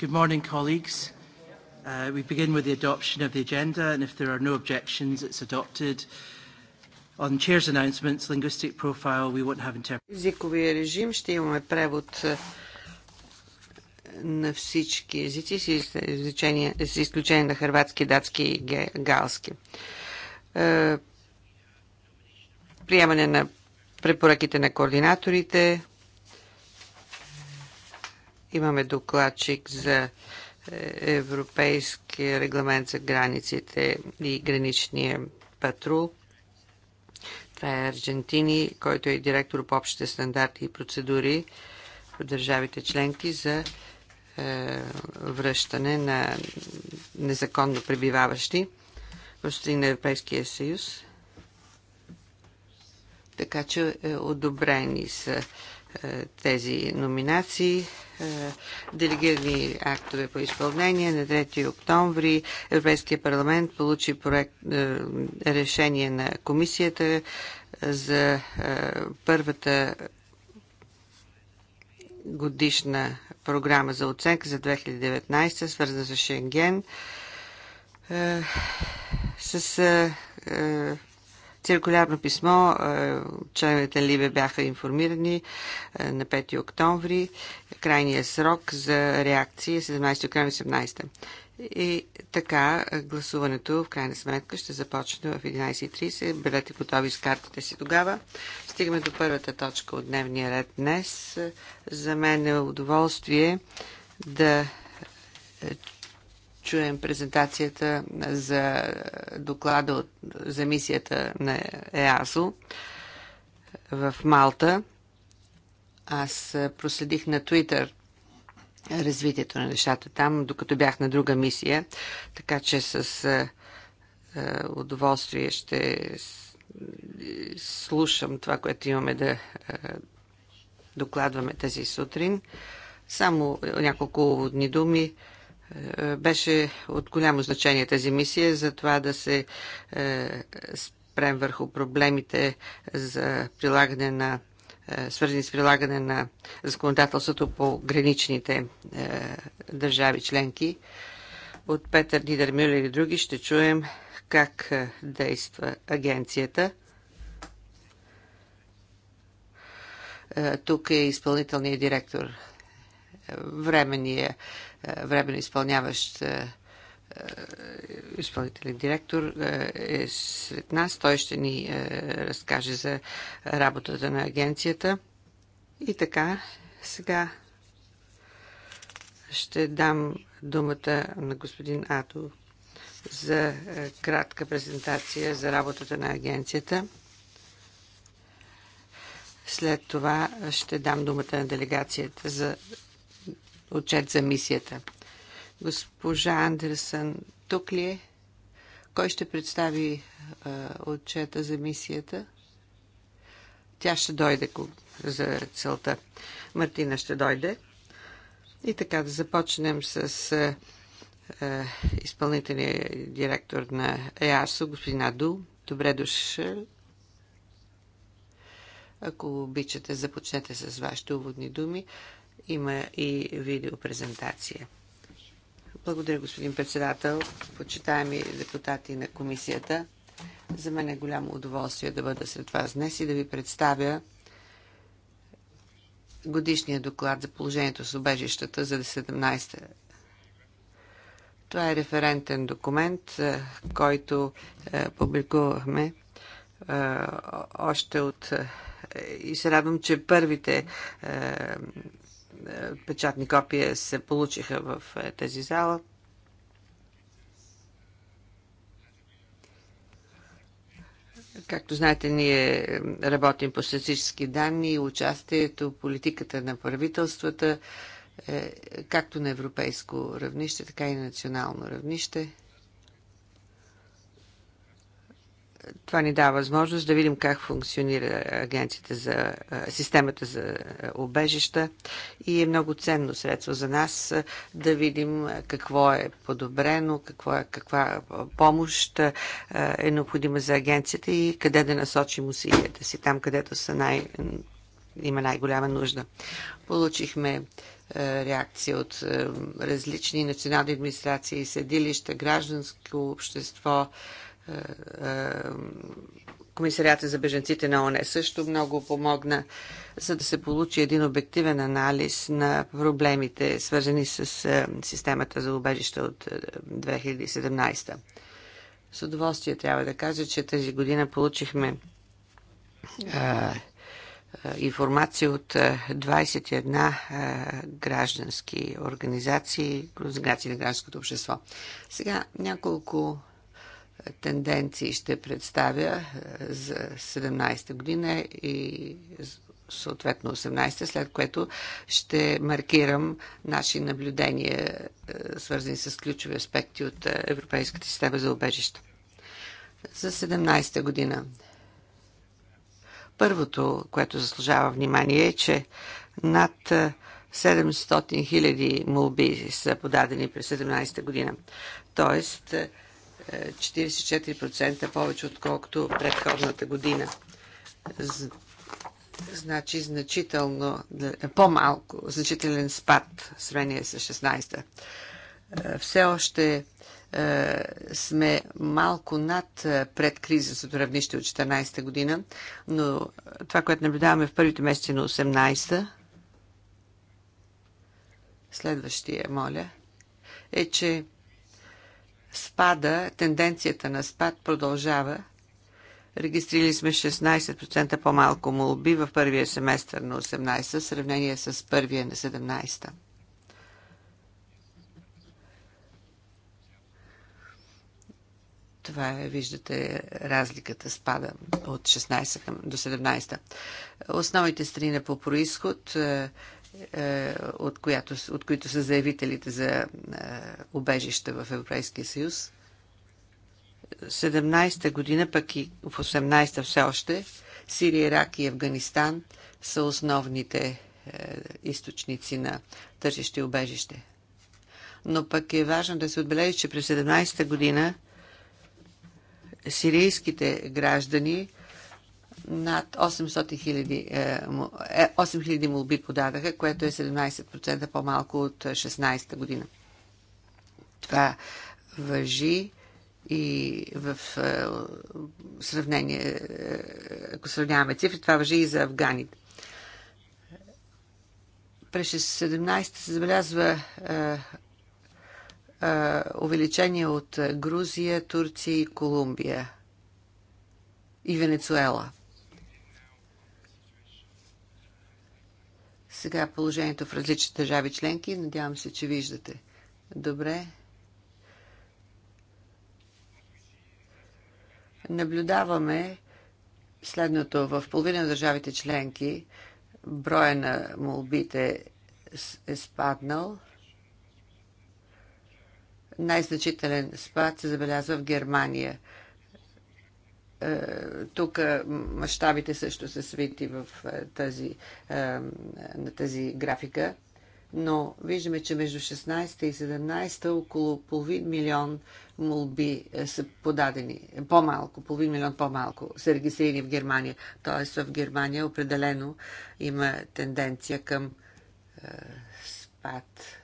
Good morning, colleagues. Uh, we begin with the adoption of the agenda, and if there are no objections, it's adopted. On chair's announcements, linguistic profile, we won't have interpretation. Приемане на препоръките на координаторите, Имаме докладчик за е, Европейския регламент за границите и граничния патрул. Това е Аржентини, който е директор по общите стандарти и процедури в държавите членки за е, връщане на незаконно пребиваващи в на Европейския съюз. Така че е, одобрени са е, тези номинации. Е, делегирани актове по изпълнение на 3 октомври Европейския парламент получи проект, е, решение на комисията за първата годишна програма за оценка за 2019, свързана с Шенген. С Циркулярно писмо, е, членовете на Либе бяха информирани е, на 5 октомври, крайният срок за реакции е 17 октомври 18. И така гласуването в крайна сметка ще започне в 11.30. Бъдете готови с картите си тогава. Стигаме до първата точка от дневния ред днес. За мен е удоволствие да чуем презентацията за доклада за мисията на ЕАЗО в Малта. Аз проследих на Твитър развитието на нещата там, докато бях на друга мисия, така че с е, е, удоволствие ще слушам това, което имаме да е, докладваме тази сутрин. Само няколко дни думи беше от голямо значение тази мисия за това да се е, спрем върху проблемите за прилагане на е, свързани с прилагане на законодателството по граничните е, държави членки. От Петър Дидър Мюллер и други ще чуем как действа агенцията. Тук е изпълнителният директор, е временно изпълняващ е, е, изпълнителен директор е, е сред нас. Той ще ни разкаже за работата на агенцията. И така, сега ще дам думата на господин Ато за кратка презентация за работата на агенцията. След това ще дам думата на делегацията за отчет за мисията. Госпожа Андерсън, тук ли е? Кой ще представи а, е, отчета за мисията? Тя ще дойде за целта. Мартина ще дойде. И така да започнем с а, е, а, е, изпълнителния директор на ЕАСО, господин Аду. Добре дошъл. Ако обичате, започнете с вашите уводни думи. Има и видеопрезентация. Благодаря, господин председател, почитаеми депутати на комисията. За мен е голямо удоволствие да бъда сред вас днес и да ви представя годишния доклад за положението с обежищата за 17-та. Това е референтен документ, е, който е, публикувахме е, още от... И се радвам, че първите е, печатни копия се получиха в е, тази зала. Както знаете, ние работим по статистически данни и участието, политиката на правителствата, е, както на европейско равнище, така и на национално равнище – това ни дава възможност да видим как функционира агенцията за, системата за обежища и е много ценно средство за нас да видим какво е подобрено, какво е, каква помощ е необходима за агенцията и къде да насочим усилията си, там където са най, има най-голяма нужда. Получихме реакция от различни национални администрации, съдилища, гражданско общество, Комисарията за беженците на ОНЕ също много помогна, за да се получи един обективен анализ на проблемите, свързани с е, системата за убежище от 2017. Е, с удоволствие трябва да кажа, че тази година получихме а, е, информация от 21 а, граждански организации, организации на гражданското общество. Сега няколко тенденции ще представя е, за 17-та година и съответно 18-та, след което ще маркирам наши наблюдения, е, свързани с ключови аспекти от е, Европейската система за убежище. За 17-та година. Първото, което заслужава внимание е, че над 700 000 молби са подадени през 17-та година. Тоест, 44% повече отколкото предходната година. Значи значително, е, по-малко, значителен спад в сравнение с 16-та. Е, все още е, сме малко над предкризисното равнище от 14-та година, но това, което наблюдаваме в първите месеци на 18-та, следващия, моля, е, че спада, тенденцията на спад продължава. Регистрирали сме 16% по-малко молби в първия семестър на 18, в сравнение с първия на 17. Това е, виждате, разликата спада от 16 до 17. Основните страни по происход е, от, която, от които са заявителите за е, убежища в Европейския съюз. 17-та година, пък и в 18-та все още, Сирия, Ирак и Афганистан са основните е, източници на тържещи убежище. Но пък е важно да се отбележи, че през 17-та година сирийските граждани над 800 хиляди, 8 е, е, молби подадаха, което е 17% по-малко от 16-та година. Това въжи и в е, сравнение, ако сравняваме цифри, това въжи и за афганите. През 17-та се забелязва увеличение от Грузия, Турция и Колумбия и Венецуела – Сега положението в различни държави членки. Надявам се, че виждате. Добре. Наблюдаваме следното. В половина на държавите членки броя на молбите е спаднал. Най-значителен спад се забелязва в Германия – тук мащабите също са свити в е, тази, е, на тази графика, но виждаме, че между 16 и 17 около половин милион молби е, са подадени, по-малко, половин милион по-малко са регистрирани в Германия. Тоест в Германия определено има тенденция към е, спад.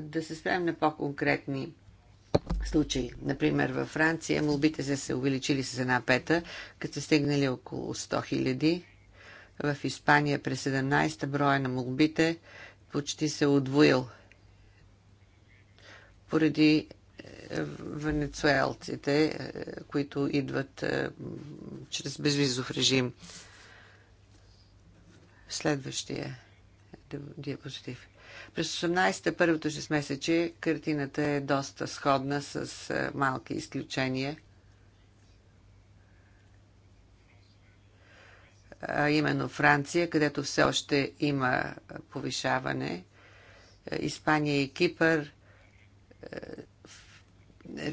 Да се спрем на по-конкретни случаи. Например, във Франция молбите са се увеличили с една пета, като са стигнали около 100 хиляди. В Испания през 17-та броя на молбите почти се е удвоил поради е, венецуелците, е, които идват чрез безвизов режим. Следващия диапозитив. През 18-та, първото 6 месече, картината е доста сходна с е, малки изключения. А именно Франция, където все още има повишаване. Е, Испания и Кипър. Е,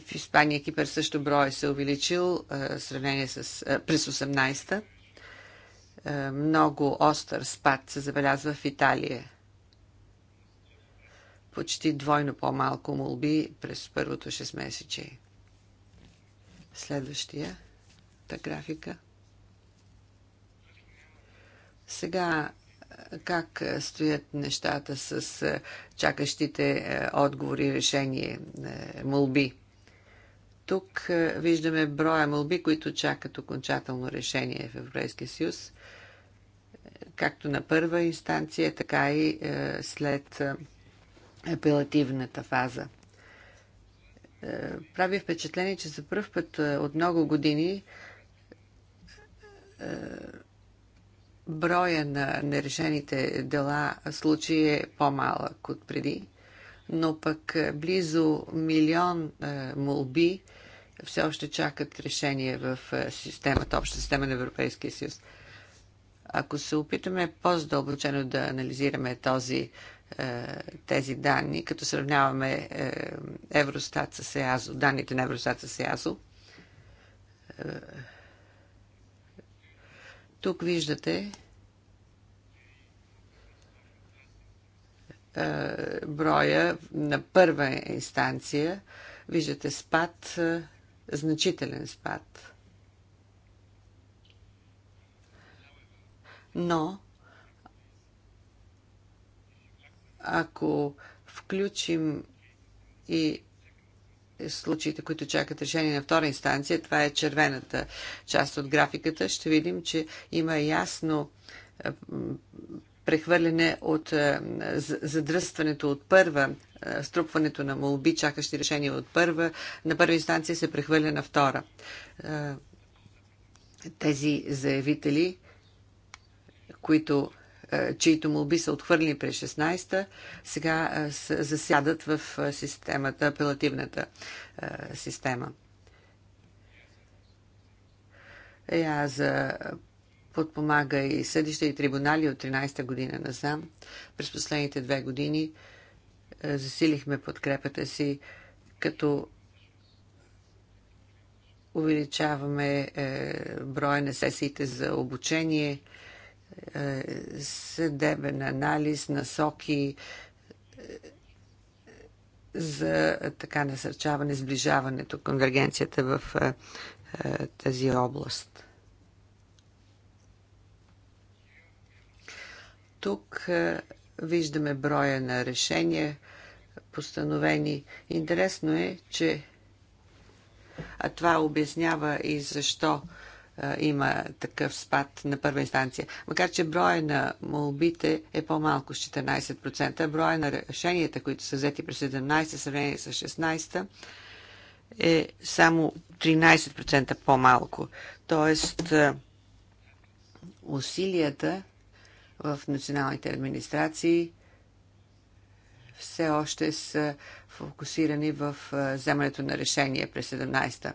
в Испания и Кипър също брой се увеличил в сравнение с през 18-та много остър спад се забелязва в Италия почти двойно по-малко молби през първото 6 месече. Следващия та графика. Сега е, как е, стоят нещата с е, чакащите отговори и решение молби? Тук виждаме броя молби, които чакат окончателно решение в Европейския съюз, както на първа инстанция, така и след апелативната фаза. Е, прави впечатление, че за първ път е, от много години е, броя на нерешените дела случаи е по-малък от преди, но пък близо милион молби все още чакат решение в системата, обща система на Европейския съюз. Ако се опитаме по-задълбочено да анализираме този е, тези данни, като сравняваме е, Евростат с ЕАЗО, данните на Евростат с ЕАЗО. Е, тук виждате броя на първа инстанция. Виждате спад, значителен спад. Но Ако включим и случаите, които чакат решение на втора инстанция, това е червената част от графиката, ще видим, че има ясно е, прехвърляне от е, задръстването от първа, е, струпването на молби, чакащи решения от първа, на първа инстанция се прехвърля на втора. Тези заявители, които е, чието молби са отхвърлени през 16-та, сега е, засядат в е, системата, апелативната система. Я за подпомага и съдища и трибунали от 13-та година насам. През последните две години засилихме подкрепата си, като увеличаваме броя на сесиите за обучение – е, съдебен анализ, насоки е, за така насърчаване, сближаването, конвергенцията в е, тази област. Тук виждаме броя на решения, постановени. Интересно е, че а това обяснява и защо има такъв спад на първа инстанция. Макар, че броя на молбите е по-малко с 14%, броя на решенията, които са взети през 17 та сравнение с 16 та е само 13% по-малко. Тоест, усилията в националните администрации все още са фокусирани в вземането на решение през 17-та.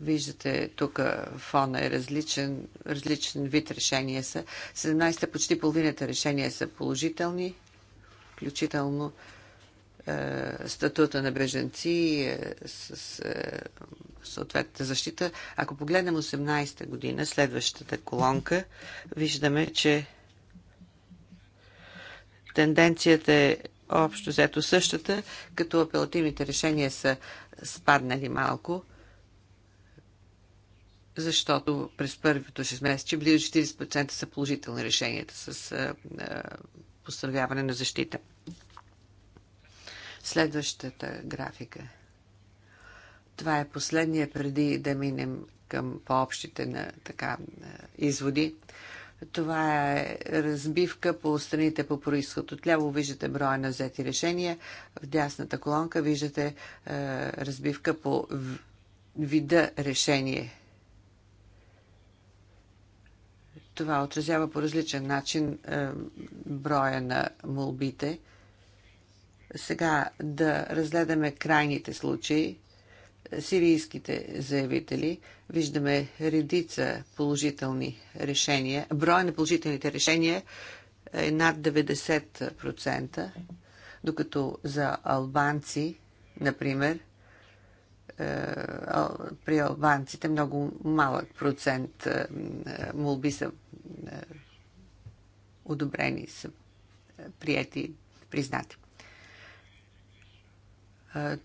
Виждате, тук фона е различен, различен вид решения са. 17-та, почти половината решения са положителни, включително е, статута на беженци е, с е, съответната защита. Ако погледнем 18-та година, следващата колонка, виждаме, че тенденцията е общо взето същата, като апелативните решения са спаднали малко – защото през първото 6 месече близо 40% са положителни решенията с постановяване на защита. Следващата графика. Това е последния преди да минем към по-общите на, така, изводи. Това е разбивка по страните по происход. Отляво виждате броя на взети решения, в дясната колонка виждате е, разбивка по вида решение Това отразява по различен начин е, броя на молбите. Сега да разгледаме крайните случаи. Сирийските заявители виждаме редица положителни решения. Броя на положителните решения е над 90%, докато за албанци, например, е, при албанците много малък процент е, е, молби са одобрени, са прияти, признати.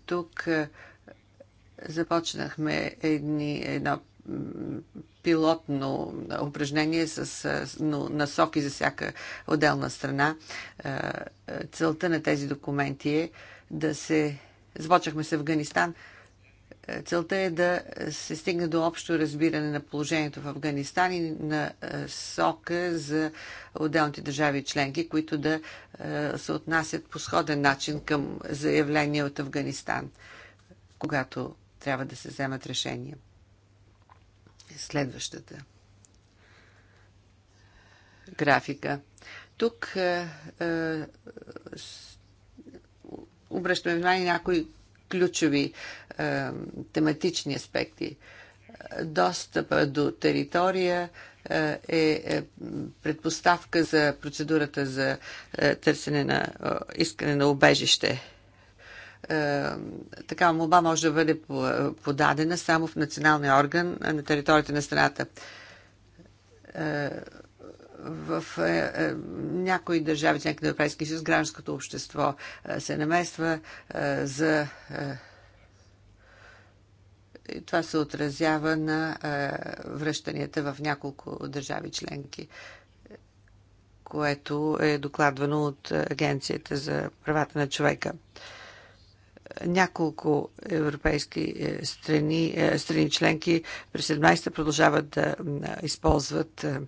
Тук започнахме едни, едно пилотно упражнение с насоки за всяка отделна страна. Целта на тези документи е да се... Започнахме с Афганистан – Целта е да се стигне до общо разбиране на положението в Афганистан и на е, сока за отделните държави и членки, които да е, се отнасят по сходен начин към заявления от Афганистан, когато трябва да се вземат решения. Следващата графика. Тук е, обръщаме внимание някои ключови е, тематични аспекти. Достъпа до територия е, е, е предпоставка за процедурата за е, търсене на е, искане на убежище е, така молба може да бъде е, подадена само в националния орган на територията на страната в е, е, някои държави, в на Европейски, съюз, гражданското общество е, се намества за това се отразява на връщанията в няколко държави членки, което е докладвано от Агенцията за правата на човека няколко европейски е, страни, е, страни членки през 17-та продължават да използват е,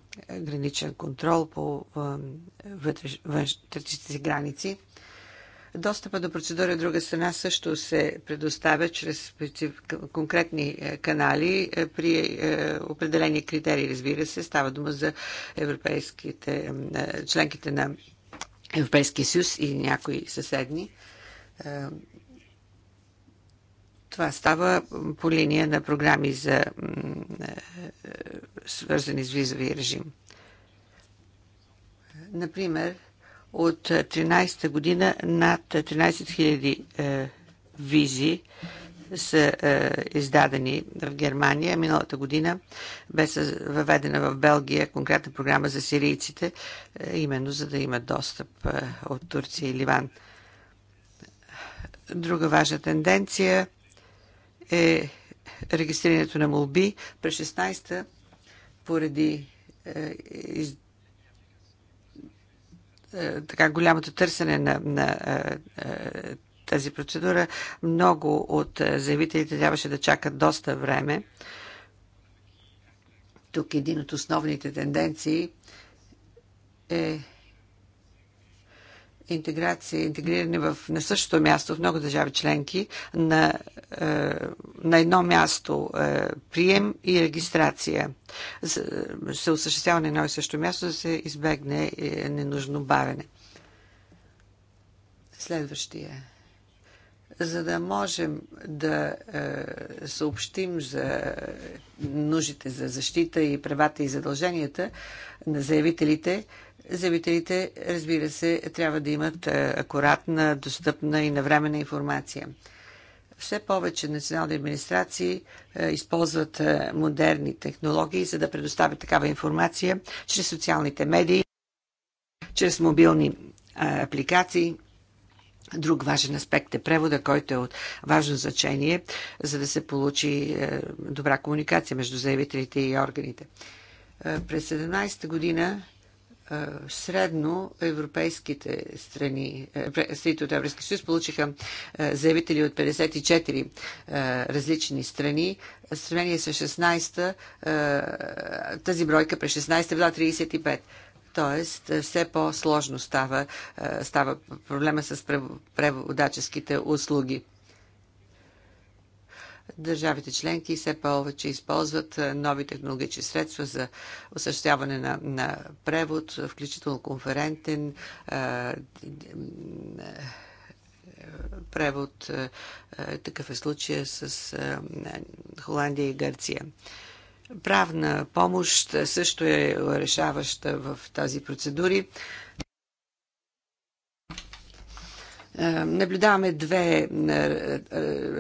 граничен контрол по вътрешните си граници. Достъпа до процедура от друга страна също се предоставя чрез конкретни канали при определени критерии, разбира се. Става дума за европейските, членките на Европейския съюз и някои съседни това става по линия на програми за е, свързани с визови режим. Например, от 13-та година над 13 000 е, визи са е, издадени в Германия. Миналата година бе въведена в Белгия конкретна програма за сирийците, именно за да имат достъп от Турция и Ливан. Друга важна тенденция е регистрирането на молби. През 16-та, поради е, из, е, така голямото търсене на, на е, е тази процедура, много от е, заявителите трябваше да чакат доста време. Тук един от основните тенденции е интеграция, интегриране в, на същото място в много държави членки, на, е, на едно място е, прием и регистрация. Е, се осъществява на едно и също място, да се избегне е, ненужно бавене. Следващия за да можем да е, съобщим за нуждите за защита и правата и задълженията на заявителите, заявителите, разбира се, трябва да имат е, акуратна, достъпна и навременна информация. Все повече национални администрации е, използват е, модерни технологии, за да предоставят такава информация чрез социалните медии, чрез мобилни е, апликации Друг важен аспект е превода, който е от важно значение, за да се получи е, добра комуникация между заявителите и органите. Е, през 17-та година е, средно европейските страни, страните от Европейския съюз получиха заявители от 54 различни страни. В сравнение с 16-та, тази бройка през 16-та била 35. Тоест, е, все по-сложно става, е, става проблема с преводаческите услуги. Държавите членки все повече използват е, нови технологични средства за осъществяване на, на превод, включително конферентен превод. такъв е случая с Холандия и Гърция. Правна помощ също е решаваща в тази процедури. Е, наблюдаваме две е, е,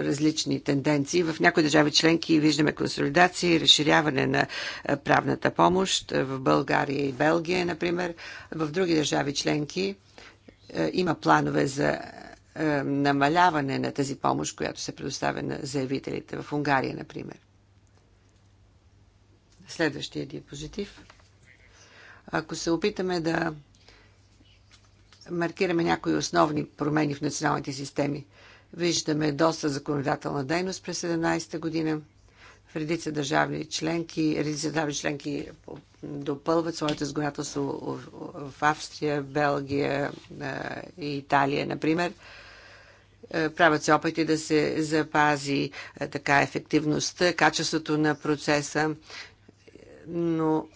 различни тенденции. В някои държави членки виждаме консолидация и разширяване на правната помощ. В България и Белгия, например. В други държави членки има планове за намаляване на тази помощ, която се предоставя на заявителите. В Унгария, например. Следващия диапозитив. Ако се опитаме да маркираме някои основни промени в националните системи, виждаме доста законодателна дейност през 17-та година. В редица държавни членки, редица държавни членки допълват своето законодателство в Австрия, Белгия и е, Италия, например е, правят се опити да се запази е, така ефективността, качеството на процеса но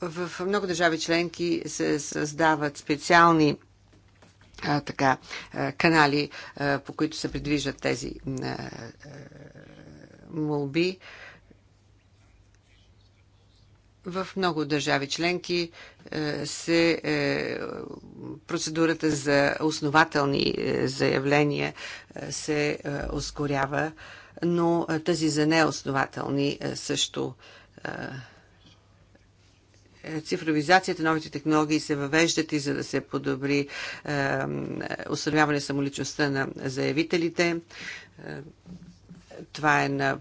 в много държави членки се създават специални а, така, а, канали, а, по които се придвижат тези а, а, молби. В много държави членки се е, процедурата за основателни е, заявления е, се ускорява, но тази за неоснователни също е, е, цифровизацията, новите технологии се въвеждат и за да се подобри установяване е, самоличността на заявителите. това е на,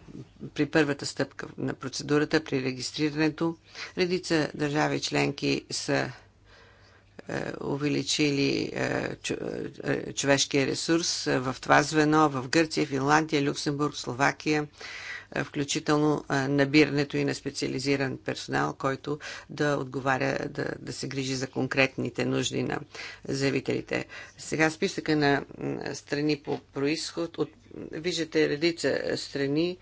при първата стъпка на процедурата, при регистрирането. Редица държави членки са увеличили човешкия ресурс в това звено в Гърция, Финландия, Люксембург, Словакия, включително набирането и на специализиран персонал, който да отговаря, да, да се грижи за конкретните нужди на заявителите. Сега списъка на страни по происход. От, виждате редица страни,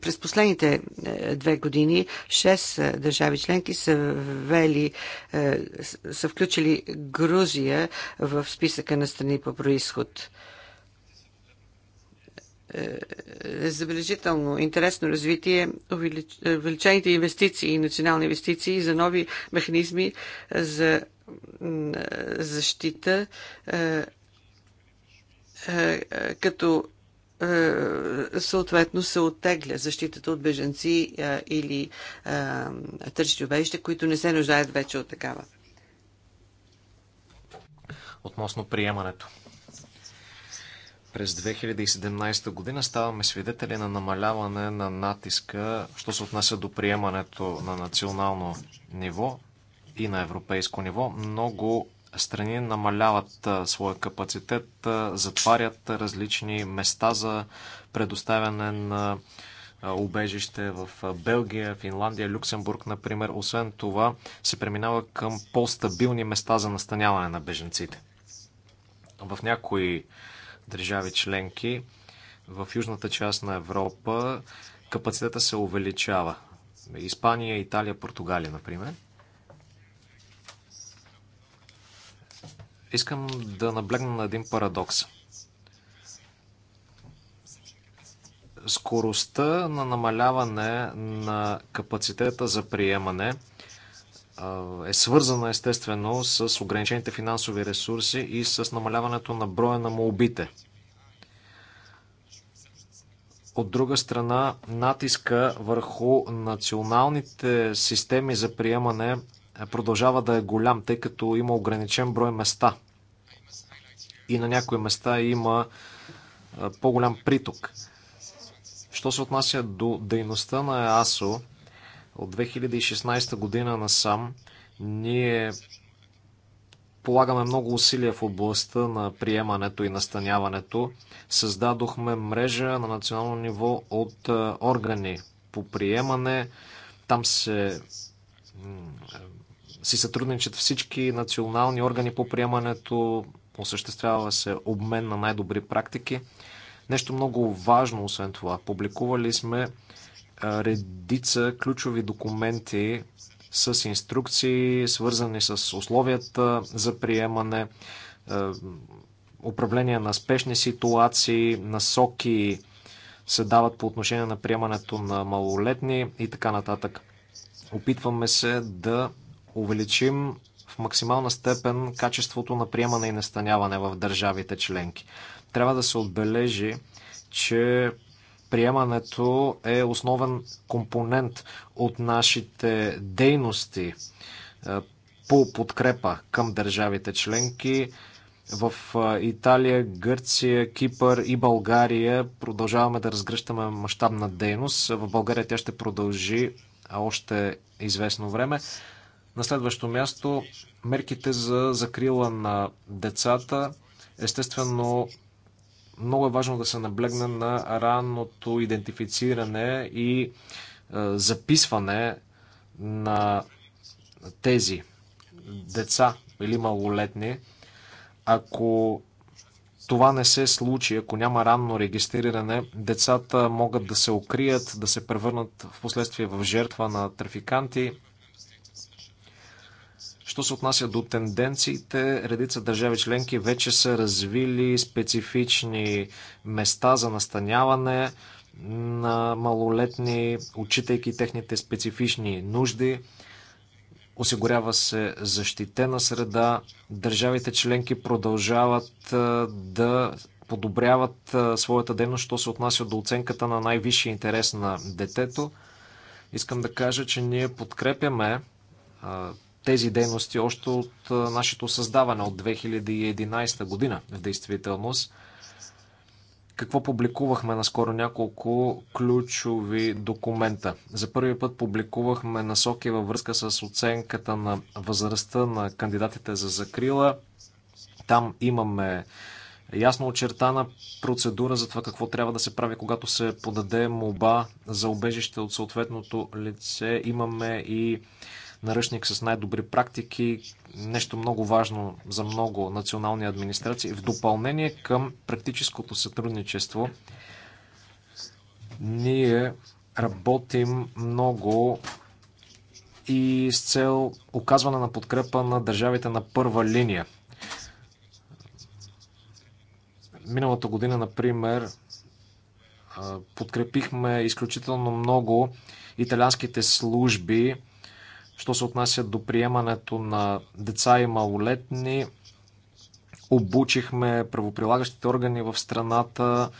през последните е, две години шест държави членки са, вели, е, са включили Грузия в списъка на страни по происход. Е, е забележително, интересно развитие, увелич... Е, увеличените инвестиции, и национални инвестиции за нови механизми е, за защита, като съответно се оттегля защитата от беженци или търсещи убежище, които не се нуждаят вече от такава. Относно приемането през 2017 година ставаме свидетели на намаляване на натиска, що се отнася до приемането на национално ниво и на европейско ниво. Много страни намаляват своя капацитет, затварят различни места за предоставяне на убежище в Белгия, Финландия, Люксембург, например. Освен това, се преминава към по-стабилни места за настаняване на беженците. В някои държави членки в южната част на Европа капацитета се увеличава. Испания, Италия, Португалия, например. Искам да наблегна на един парадокс. Скоростта на намаляване на капацитета за приемане – е свързана естествено с ограничените финансови ресурси и с намаляването на броя на молбите. От друга страна, натиска върху националните системи за приемане е, продължава да е голям, тъй като има ограничен брой места. И на някои места има е, по-голям приток. Що се отнася до дейността на ЕАСО, от 2016 година насам ние полагаме много усилия в областта на приемането и настаняването. Създадохме мрежа на национално ниво от е, органи по приемане. Там се си сътрудничат всички национални органи по приемането, осъществява се обмен на най-добри практики. Нещо много важно, освен това, публикували сме редица ключови документи с инструкции, свързани с условията за приемане, управление на спешни ситуации, насоки се дават по отношение на приемането на малолетни и така нататък. Опитваме се да увеличим в максимална степен качеството на приемане и настаняване в държавите членки. Трябва да се отбележи, че Приемането е основен компонент от нашите дейности е, по подкрепа към държавите членки. В е, Италия, Гърция, Кипър и България продължаваме да разгръщаме мащабна дейност. В България тя ще продължи още известно време. На следващо място мерките за закрила на децата. Естествено, много е важно да се наблегне на ранното идентифициране и е, записване на тези деца или малолетни. Ако това не се случи, ако няма ранно регистриране, децата могат да се укрият, да се превърнат в последствие в жертва на трафиканти Що се отнася до тенденциите, редица държави членки вече са развили специфични места за настаняване на малолетни, учитайки техните специфични нужди. Осигурява се защитена среда. Държавите членки продължават да подобряват своята дейност, що се отнася до оценката на най-висшия интерес на детето. Искам да кажа, че ние подкрепяме тези дейности още от нашето създаване от 2011 година в действителност. Какво публикувахме наскоро няколко ключови документа. За първи път публикувахме насоки във връзка с оценката на възрастта на кандидатите за закрила. Там имаме ясно очертана процедура за това какво трябва да се прави, когато се подаде моба за обежище от съответното лице. Имаме и наръчник с най-добри практики, нещо много важно за много национални администрации. В допълнение към практическото сътрудничество, ние работим много и с цел оказване на подкрепа на държавите на първа линия. Миналата година, например, подкрепихме изключително много италианските служби що се отнася до приемането на деца и малолетни. Обучихме правоприлагащите органи в страната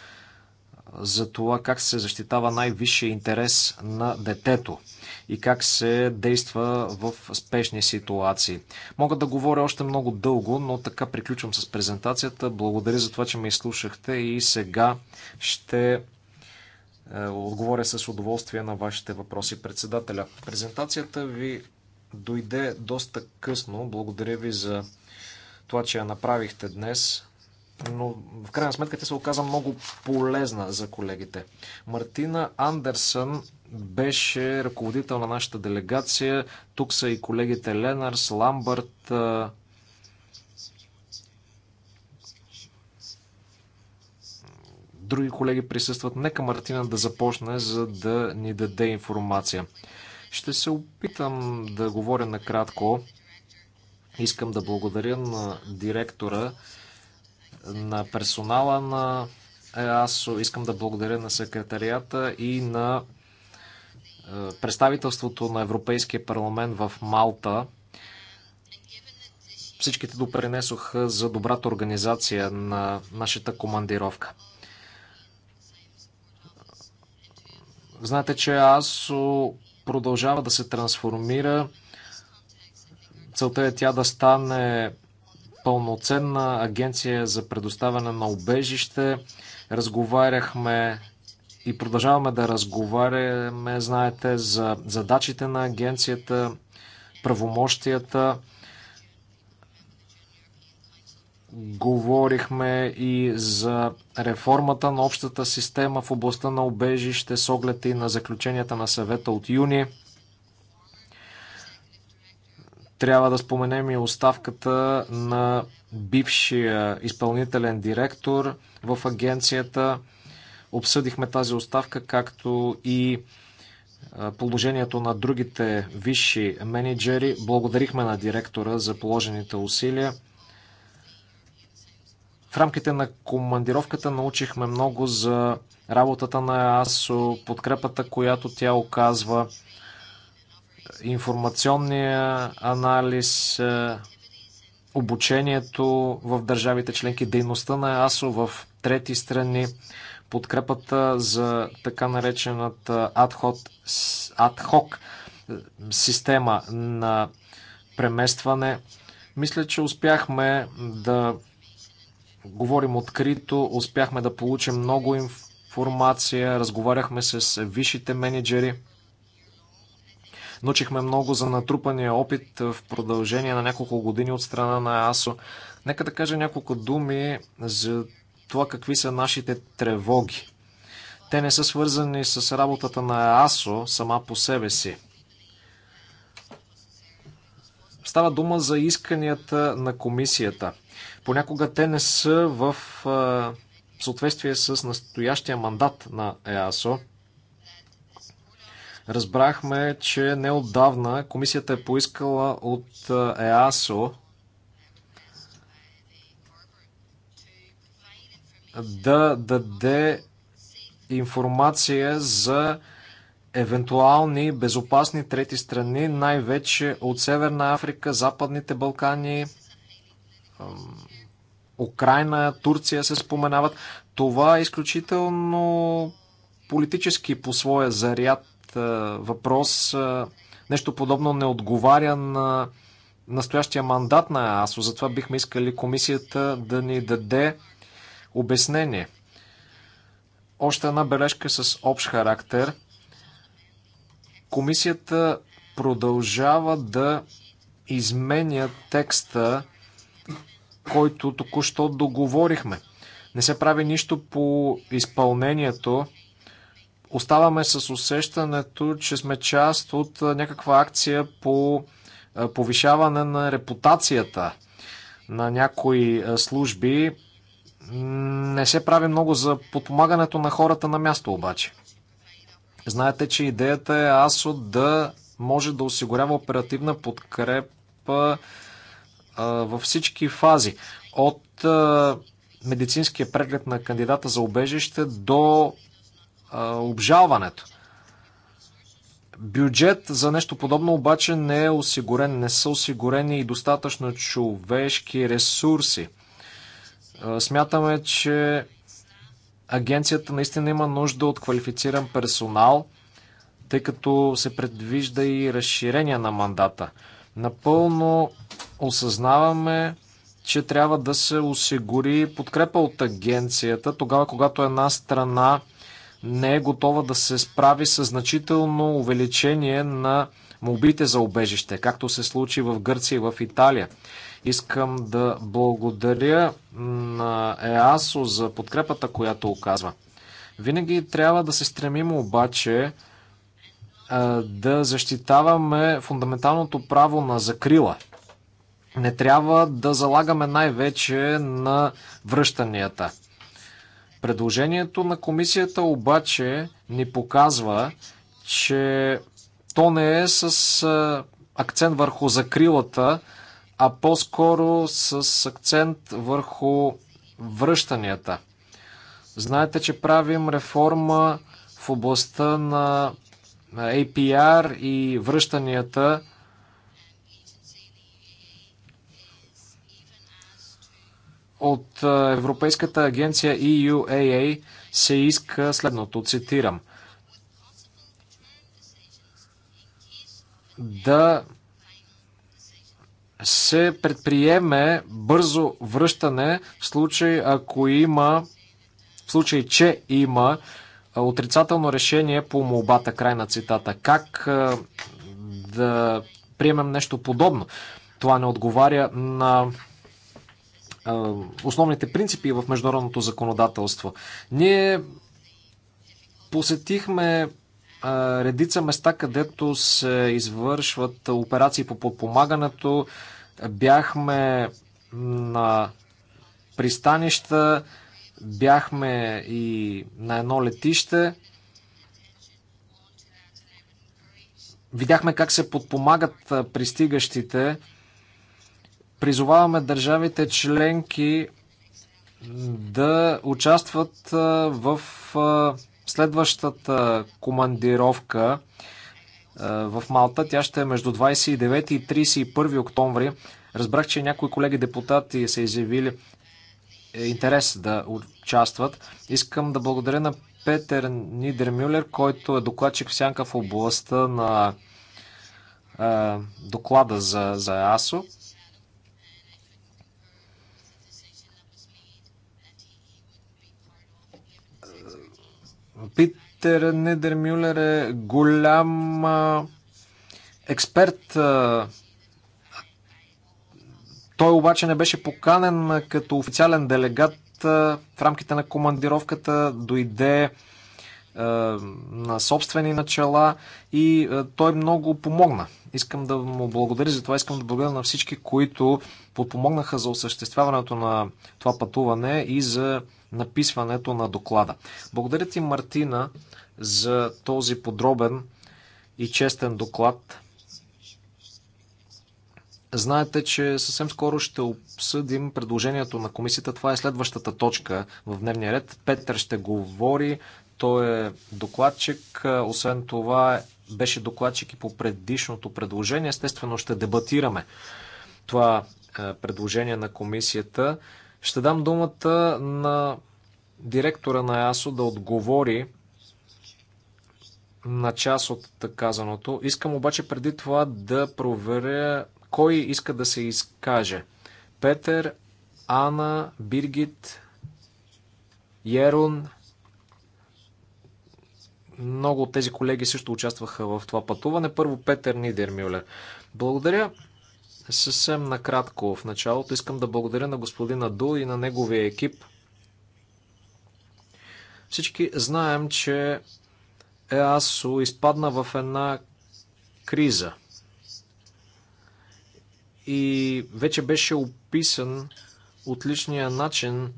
за това как се защитава най-висшия интерес на детето и как се действа в спешни ситуации. Мога да говоря още много дълго, но така приключвам с презентацията. Благодаря за това, че ме изслушахте и сега ще е, отговоря с удоволствие на вашите въпроси, председателя. Презентацията ви дойде доста късно. Благодаря ви за това, че я направихте днес. Но в крайна сметка тя се оказа много полезна за колегите. Мартина Андерсън беше ръководител на нашата делегация. Тук са и колегите Ленарс, Ламбърт, е, други колеги присъстват. Нека Мартина да започне, за да ни даде информация. Ще се опитам да говоря накратко. Искам да благодаря на директора, на персонала на ЕАСО, искам да благодаря на секретарията и на е, представителството на Европейския парламент в Малта. Всичките допринесоха за добрата организация на нашата командировка. Знаете, че АСО продължава да се трансформира. Целта е тя да стане пълноценна агенция за предоставяне на обежище. Разговаряхме и продължаваме да разговаряме, знаете, за задачите на агенцията, правомощията. Говорихме и за реформата на общата система в областта на обежище с оглед и на заключенията на съвета от юни. Трябва да споменем и оставката на бившия изпълнителен директор в агенцията. Обсъдихме тази оставка, както и положението на другите висши менеджери. Благодарихме на директора за положените усилия. В рамките на командировката научихме много за работата на АСО, подкрепата, която тя оказва, информационния анализ, е, обучението в държавите членки, дейността на АСО в трети страни, подкрепата за така наречената адхок е, система на преместване. Мисля, че успяхме да говорим открито, успяхме да получим много информация, разговаряхме с висшите менеджери, научихме много за натрупания опит в продължение на няколко години от страна на АСО. Нека да кажа няколко думи за това какви са нашите тревоги. Те не са свързани с работата на АСО сама по себе си. Става дума за исканията на комисията – Понякога те не са в съответствие с настоящия мандат на ЕАСО. Разбрахме, че неотдавна комисията е поискала от ЕАСО да даде информация за евентуални безопасни трети страни, най-вече от Северна Африка, Западните Балкани, Украина, Турция се споменават. Това е изключително политически по своя заряд е, въпрос. Е, нещо подобно не отговаря на настоящия мандат на АСО. Затова бихме искали комисията да ни даде обяснение. Още една бележка с общ характер. Комисията продължава да изменя текста който току-що договорихме. Не се прави нищо по изпълнението. Оставаме с усещането, че сме част от някаква акция по повишаване на репутацията на някои служби. Не се прави много за подпомагането на хората на място обаче. Знаете, че идеята е АСО да може да осигурява оперативна подкрепа във всички фази. От медицинския преглед на кандидата за обежище до обжалването. Бюджет за нещо подобно обаче не е осигурен. Не са осигурени и достатъчно човешки ресурси. Смятаме, че агенцията наистина има нужда от квалифициран персонал, тъй като се предвижда и разширение на мандата. Напълно осъзнаваме, че трябва да се осигури подкрепа от агенцията тогава, когато една страна не е готова да се справи с значително увеличение на молбите за обежище, както се случи в Гърция и в Италия. Искам да благодаря на ЕАСО за подкрепата, която оказва. Винаги трябва да се стремим обаче да защитаваме фундаменталното право на закрила – не трябва да залагаме най-вече на връщанията. Предложението на комисията обаче ни показва, че то не е с акцент върху закрилата, а по-скоро с акцент върху връщанията. Знаете, че правим реформа в областта на APR и връщанията – От е, Европейската агенция EUAA се иска следното, цитирам. Да се предприеме бързо връщане в случай, ако има, в случай, че има е, отрицателно решение по молбата, край на цитата. Как е, да приемем нещо подобно? Това не отговаря на основните принципи в международното законодателство. Ние посетихме редица места, където се извършват операции по подпомагането. Бяхме на пристанища, бяхме и на едно летище. Видяхме как се подпомагат пристигащите призоваваме държавите членки да участват в следващата командировка в Малта. Тя ще е между 29 и 31 октомври. Разбрах, че някои колеги депутати са изявили е, интерес да участват. Искам да благодаря на Петър Нидермюлер, който е докладчик в сянка в областта на доклада за, за АСО. Питер Недермюлер е голям експерт. Той обаче не беше поканен като официален делегат в рамките на командировката. Дойде на собствени начала и той много помогна. Искам да му благодаря за това. Искам да благодаря на всички, които подпомогнаха за осъществяването на това пътуване и за написването на доклада. Благодаря ти, Мартина, за този подробен и честен доклад. Знаете, че съвсем скоро ще обсъдим предложението на комисията. Това е следващата точка в дневния ред. Петър ще говори. Той е докладчик. Освен това, беше докладчик и по предишното предложение. Естествено, ще дебатираме това е, предложение на комисията. Ще дам думата на директора на ЯСО да отговори на част от казаното. Искам обаче преди това да проверя кой иска да се изкаже. Петър, Ана, Биргит, Ерун. Много от тези колеги също участваха в това пътуване. Първо Петър Нидермюлер. Благодаря. Съвсем накратко в началото искам да благодаря на господина Дул и на неговия екип. Всички знаем, че ЕАСО изпадна в една криза. И вече беше описан отличния начин,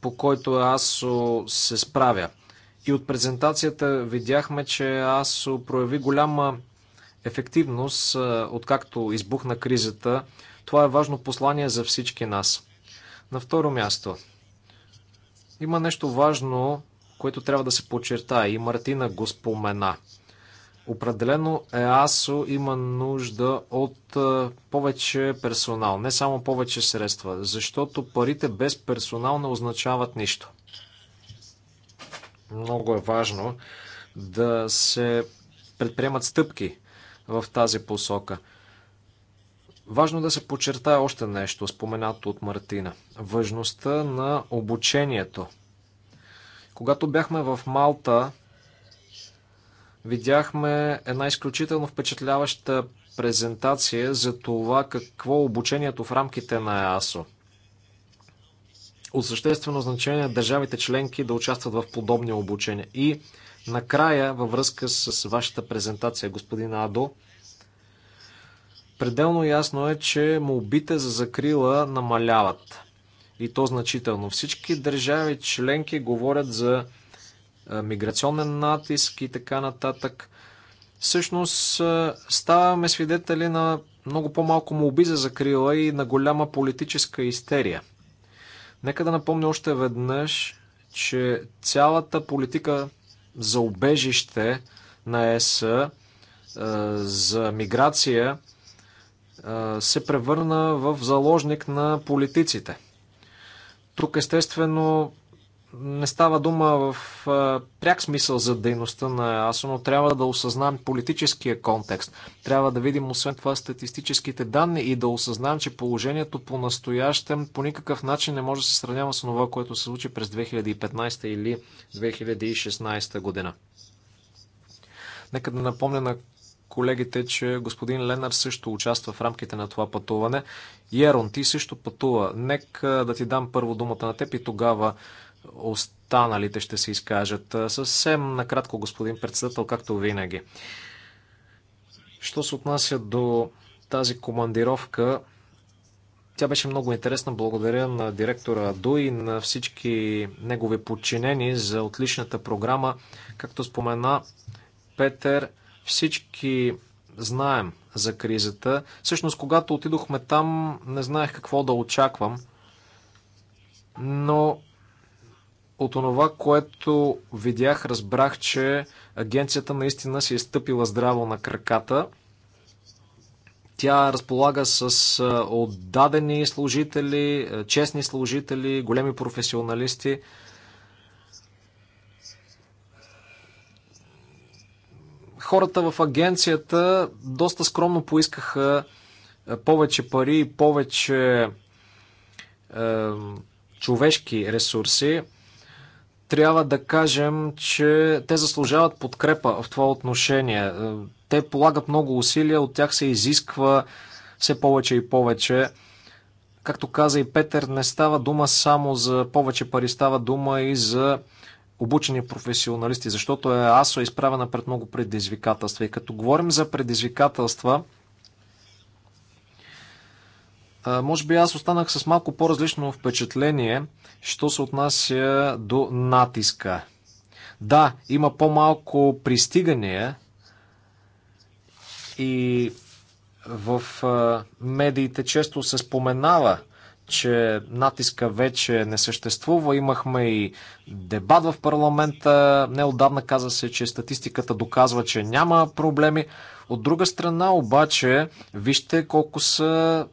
по който ЕАСО се справя. И от презентацията видяхме, че ЕАСО прояви голяма ефективност, откакто избухна кризата. Това е важно послание за всички нас. На второ място, има нещо важно, което трябва да се подчертае и Мартина го спомена. Определено ЕАСО има нужда от повече персонал, не само повече средства, защото парите без персонал не означават нищо. Много е важно да се предприемат стъпки в тази посока. Важно да се подчертая още нещо, споменато от Мартина. Важността на обучението. Когато бяхме в Малта, видяхме една изключително впечатляваща презентация за това какво обучението в рамките на ЕАСО. От съществено значение държавите членки да участват в подобни обучения. И Накрая, във връзка с вашата презентация, господин Адо, пределно ясно е, че молбите за закрила намаляват. И то значително. Всички държави членки говорят за миграционен натиск и така нататък. Всъщност ставаме свидетели на много по-малко молби за закрила и на голяма политическа истерия. Нека да напомня още веднъж, че цялата политика за обежище на ЕС, за миграция, се превърна в заложник на политиците. Тук естествено не става дума в пряк смисъл за дейността на ЕАСО, но трябва да осъзнаем политическия контекст. Трябва да видим освен това статистическите данни и да осъзнаем, че положението по настоящем по никакъв начин не може да се сравнява с това, което се случи през 2015 или 2016 година. Нека да напомня на колегите, че господин Ленар също участва в рамките на това пътуване. Ерон, ти също пътува. Нека да ти дам първо думата на теб и тогава останалите ще се изкажат. Съвсем накратко, господин председател, както винаги. Що се отнася до тази командировка, тя беше много интересна. Благодаря на директора Аду и на всички негови подчинени за отличната програма. Както спомена Петър, всички знаем за кризата. Всъщност, когато отидохме там, не знаех какво да очаквам. Но от това, което видях, разбрах, че агенцията наистина си е стъпила здраво на краката. Тя разполага с отдадени служители, честни служители, големи професионалисти. Хората в агенцията доста скромно поискаха повече пари и повече човешки ресурси трябва да кажем, че те заслужават подкрепа в това отношение. Е, те полагат много усилия, от тях се изисква все повече и повече. Както каза и Петър, не става дума само за повече пари, става дума и за обучени професионалисти, защото е е изправена пред много предизвикателства. И като говорим за предизвикателства, може би аз останах с малко по-различно впечатление, що се отнася до натиска. Да, има по-малко пристигания и в медиите често се споменава, че натиска вече не съществува. Имахме и дебат в парламента. Неодавна каза се, че статистиката доказва, че няма проблеми. От друга страна обаче, вижте колко са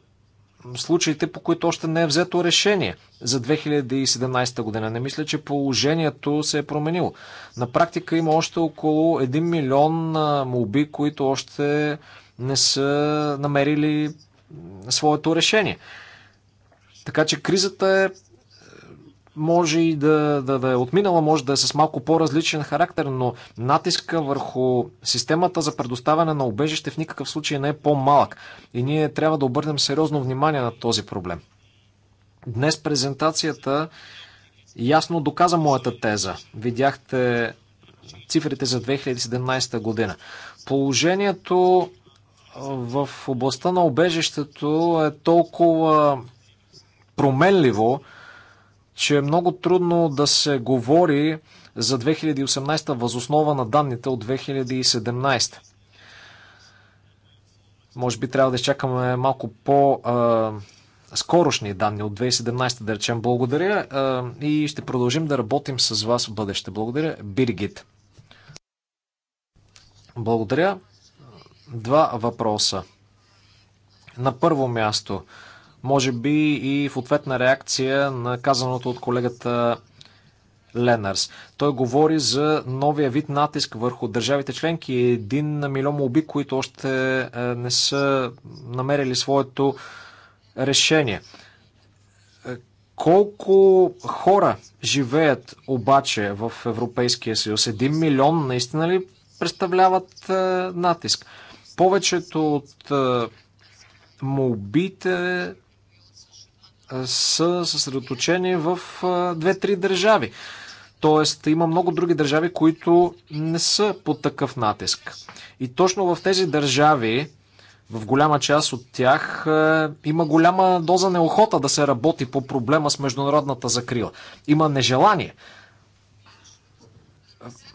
случаите, по които още не е взето решение за 2017 година. Не мисля, че положението се е променило. На практика има още около 1 милион молби, които още не са намерили своето решение. Така че кризата е може и да, да, да е отминала, може да е с малко по-различен характер, но натиска върху системата за предоставяне на убежище в никакъв случай не е по-малък. И ние трябва да обърнем сериозно внимание на този проблем. Днес презентацията ясно доказа моята теза. Видяхте цифрите за 2017 година. Положението в областта на обежището е толкова променливо, че е много трудно да се говори за 2018 възоснова на данните от 2017. Може би трябва да изчакаме малко по-скорошни данни от 2017, да речем. Благодаря и ще продължим да работим с вас в бъдеще. Благодаря, Биргит. Благодаря. Два въпроса. На първо място, може би и в ответна реакция на казаното от колегата Ленърс. Той говори за новия вид натиск върху държавите членки. и Един на милион молби, които още е, не са намерили своето решение. Е, колко хора живеят обаче в Европейския съюз? Един милион наистина ли представляват е, натиск? Повечето от молбите са съсредоточени в две-три държави. Тоест има много други държави, които не са под такъв натиск. И точно в тези държави, в голяма част от тях, има голяма доза неохота да се работи по проблема с международната закрила. Има нежелание.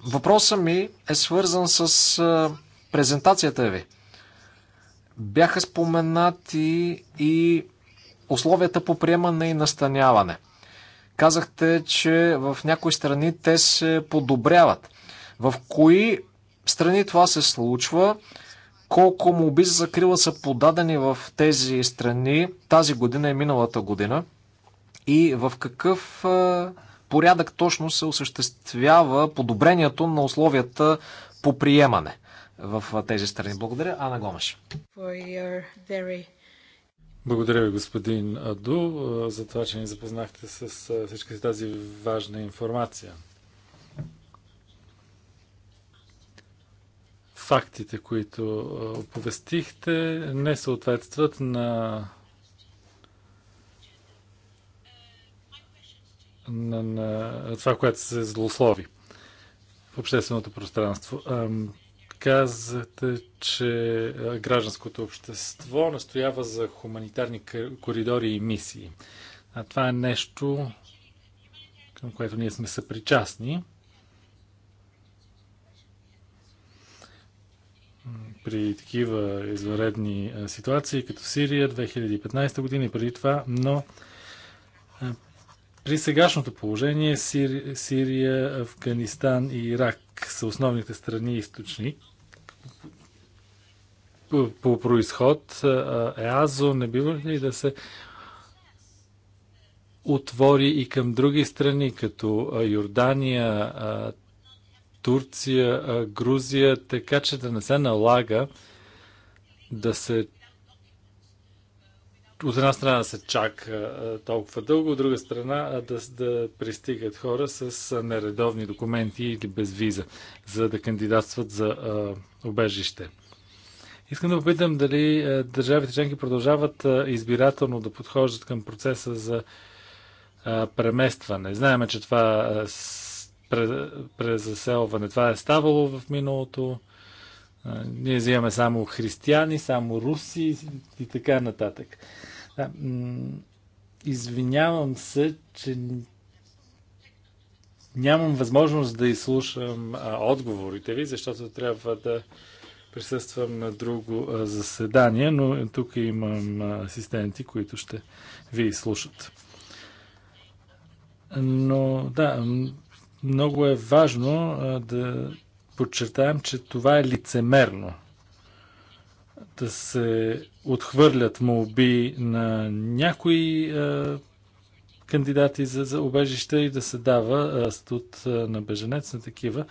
Въпросът ми е свързан с презентацията ви. Бяха споменати и условията по приемане и настаняване. Казахте, че в някои страни те се подобряват. В кои страни това се случва? Колко моби за закрила са подадени в тези страни тази година и миналата година? И в какъв порядък точно се осъществява подобрението на условията по приемане в тези страни? Благодаря, Ана Гомеш. Благодаря ви, господин Аду, за това, че ни запознахте с всички тази важна информация. Фактите, които оповестихте, не съответстват на на, на това, което се злослови в общественото пространство. Казвате, че гражданското общество настоява за хуманитарни коридори и мисии. А това е нещо, към което ние сме съпричастни. при такива извънредни ситуации, като Сирия 2015 година и преди това, но при сегашното положение Сир, Сирия, Афганистан и Ирак са основните страни източни по, по происход. ЕАЗО не бива ли да се отвори и към други страни, като Йордания, Турция, Грузия, така че да не се налага да се от една страна да се чака толкова дълго, от друга страна да, да пристигат хора с нередовни документи или без виза, за да кандидатстват за а, убежище. Искам да попитам дали а, държавите членки продължават а, избирателно да подхождат към процеса за а, преместване. Знаеме, че това а, презаселване, това е ставало в миналото. А, ние взимаме само християни, само руси и така нататък. Да, извинявам се, че нямам възможност да изслушам а, отговорите ви, защото трябва да присъствам на друго а, заседание, но тук имам а, асистенти, които ще ви изслушат. Но да, много е важно а, да подчертавам, че това е лицемерно. Да се отхвърлят молби на някои е, кандидати за, за убежище и да се дава студ на беженец на такива,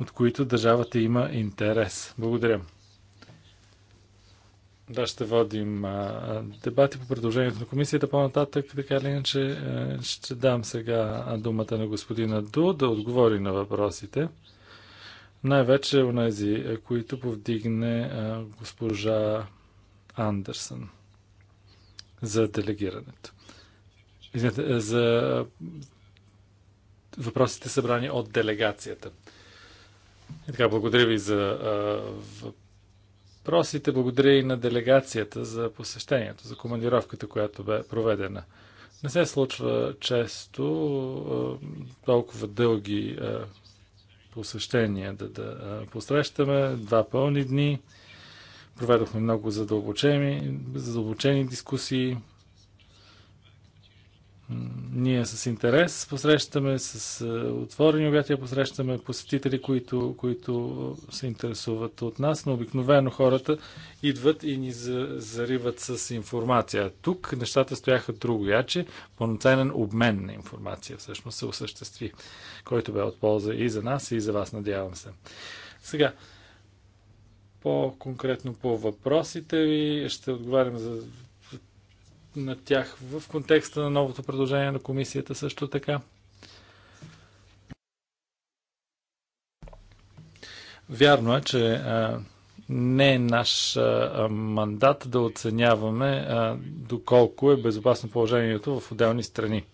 от които държавата има интерес. Благодаря. Да, ще водим а, дебати по предложението на комисията по-нататък, така или иначе ще дам сега думата на господина Ду да отговори на въпросите. Най-вече у нези, е, които повдигне е, госпожа Андерсън за делегирането. Извинете, е, за въпросите събрани от делегацията. И така, благодаря ви за въпросите. Благодаря и на делегацията за посещението, за командировката, която бе проведена. Не се случва често толкова дълги посещение, да, да посрещаме. Два пълни дни. Проведохме много задълбочени, задълбочени дискусии ние с интерес посрещаме, с е, отворени обятия посрещаме посетители, които, които се интересуват от нас, но обикновено хората идват и ни зариват с информация. Тук нещата стояха друго яче пълноценен обмен на информация всъщност се осъществи, който бе от полза и за нас, и за вас, надявам се. Сега, по-конкретно по въпросите ви ще отговарям за на тях в контекста на новото предложение на комисията също така. Вярно е, че а, не е наш а, мандат да оценяваме а, доколко е безопасно положението в отделни страни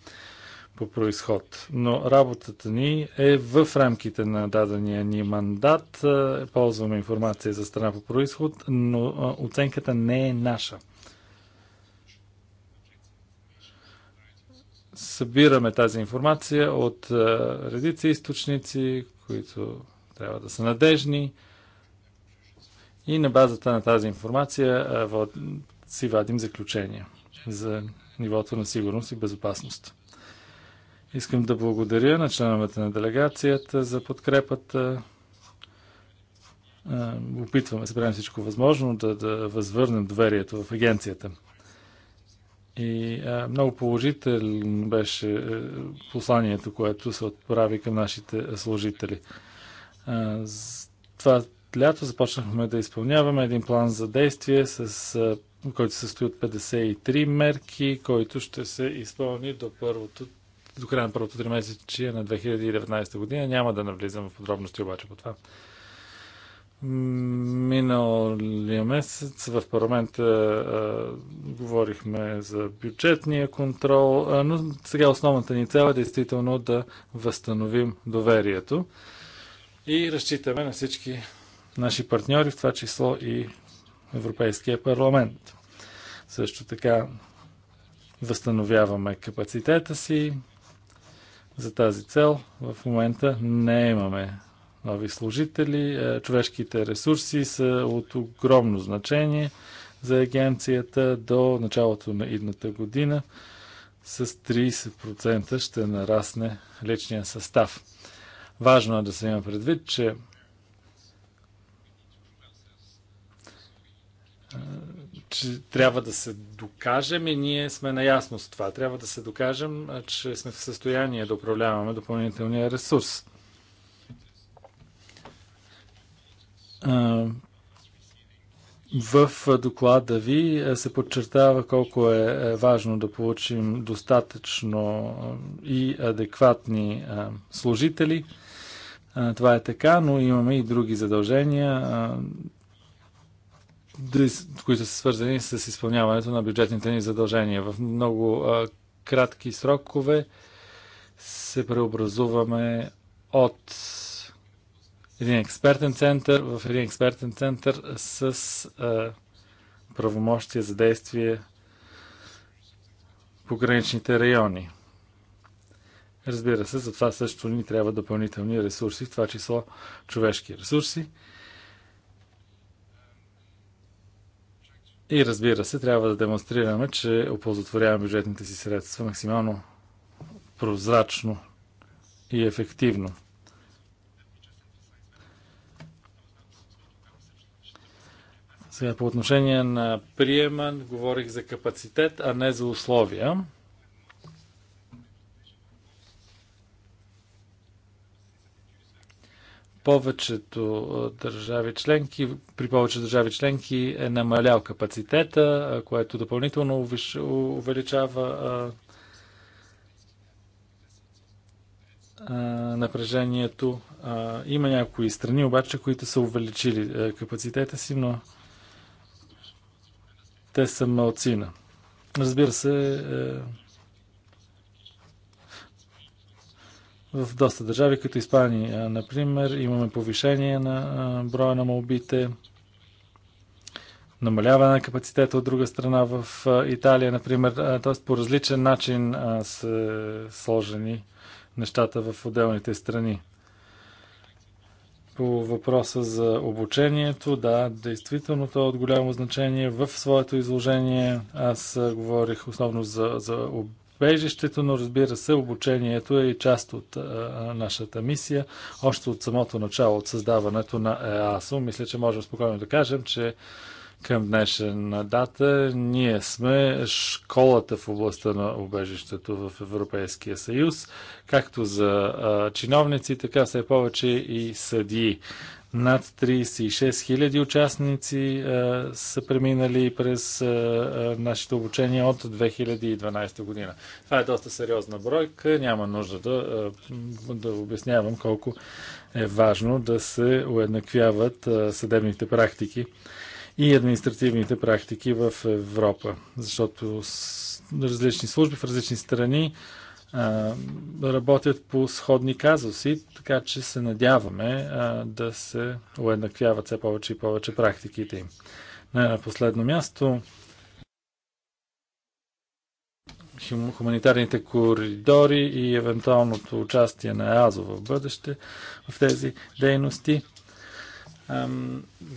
по происход. Но работата ни е в рамките на дадения ни мандат. Ползваме информация за страна по происход, но оценката не е наша. събираме тази информация от е, редица източници, които трябва да са надежни. И на базата на тази информация е, си вадим заключения за нивото на сигурност и безопасност. Искам да благодаря на членовете на делегацията за подкрепата. Е, опитваме се правим всичко възможно да, да възвърнем доверието в агенцията. И а, много положително беше е, посланието, което се отправи към нашите служители. А, това лято започнахме да изпълняваме един план за действие, с, а, който се състои от 53 мерки, който ще се изпълни до първото до края на първото 3 месече на 2019 година. Няма да навлизам в подробности обаче по това. Миналия месец в парламента а, говорихме за бюджетния контрол, а, но сега основната ни цел е действително да възстановим доверието и разчитаме на всички наши партньори, в това число и Европейския парламент. Също така възстановяваме капацитета си. За тази цел в момента не имаме нови служители. Е, човешките ресурси са от огромно значение за агенцията до началото на идната година. С 30% ще нарасне личния състав. Важно е да се има предвид, че е, че трябва да се докажем и ние сме наясно с това. Трябва да се докажем, е, че сме в състояние да управляваме допълнителния ресурс. В доклада ви се подчертава колко е, е важно да получим достатъчно и адекватни служители. Това е така, но имаме и други задължения, които са свързани с изпълняването на бюджетните ни задължения. В много кратки срокове се преобразуваме от един експертен център, в един експертен център с а, правомощие за действие по граничните райони. Разбира се, за това също ни трябва допълнителни ресурси, в това число човешки ресурси. И разбира се, трябва да демонстрираме, че оползотворяваме бюджетните си средства максимално прозрачно и ефективно. Сега по отношение на приема говорих за капацитет, а не за условия. повечето държави членки, при повечето държави членки е намалял капацитета, което допълнително увеличава напрежението. Има някои страни обаче, които са увеличили капацитета си, но те са малцина. Разбира се, е, в доста държави, като Испания, е, например, имаме повишение на е, броя на молбите, намаляване на капацитета от друга страна в Италия, например. Т.е. по различен начин са сложени нещата в отделните страни. По въпроса за обучението, да, действително то е от голямо значение. В своето изложение аз говорих основно за, за обежището, убежището, но разбира се, обучението е и част от а, нашата мисия. Още от самото начало, от създаването на ЕАСО, мисля, че можем спокойно да кажем, че към днешна дата ние сме школата в областта на убежището в Европейския съюз, както за а, чиновници, така все повече и съдии. Над 36 000 участници а, са преминали през а, нашето обучение от 2012 година. Това е доста сериозна бройка, няма нужда да, да обяснявам колко е важно да се уеднаквяват съдебните практики и административните практики в Европа, защото различни служби в различни страни работят по сходни казуси, така че се надяваме да се уеднаквяват все повече и повече практиките им. На последно място, хуманитарните коридори и евентуалното участие на АЗО в бъдеще в тези дейности.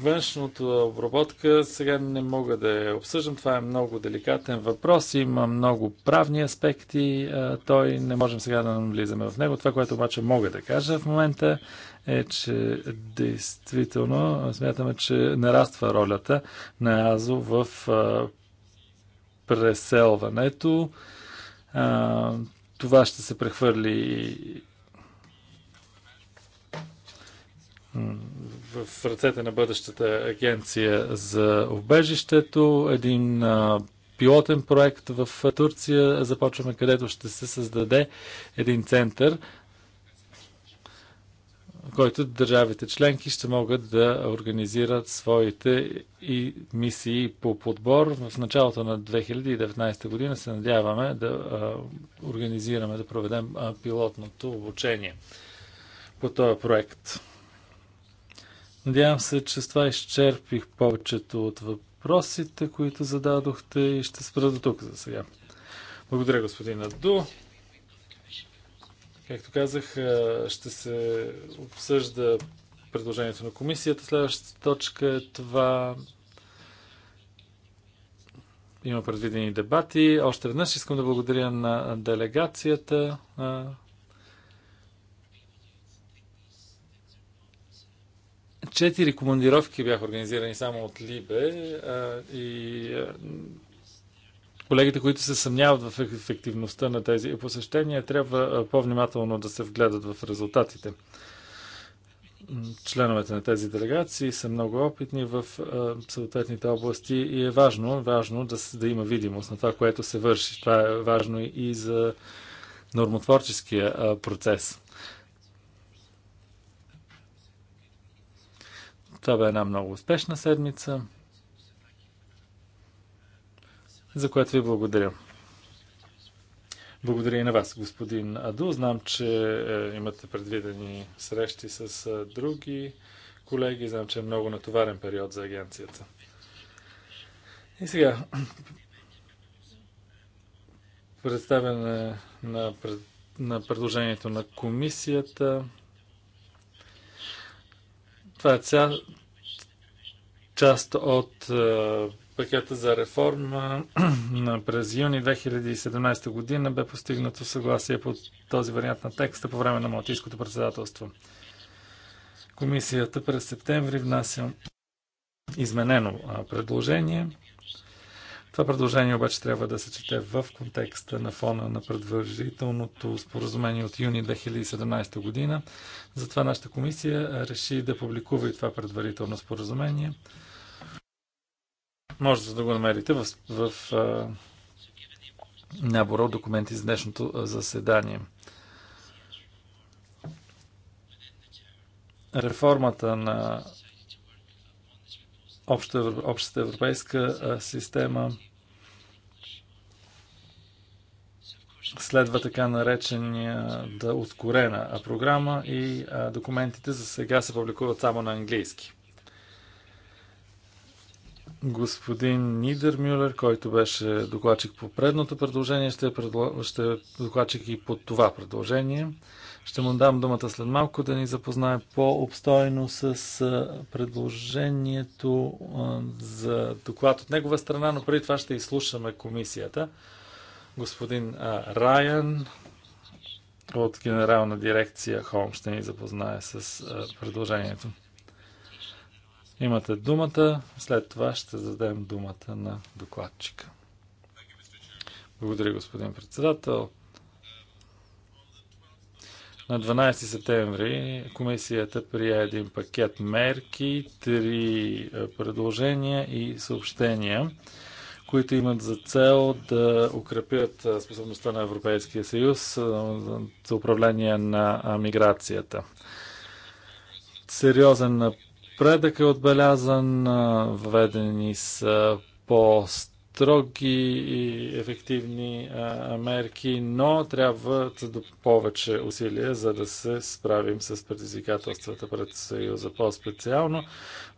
Външното обработка сега не мога да я обсъждам. Това е много деликатен въпрос. Има много правни аспекти. Той не можем сега да навлизаме в него. Това, което обаче мога да кажа в момента е, че действително смятаме, че нараства ролята на Азо в преселването. Това ще се прехвърли в ръцете на бъдещата агенция за убежището. Един пилотен проект в Турция започваме, където ще се създаде един център, който държавите членки ще могат да организират своите и мисии по подбор. В началото на 2019 година се надяваме да а, организираме, да проведем а, пилотното обучение по този проект. Надявам се, че с това изчерпих повечето от въпросите, които зададохте и ще спра до тук за сега. Благодаря, господин Аду. Както казах, ще се обсъжда предложението на комисията. Следващата точка е това. Има предвидени дебати. Още веднъж искам да благодаря на делегацията Четири командировки бяха организирани само от Либе а, и а, колегите, които се съмняват в ефективността на тези посещения, трябва по-внимателно да се вгледат в резултатите. Членовете на тези делегации са много опитни в а, съответните области и е важно, важно да, да има видимост на това, което се върши. Това е важно и за нормотворческия процес. Това бе една много успешна седмица, за което ви благодаря. Благодаря и на вас, господин Аду. Знам, че е, имате предвидени срещи с е, други колеги. Знам, че е много натоварен период за агенцията. И сега, представяне на, на предложението на комисията. Това е ця... част от е, пакета за реформа през юни 2017 година бе постигнато съгласие по този вариант на текста по време на Малтийското председателство. Комисията през септември внася изменено предложение това предложение обаче трябва да се чете в контекста на фона на предварителното споразумение от юни 2017 година. Затова нашата комисия реши да публикува и това предварително споразумение. Може да го намерите в, в набора от документи за днешното заседание. Реформата на обща, общата европейска система следва така наречения да ускорена програма и документите за сега се публикуват само на английски. Господин Нидер Мюлер, който беше докладчик по предното предложение, ще е, ще е докладчик и по това предложение. Ще му дам думата след малко да ни запознае по-обстойно с предложението за доклад от негова страна, но преди това ще изслушаме комисията. Господин Райан от Генерална дирекция Холм ще ни запознае с предложението. Имате думата, след това ще зададем думата на докладчика. Благодаря, господин председател. На 12 септември комисията прие един пакет мерки, три е, предложения и съобщения, които имат за цел да укрепят е, способността на Европейския съюз е, за управление на миграцията. Сериозен напредък е отбелязан, введени са по строги и ефективни а, мерки, но трябват до повече усилия, за да се справим с предизвикателствата пред Съюза. По-специално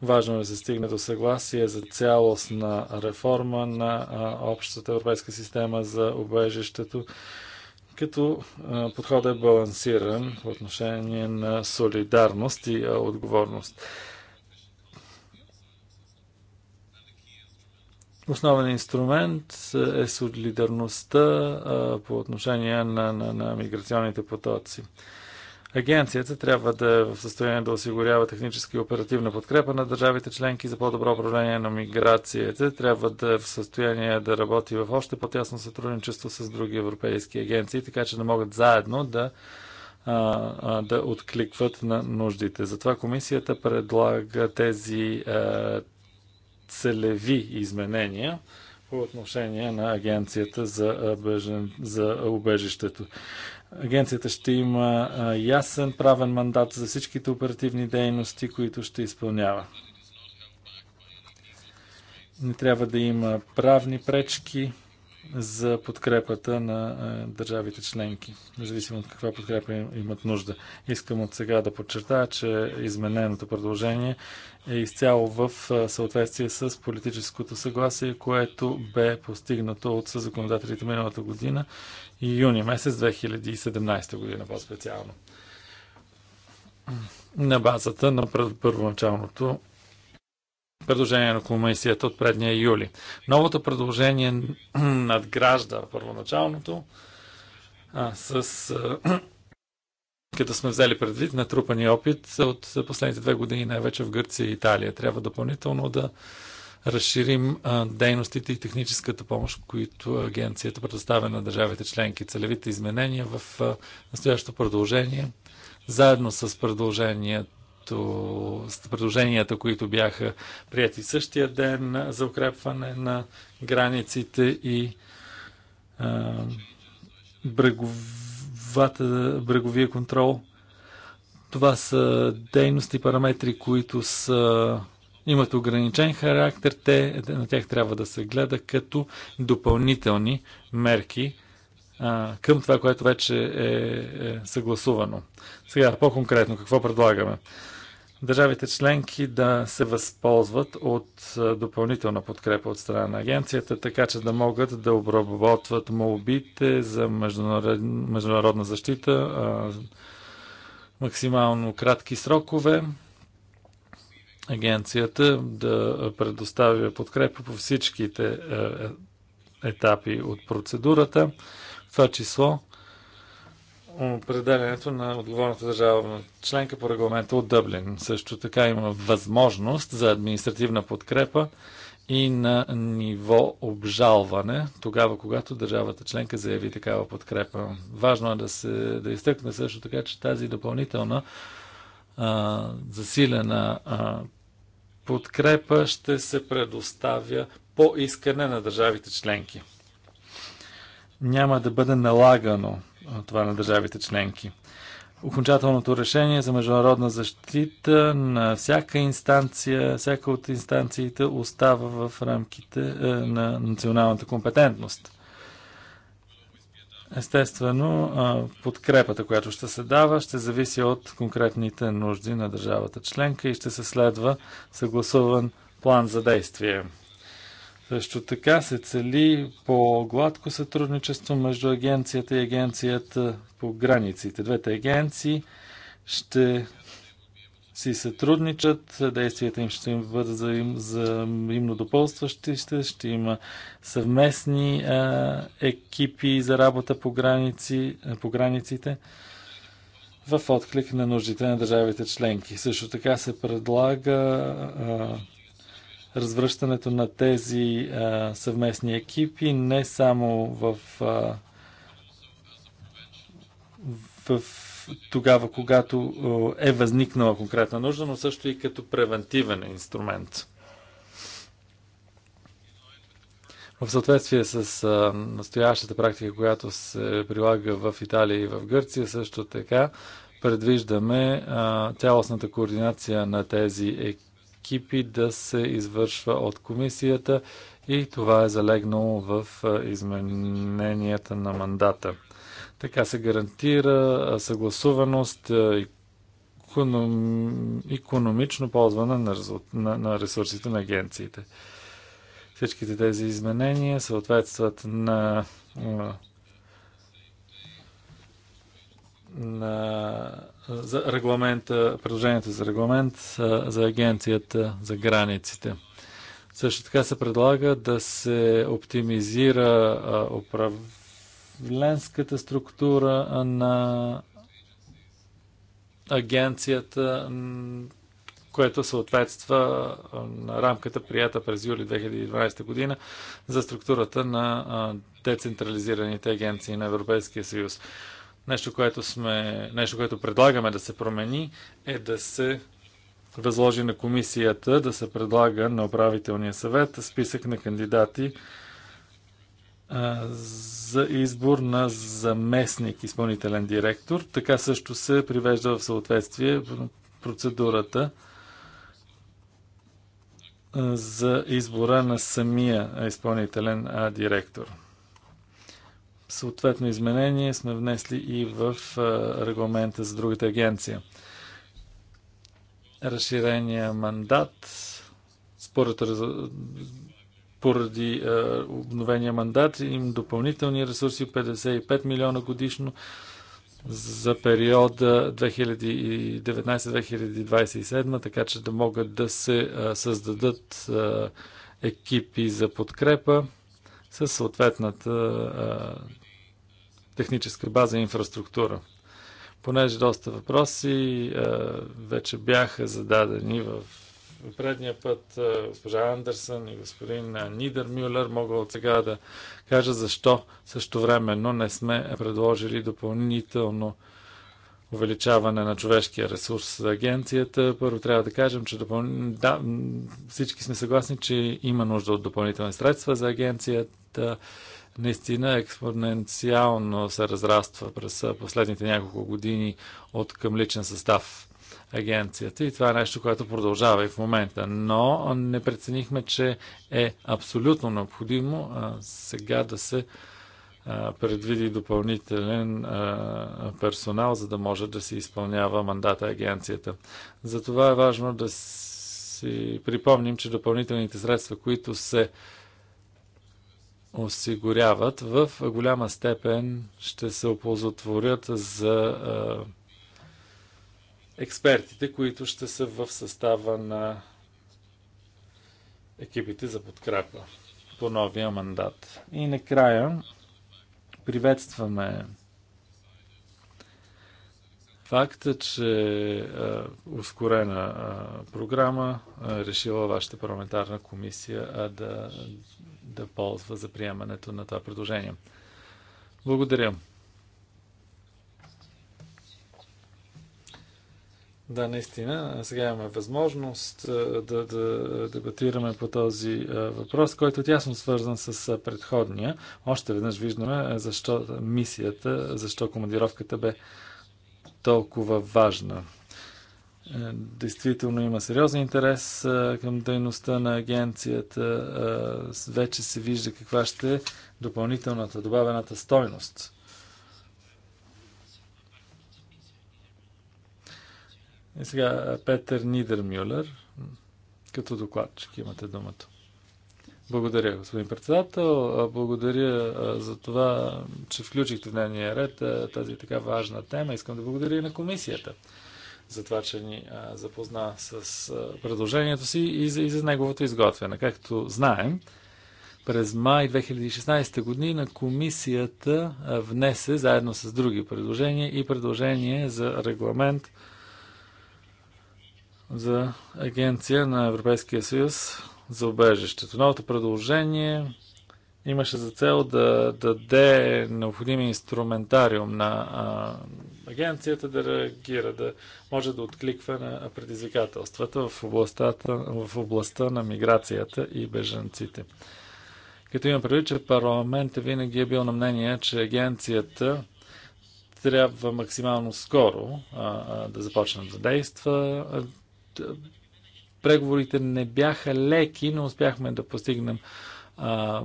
важно е да се стигне до съгласие за цялостна реформа на а, общата европейска система за убежището като подходът е балансиран по отношение на солидарност и отговорност. Основен инструмент е солидарността по отношение на, на, на миграционните потоци. Агенцията трябва да е в състояние да осигурява технически и оперативна подкрепа на държавите членки за по-добро управление на миграцията. Трябва да е в състояние да работи в още по-тясно сътрудничество с други европейски агенции, така че да могат заедно да, а, да откликват на нуждите. Затова комисията предлага тези а, целеви изменения по отношение на Агенцията за, бежен, за убежището. Агенцията ще има ясен правен мандат за всичките оперативни дейности, които ще изпълнява. Не трябва да има правни пречки за подкрепата на е, държавите членки, независимо от каква подкрепа имат нужда. Искам от сега да подчертая, че измененото предложение е изцяло в е, съответствие с политическото съгласие, което бе постигнато от законодателите миналата година и юни месец 2017 година по-специално. На базата на първоначалното предложение на комисията от предния юли. Новото предложение надгражда първоначалното а, с а, като сме взели предвид натрупания опит от последните две години, най-вече в Гърция и Италия. Трябва допълнително да разширим а, дейностите и техническата помощ, които агенцията предоставя на държавите членки. Целевите изменения в настоящото предложение, заедно с предложението което, предложенията, които бяха прияти същия ден за укрепване на границите и а, бреговата, бреговия контрол. Това са дейности, параметри, които са имат ограничен характер, те, на тях трябва да се гледа като допълнителни мерки а, към това, което вече е, е съгласувано. Сега по-конкретно какво предлагаме? държавите членки да се възползват от допълнителна подкрепа от страна на агенцията, така че да могат да обработват молбите за международна защита максимално кратки срокове. Агенцията да предоставя подкрепа по всичките е, е, етапи от процедурата, в това число определенето на отговорната държавна членка по регламента от Дъблин. Също така има възможност за административна подкрепа и на ниво обжалване, тогава когато държавата членка заяви такава подкрепа. Важно е да се да изтъкне също така, че тази допълнителна а, засилена а, подкрепа ще се предоставя по искане на държавите членки. Няма да бъде налагано това е на държавите членки. Окончателното решение за международна защита на всяка инстанция, всяка от инстанциите остава в рамките е, на националната компетентност. Естествено, подкрепата, която ще се дава, ще зависи от конкретните нужди на държавата членка и ще се следва съгласуван план за действие. Също така се цели по-гладко сътрудничество между агенцията и агенцията по границите. Двете агенции ще си сътрудничат, действията им ще им бъдат взаимно допълстващи, ще, ще има съвместни а, екипи за работа по, граници, по границите в отклик на нуждите на държавите членки. Също така се предлага а, развръщането на тези а, съвместни екипи не само в, а, в тогава, когато е възникнала конкретна нужда, но също и като превентивен инструмент. В съответствие с а, настоящата практика, която се прилага в Италия и в Гърция, също така предвиждаме а, цялостната координация на тези екипи екипи да се извършва от комисията и това е залегнало в измененията на мандата. Така се гарантира съгласуваност и економично ползване на, на ресурсите на агенциите. Всичките тези изменения съответстват на на, за регламента, предложението за регламент за агенцията за границите. Също така се предлага да се оптимизира управленската структура на агенцията, което съответства на рамката, прията през юли 2012 година за структурата на децентрализираните агенции на Европейския съюз. Нещо, което, сме, нещо, което предлагаме да се промени, е да се възложи на комисията да се предлага на управителния съвет списък на кандидати а, за избор на заместник изпълнителен директор. Така също се привежда в съответствие процедурата за избора на самия изпълнителен директор. Съответно изменение сме внесли и в регламента за другата агенция. Разширения мандат според поради е, обновения мандат им допълнителни ресурси 55 милиона годишно за периода 2019-2027, така че да могат да се е, създадат е, екипи за подкрепа със съответната техническа база и инфраструктура. Понеже доста въпроси е, вече бяха зададени в предния път е, госпожа Андерсън и господин е, Нидер Мюллер мога от сега да кажа защо също времено не сме предложили допълнително увеличаване на човешкия ресурс за агенцията. Първо трябва да кажем, че допъл... да, всички сме съгласни, че има нужда от допълнителни средства за агенцията наистина експоненциално се разраства през последните няколко години от към личен състав агенцията и това е нещо, което продължава и в момента. Но не преценихме, че е абсолютно необходимо сега да се предвиди допълнителен персонал, за да може да се изпълнява мандата агенцията. Затова е важно да си припомним, че допълнителните средства, които се осигуряват, в голяма степен ще се оползотворят за експертите, които ще са в състава на екипите за подкрепа по новия мандат. И накрая приветстваме факта, че а, ускорена а, програма а, решила вашата парламентарна комисия а, да да ползва за приемането на това предложение. Благодаря. Да, наистина. Сега имаме възможност да, да дебатираме по този въпрос, който е тясно свързан с предходния. Още веднъж виждаме защо мисията, защо командировката бе толкова важна. Е, действително има сериозен интерес е, към дейността на агенцията. Е, вече се вижда каква ще е допълнителната, добавената стойност. И сега Петър Нидермюлер, като докладчик имате думата. Благодаря, господин председател. Благодаря за това, че включихте в дневния ред тази така важна тема. Искам да благодаря и на комисията за това, че ни а, запозна с а, предложението си и за, и за неговото изготвяне. Както знаем, през май 2016 година комисията внесе заедно с други предложения и предложение за регламент за Агенция на Европейския съюз за убежището. Новото предложение имаше за цел да, да даде необходими инструментариум на а, агенцията да реагира, да може да откликва на предизвикателствата в областта, в областта на миграцията и бежанците. Като има предвид, че парламент винаги е бил на мнение, че агенцията трябва максимално скоро а, а, да започне да действа. Преговорите не бяха леки, но успяхме да постигнем а,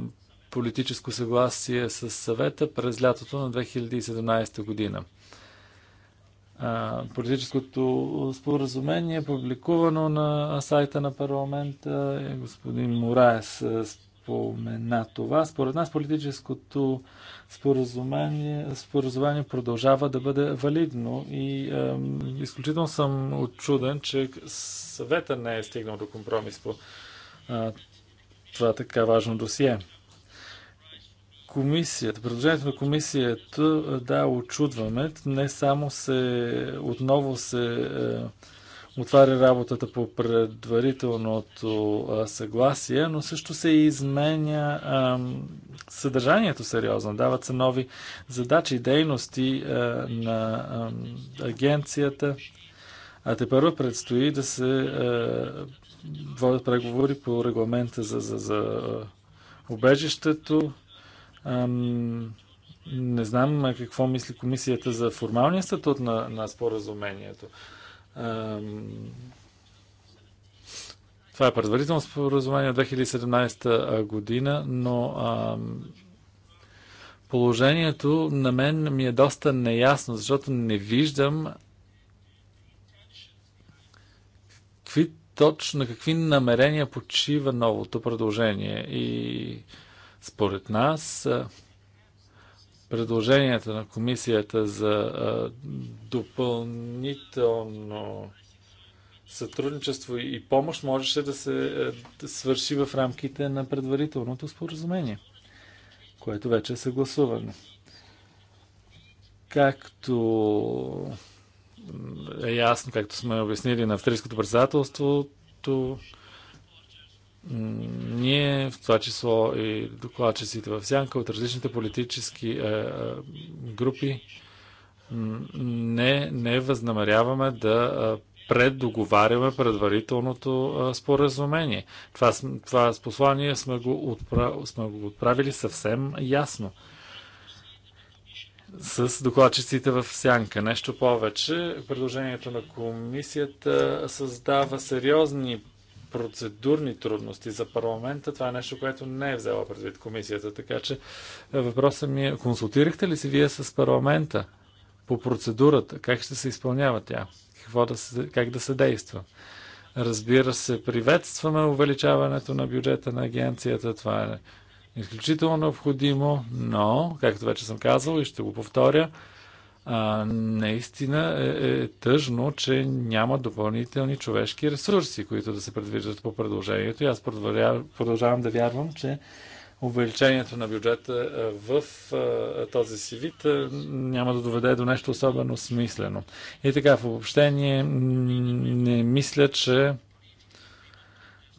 политическо съгласие с съвета през лятото на 2017 година. Политическото споразумение е публикувано на сайта на парламента. Е, господин Мораес е, спомена това. Според нас политическото споразумение, споразумение продължава да бъде валидно и е, изключително съм отчуден, че съвета не е стигнал до компромис по е, това така важно досие. Комисията, предложението на комисията, е, да, очудваме. Не само се, отново се е, отваря работата по предварителното съгласие, но също се изменя съдържанието сериозно. Дават се нови задачи и дейности е, на агенцията, а те първо предстои да се водят преговори по регламента за, за, за убежището. Ам, не знам какво мисли комисията за формалния статут на, на споразумението. Ам, това е предварително споразумение от 2017 година, но ам, положението на мен ми е доста неясно, защото не виждам какви точно, какви намерения почива новото предложение. И според нас, предложенията на комисията за допълнително сътрудничество и помощ можеше да се свърши в рамките на предварителното споразумение, което вече е съгласувано. Както е ясно, както сме обяснили на австрийското председателство, ние, в това число и докладчиците в Сянка от различните политически е, е групи, не, не възнамеряваме да е, преддоговаряме предварителното е, споразумение. Това, това послание сме го, отправ, сме го отправили съвсем ясно с докладчиците в сянка. Нещо повече, предложението на комисията създава сериозни процедурни трудности за парламента, това е нещо, което не е взела предвид комисията. Така че е, въпросът ми е, консултирахте ли си вие с парламента по процедурата? Как ще се изпълнява тя? Какво да се, как да се действа? Разбира се, приветстваме увеличаването на бюджета на агенцията. Това е изключително необходимо, но, както вече съм казал и ще го повторя, а, наистина е, е тъжно, че няма допълнителни човешки ресурси, които да се предвиждат по предложението. И аз продължавам да вярвам, че увеличението на бюджета е, в е, този си вид е, няма да доведе до нещо особено смислено. И така, в обобщение не мисля, че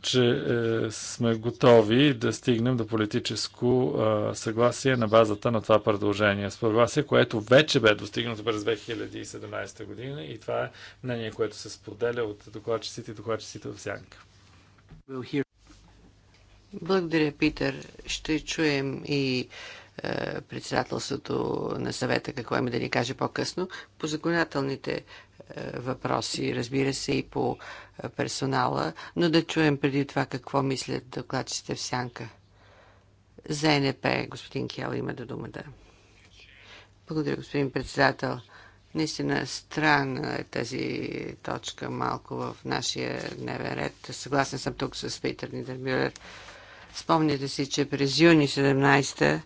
че е, сме готови да стигнем до политическо е, съгласие на базата на това предложение. Съгласие, което вече бе достигнато през 2017 година и това е мнение, което се споделя от докладчиците и докладчиците в Сянка. Благодаря, Питър. Ще чуем и е, председателството на съвета, какво има да ни каже по-късно. По законодателните е, въпроси, разбира се, и по е, персонала, но да чуем преди това какво мислят докладчите в сянка. За НП господин Кел има да думата. Благодаря, господин председател. Наистина странна е тази точка малко в нашия дневен ред. Съгласен съм тук с Питър Нидермюлер. Спомняте си, че през юни 17-та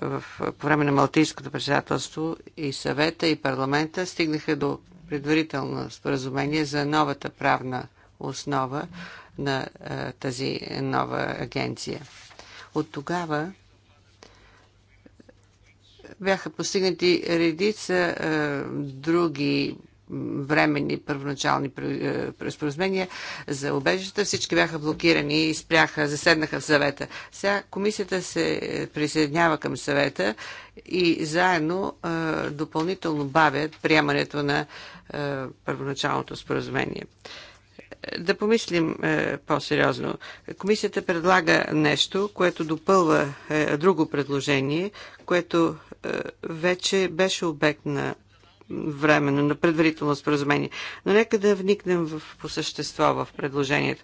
в, по време на Малтийското председателство и съвета и парламента стигнаха до предварително споразумение за новата правна основа на а, е, тази нова агенция. От тогава е, бяха постигнати редица а, е, други временни първоначални е, споразумения за обежищата, Всички бяха блокирани и спряха, заседнаха в съвета. Сега комисията се присъединява към съвета и заедно е, допълнително бавят приемането на е, първоначалното споразумение да помислим е, по-сериозно. Комисията предлага нещо, което допълва е, друго предложение, което е, вече беше обект на временно, на предварително споразумение. Но нека да вникнем в, по същество в предложението.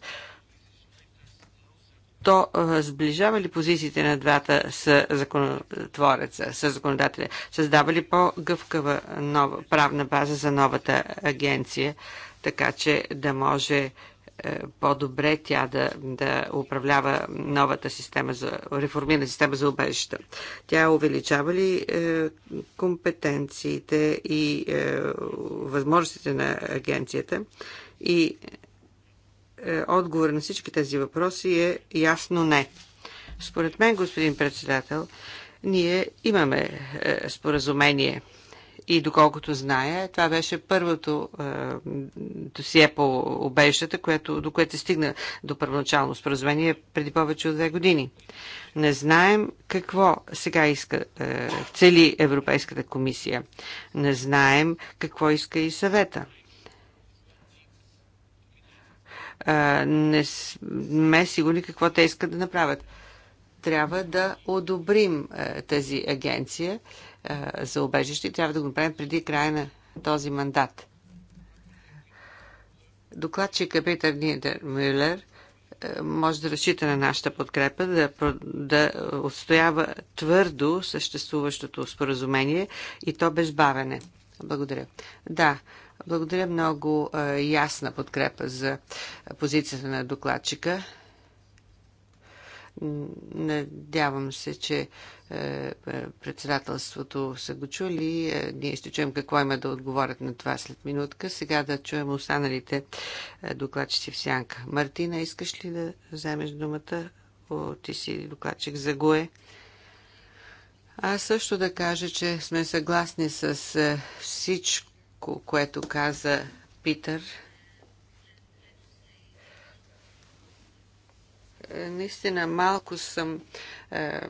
То сближава ли позициите на двата с законотвореца, с законодателя? Създава ли по-гъвкава правна база за новата агенция, така че да може е, по-добре тя да, да управлява новата система за реформирана система за убежища. Тя увеличава ли е, компетенциите и е, възможностите на агенцията и отговор на всички тези въпроси е ясно не. Според мен, господин председател, ние имаме споразумение – и доколкото зная, това беше първото е, досие по обеждата, което, до което стигна до първоначално споразумение преди повече от две години. Не знаем какво сега иска е, цели Европейската комисия. Не знаем какво иска и съвета е, не сме сигурни какво те искат да направят. Трябва да одобрим е, тази агенция за обежище. Трябва да го направим преди края на този мандат. Докладчик Капитър е Нидер Мюллер е, може да разчита на нашата подкрепа, да, да отстоява твърдо съществуващото споразумение и то без бавене. Благодаря. Да, благодаря много е, ясна подкрепа за позицията на докладчика. Надявам се, че е, председателството са го чули. Е, ние ще чуем какво има да отговорят на това след минутка. Сега да чуем останалите е, докладчици в сянка. Мартина, искаш ли да вземеш думата? О, ти си докладчик за ГОЕ. Аз също да кажа, че сме съгласни с всичко, което каза Питър наистина малко съм е,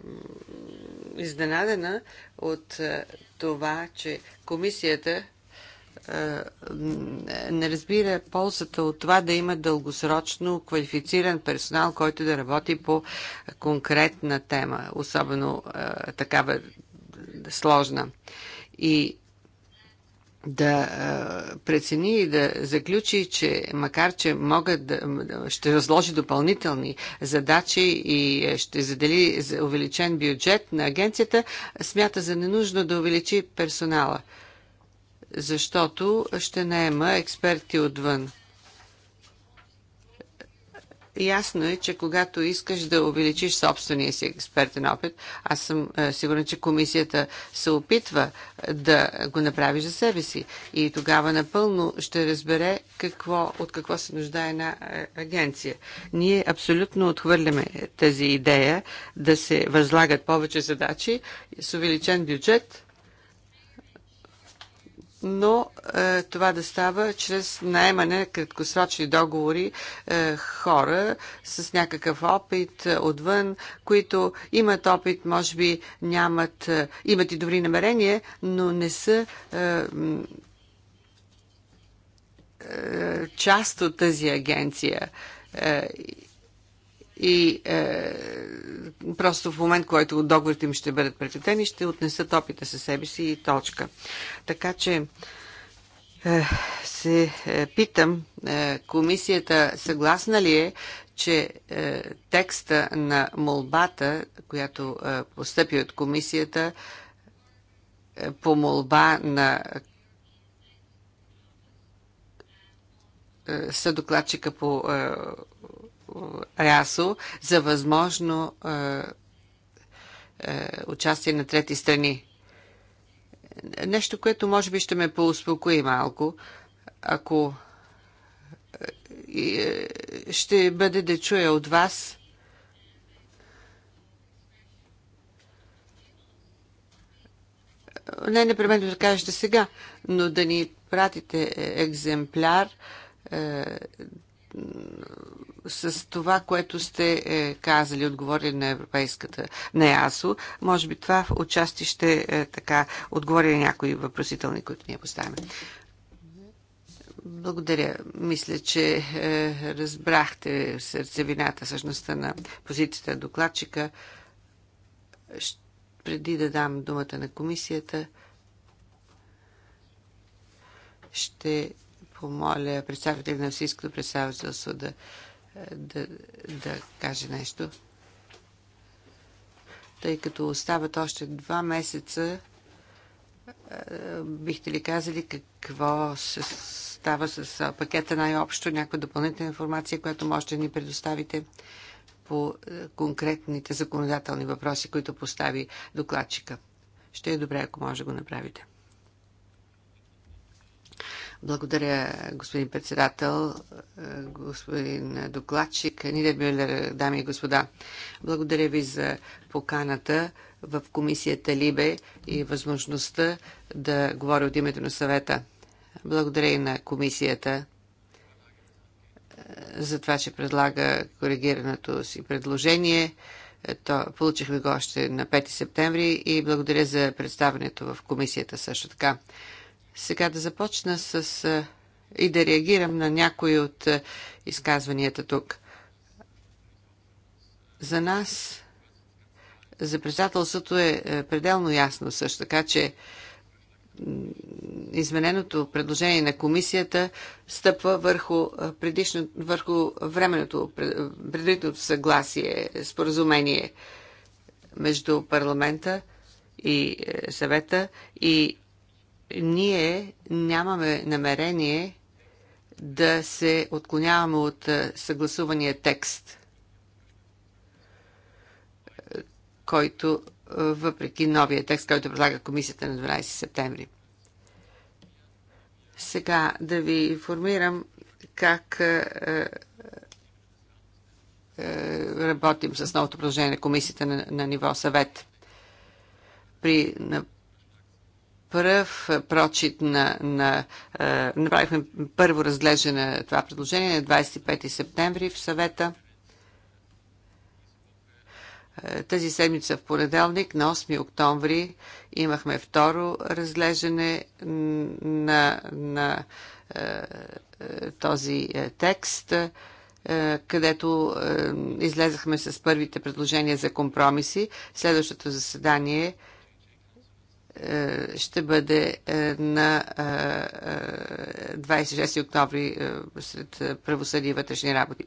изненадена от е, това, че комисията е, не разбира ползата от това да има дългосрочно квалифициран персонал, който да работи по конкретна тема, особено е, такава сложна. И да прецени и да заключи, че макар, че могат да, ще разложи допълнителни задачи и ще задели за увеличен бюджет на агенцията, смята за ненужно да увеличи персонала, защото ще наема експерти отвън. Ясно е, че когато искаш да увеличиш собствения си експертен опит, аз съм е, сигурен, че комисията се опитва е, да го направи за себе си. И тогава напълно ще разбере какво, от какво се нуждае една е, агенция. Ние абсолютно отхвърляме тази идея да се възлагат повече задачи с увеличен бюджет но е, това да става чрез наемане на краткосрочни договори е, хора с някакъв опит е, отвън, които имат опит, може би нямат, е, имат и добри намерения, но не са е, е част от тази агенция. Е, и е, просто в момент, който договорите им ще бъдат прекратени, ще отнесат опита със себе си и точка. Така че е, се е, питам, е, комисията съгласна ли е, че е, текста на молбата, която е, постъпи от комисията е, по молба на е, съдокладчика по е, РАСО за възможно е, е, участие на трети страни. Нещо, което може би ще ме поуспокои малко, ако е, е ще бъде да чуя от вас не непременно да кажете сега, но да ни пратите е, екземпляр е, с това, което сте е, казали, отговори на Европейската, на ЕАСО, може би това в отчасти ще е, така отговори на някои въпросителни, които ние поставяме. Благодаря. Мисля, че е, разбрахте сърцевината, същността на позицията на докладчика. преди да дам думата на комисията, ще помоля представители на всичкото представителство да да, да каже нещо. Тъй като остават още два месеца, е, бихте ли казали какво се става с пакета най-общо, някаква допълнителна информация, която може да ни предоставите по е, конкретните законодателни въпроси, които постави докладчика? Ще е добре, ако може да го направите. Благодаря, господин председател, господин докладчик, Мюллер, дами и господа. Благодаря ви за поканата в комисията Либе и възможността да говоря от името на съвета. Благодаря и на комисията е, за това, че предлага коригираното си предложение. Е, то, получихме го още на 5 септември и благодаря за представенето в комисията също така. Сега да започна с и да реагирам на някои от изказванията тук. За нас, за председателството е, е пределно ясно също така, че измененото предложение на комисията стъпва върху, предишно, върху временното, предварителното съгласие, споразумение между парламента и е, съвета и ние нямаме намерение да се отклоняваме от е, съгласувания текст, е, който е, въпреки новия текст, който предлага комисията на 12 септември. Сега да ви информирам как работим с новото продължение на комисията на, на ниво съвет. При на пръв прочит на, на е, направихме първо разглеждане на това предложение на 25 септември в съвета. Е, тази седмица в понеделник, на 8 октомври, имахме второ разглеждане на, на е, е този е, текст, е, където е, излезахме с първите предложения за компромиси. Следващото заседание е е, ще бъде е, на 26 е, октомври сред правосъдие и вътрешни работи.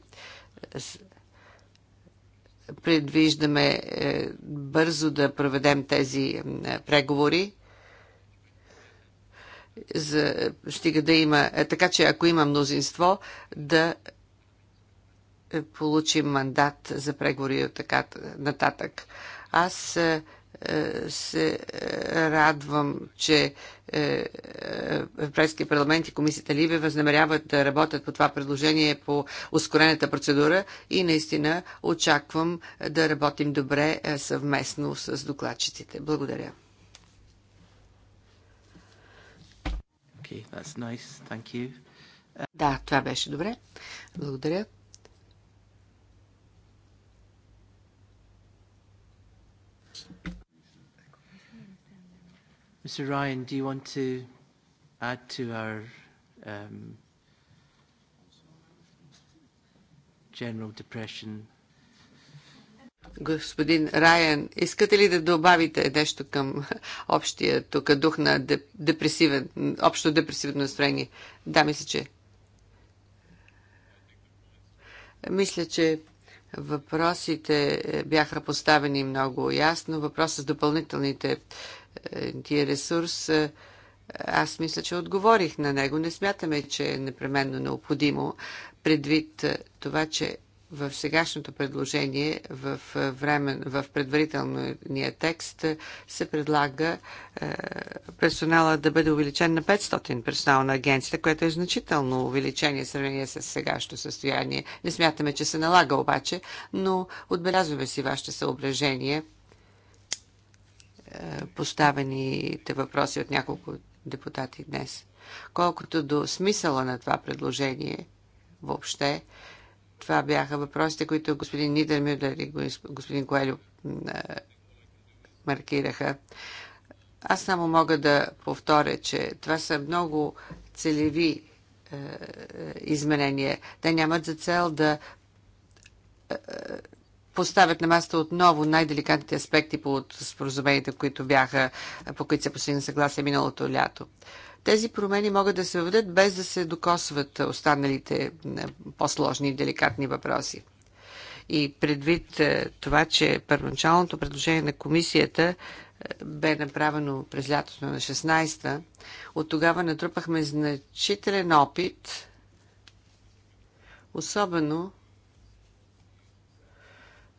Предвиждаме бързо да проведем тези преговори за, стига да има, така че ако има мнозинство, да получим мандат за преговори от така нататък. Аз е, се е, радвам, че е, Европейския парламент и комисията Либе възнамеряват да работят по това предложение по ускорената процедура и наистина очаквам да работим добре съвместно с докладчиците. Благодаря. Okay, nice. Да, това беше добре. Благодаря. Mr. Ryan, do you want to add to our um, general depression? Господин Райан, искате ли да добавите нещо към общия тук дух на депресивен, общо депресивно настроение? Да, мисля, че. Мисля, че въпросите е, бяха поставени много ясно. Въпросът с допълнителните тия ресурс, аз мисля, че отговорих на него. Не смятаме, че е непременно необходимо, предвид това, че в сегашното предложение, в, време, в предварителния текст се предлага е, персонала да бъде увеличен на 500 персонал на агенцията, което е значително увеличение в сравнение с сегашното състояние. Не смятаме, че се налага обаче, но отбелязваме си вашите съображения поставените въпроси от няколко депутати днес. Колкото до смисъла на това предложение въобще, това бяха въпросите, които господин Нидермюлер и господин Коелю маркираха. Аз само мога да повторя, че това са много целеви е, изменения. Те нямат за цел да поставят на масата отново най-деликатните аспекти по от споразуменията, които бяха, по които се постигна съгласие миналото лято. Тези промени могат да се въведат без да се докосват останалите по-сложни и деликатни въпроси. И предвид е, това, че първоначалното предложение на комисията е, бе направено през лятото на 16-та, от тогава натрупахме значителен опит, особено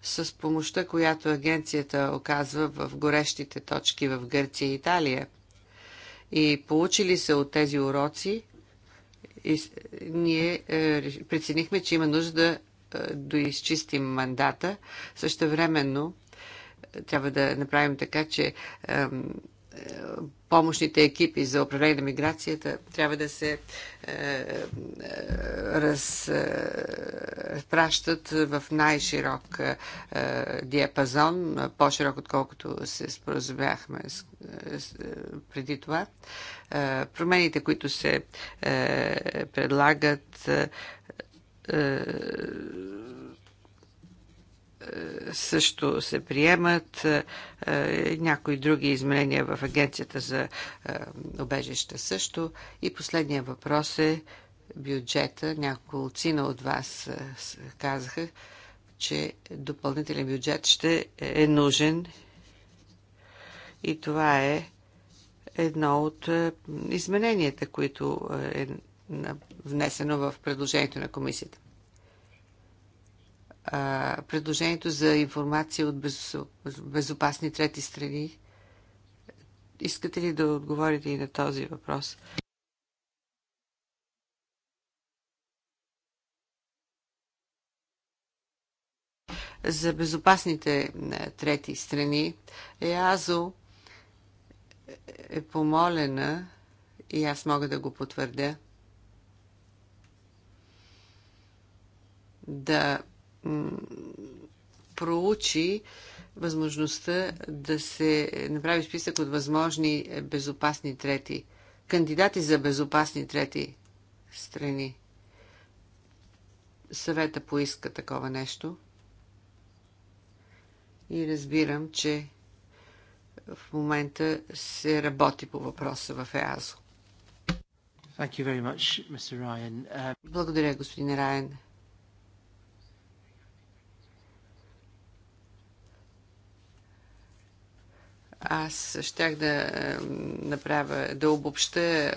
с помощта, която агенцията оказва в горещите точки в Гърция и Италия. И получили се от тези уроци, и, ние е, преценихме, че има нужда е, да доизчистим мандата. Същевременно е, трябва да направим така, че е, помощните екипи за управление на миграцията трябва да се е, е, раз, е, разпращат в най-широк е, диапазон, по-широк отколкото се споразумяхме с, е, с, е, преди това. Е, промените, които се е, предлагат, е, също се приемат е, някои други изменения в Агенцията за обежища е, също. И последния въпрос е бюджета. Няколцина от вас е, казаха, че допълнителен бюджет ще е нужен и това е едно от измененията, които е внесено в предложението на комисията предложението за информация от безопасни трети страни. Искате ли да отговорите и на този въпрос? За безопасните трети страни ЕАЗО е помолена и аз мога да го потвърдя да проучи възможността да се направи списък от възможни безопасни трети, кандидати за безопасни трети страни. Съвета поиска такова нещо. И разбирам, че в момента се работи по въпроса в ЕАЗО. Благодаря, господин Райан. Аз щях да е, направя, да обобща е,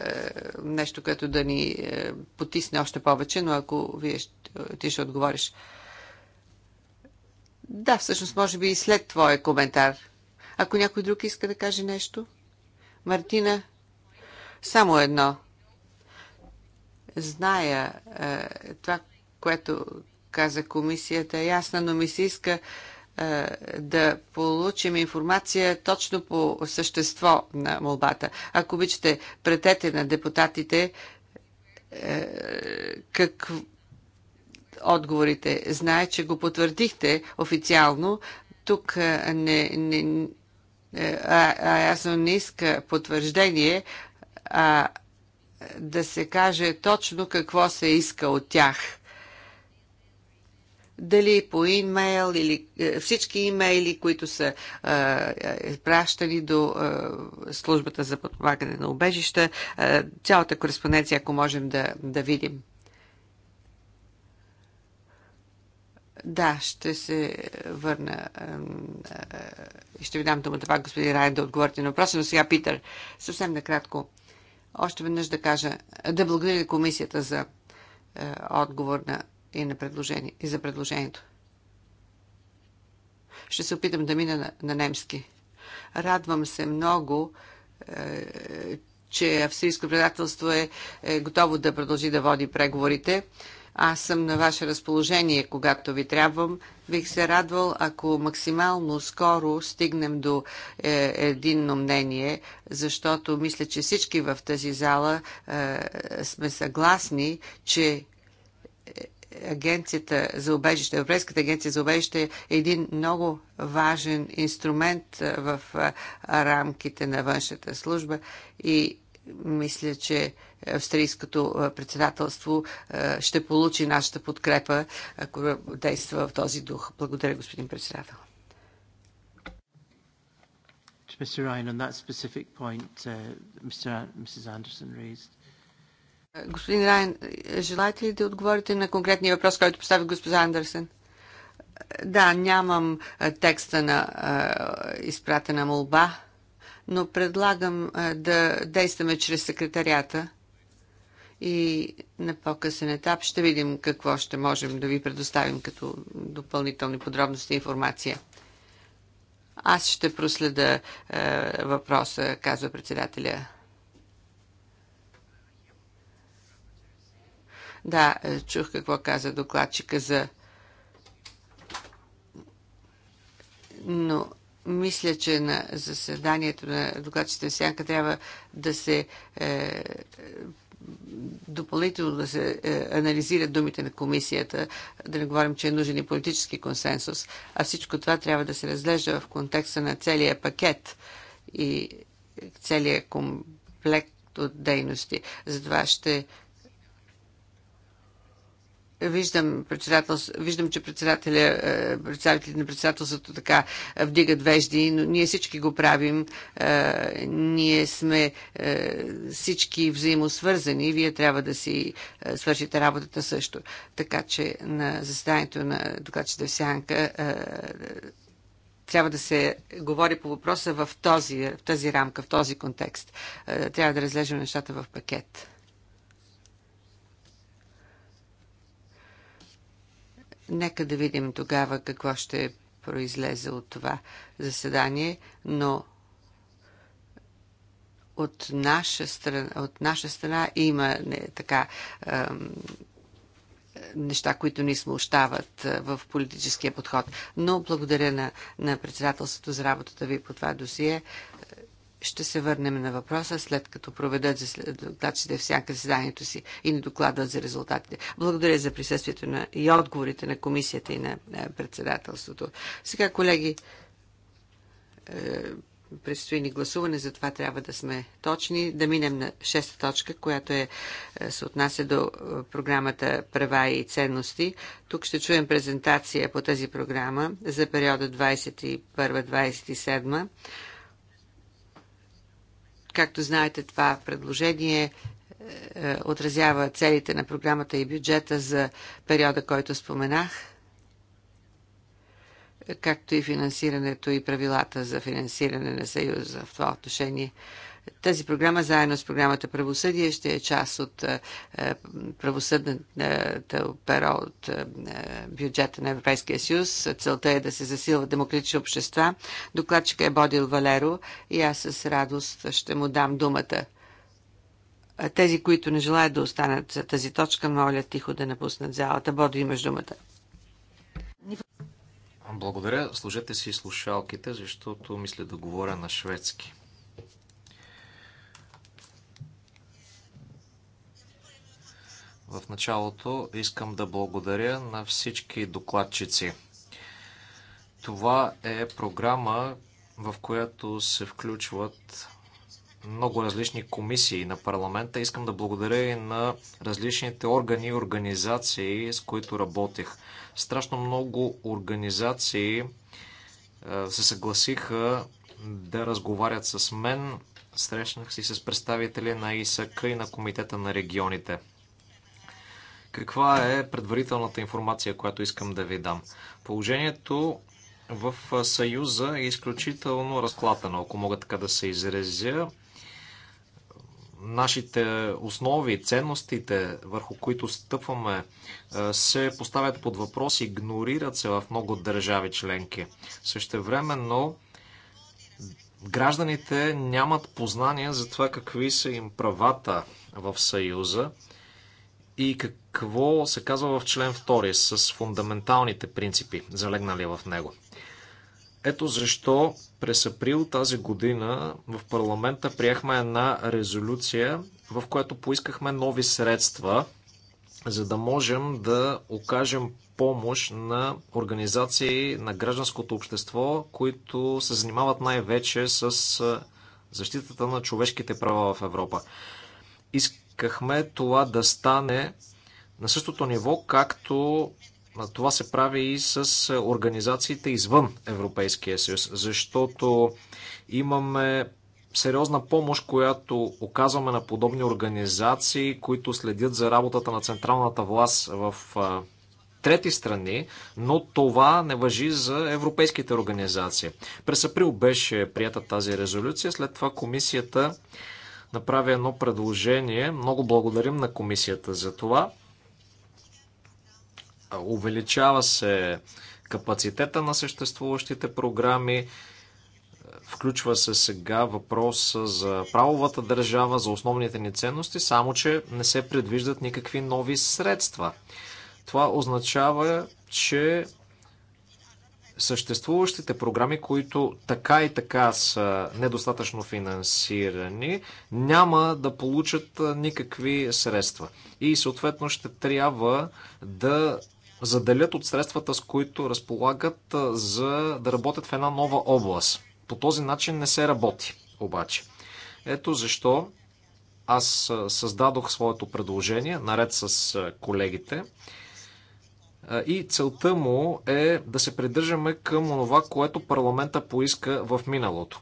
нещо, което да ни е, потисне още повече, но ако вие ти ще отговориш. Да, всъщност, може би и след твоя коментар. Ако някой друг иска да каже нещо? Мартина, само едно. Зная е, това, което каза комисията, е ясно, но ми се иска е, да получим информация точно по същество на молбата. Ако обичате, претете на депутатите е, как отговорите. Знае, че го потвърдихте официално. Тук е, не, не, а, а аз не иска потвърждение, а да се каже точно какво се иска от тях дали по имейл или е, всички имейли, които са изпращани е, е, пращани до службата за подпомагане на убежища, цялата кореспонденция, ако можем да, да видим. Да, ще се върна и ще ви дам думата пак, господин Райн да отговорите на въпроса, но сега, Питър, съвсем накратко, още веднъж да кажа, да благодаря комисията за отговор на и, на предложение, и за предложението. Ще се опитам да мина на, на немски. Радвам се много, е, че австрийско предателство е, е готово да продължи да води преговорите. Аз съм на ваше разположение, когато ви трябвам. Бих се радвал, ако максимално скоро стигнем до е, единно мнение, защото мисля, че всички в тази зала е, сме съгласни, че агенцията за обежище, Европейската агенция за обежище е един много важен инструмент в рамките на външната служба и мисля, че австрийското председателство ще получи нашата подкрепа, ако действа в този дух. Благодаря, господин председател. Mr. Ryan, on that specific point, uh, Mr. Mrs. Anderson raised. Господин Райан, желаете ли да отговорите на конкретния въпрос, който постави госпожа Андерсен? Да, нямам текста на изпратена молба, но предлагам да действаме чрез секретарията и на по-късен етап ще видим какво ще можем да ви предоставим като допълнителни подробности и информация. Аз ще проследа въпроса, казва председателя. Да, е, чух какво каза докладчика за... Но мисля, че на заседанието на докладчите сянка трябва да се е, допълнително да се е, анализират думите на комисията, да не говорим, че е нужен и политически консенсус, а всичко това трябва да се разглежда в контекста на целия пакет и целия комплект от дейности. Затова ще Виждам, председател, виждам че председателя, е, представителите на председателството така е, вдигат вежди, но ние всички го правим. Е, ние сме всички взаимосвързани. и Вие трябва да си свършите работата също. Така че на заседанието на докладчета Сянка трябва да се говори по въпроса в, този, в тази рамка, в този контекст. Трябва да разлежим нещата в пакет. Нека да видим тогава какво ще произлезе от това заседание, но от наша страна, от наша страна има не, така е, неща, които ни смущават в политическия подход. Но благодаря на, на председателството за работата ви по това досие. Ще се върнем на въпроса, след като проведат докладчите всяка заседанието си и ни докладат за резултатите. Благодаря за присъствието на, и отговорите на комисията и на е, председателството. Сега, колеги, е, предстои ни гласуване, затова трябва да сме точни. Да минем на шеста точка, която е, е се отнася до програмата Права и ценности. Тук ще чуем презентация по тази програма за периода 21-27. Както знаете, това предложение е, е, отразява целите на програмата и бюджета за периода, който споменах, както и финансирането и правилата за финансиране на Съюза в това отношение. Тази програма, заедно с програмата Правосъдие, ще е част от е, е, правосъдната опера от е, бюджета на Европейския съюз. Целта е да се засилва демократични общества. Докладчика е Бодил Валеро и аз с радост ще му дам думата. Тези, които не желаят да останат за тази точка, моля тихо да напуснат залата. Бодо, имаш думата. Благодаря. Служете си слушалките, защото мисля да говоря на шведски. В началото искам да благодаря на всички докладчици. Това е програма, в която се включват много различни комисии на парламента. Искам да благодаря и на различните органи и организации, с които работих. Страшно много организации е, се съгласиха да разговарят с мен. Срещнах си с представители на ИСАК и на Комитета на регионите. Каква е предварителната информация, която искам да ви дам? Положението в Съюза е изключително разклатено, ако мога така да се изразя. Нашите основи, ценностите, върху които стъпваме, се поставят под въпрос, игнорират се в много държави членки. Същевременно, гражданите нямат познания за това какви са им правата в Съюза и какво се казва в член 2 с фундаменталните принципи, залегнали в него. Ето защо през април тази година в парламента приехме една резолюция, в която поискахме нови средства, за да можем да окажем помощ на организации на гражданското общество, които се занимават най-вече с защитата на човешките права в Европа. Искам искахме това да стане на същото ниво, както това се прави и с организациите извън Европейския съюз, защото имаме сериозна помощ, която оказваме на подобни организации, които следят за работата на централната власт в трети страни, но това не въжи за европейските организации. През април беше прията тази резолюция, след това комисията направя едно предложение. Много благодарим на комисията за това. Увеличава се капацитета на съществуващите програми. Включва се сега въпрос за правовата държава, за основните ни ценности, само че не се предвиждат никакви нови средства. Това означава, че съществуващите програми, които така и така са недостатъчно финансирани, няма да получат никакви средства. И съответно ще трябва да заделят от средствата, с които разполагат, за да работят в една нова област. По този начин не се работи, обаче. Ето защо аз създадох своето предложение, наред с колегите и целта му е да се придържаме към това, което парламента поиска в миналото.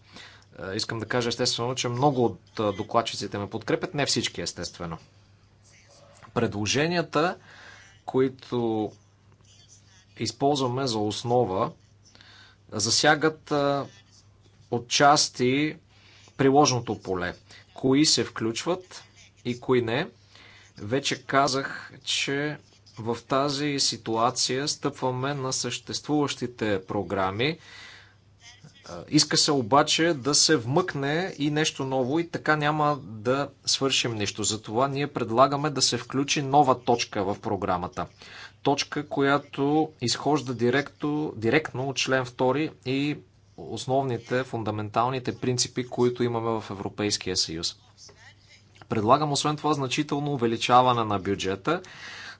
Искам да кажа естествено, че много от докладчиците ме подкрепят, не всички естествено. Предложенията, които използваме за основа, засягат отчасти приложното поле. Кои се включват и кои не. Вече казах, че в тази ситуация стъпваме на съществуващите програми. Иска се обаче да се вмъкне и нещо ново и така няма да свършим нищо. Затова ние предлагаме да се включи нова точка в програмата. Точка, която изхожда директо, директно от член 2 и основните, фундаменталните принципи, които имаме в Европейския съюз. Предлагам освен това значително увеличаване на бюджета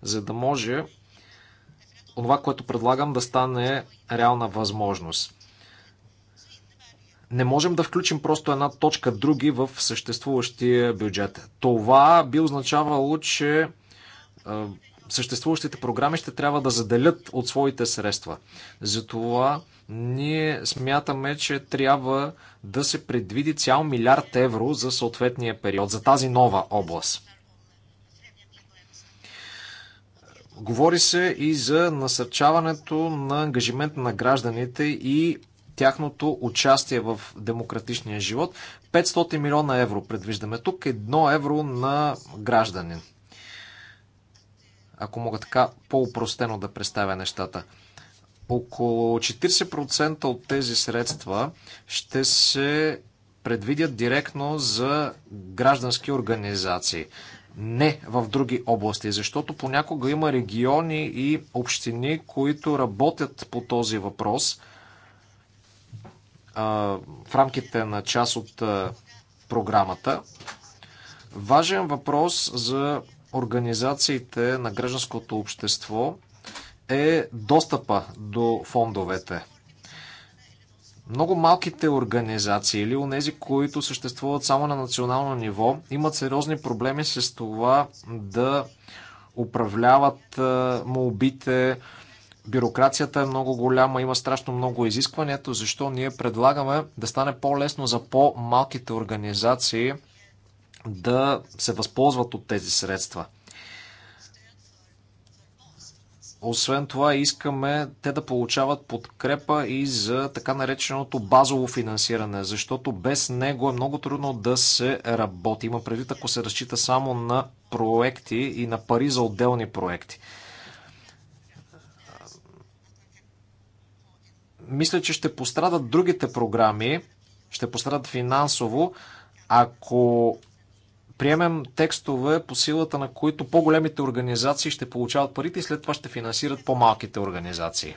за да може това, което предлагам да стане реална възможност. Не можем да включим просто една точка други в съществуващия бюджет. Това би означавало, че съществуващите програми ще трябва да заделят от своите средства. Затова ние смятаме, че трябва да се предвиди цял милиард евро за съответния период, за тази нова област. Говори се и за насърчаването на ангажимент на гражданите и тяхното участие в демократичния живот. 500 милиона евро предвиждаме тук, 1 евро на гражданин. Ако мога така по-упростено да представя нещата. Около 40% от тези средства ще се предвидят директно за граждански организации не в други области, защото понякога има региони и общини, които работят по този въпрос а, в рамките на част от а, програмата. Важен въпрос за организациите на гражданското общество е достъпа до фондовете. Много малките организации или онези, които съществуват само на национално ниво, имат сериозни проблеми с това да управляват молбите. Бюрокрацията е много голяма, има страшно много изискванията, защо ние предлагаме да стане по-лесно за по-малките организации да се възползват от тези средства. Освен това, искаме те да получават подкрепа и за така нареченото базово финансиране, защото без него е много трудно да се работи. Има предвид, ако се разчита само на проекти и на пари за отделни проекти. Мисля, че ще пострадат другите програми, ще пострадат финансово, ако приемем текстове по силата на които по-големите организации ще получават парите и след това ще финансират по-малките организации.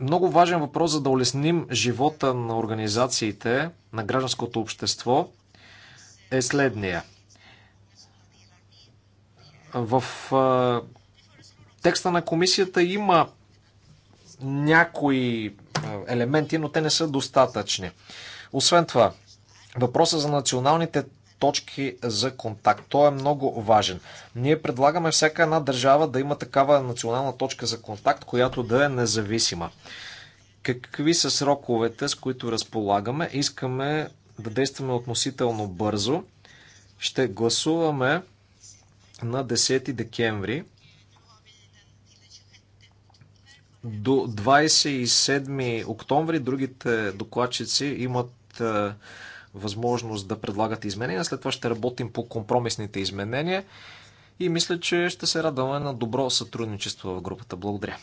Много важен въпрос за да улесним живота на организациите, на гражданското общество е следния. В текста на комисията има някои елементи, но те не са достатъчни. Освен това, въпросът за националните точки за контакт. Той е много важен. Ние предлагаме всяка една държава да има такава национална точка за контакт, която да е независима. Какви са сроковете, с които разполагаме? Искаме да действаме относително бързо. Ще гласуваме на 10 декември до 27 октомври другите докладчици имат възможност да предлагат изменения. След това ще работим по компромисните изменения и мисля, че ще се радваме на добро сътрудничество в групата. Благодаря.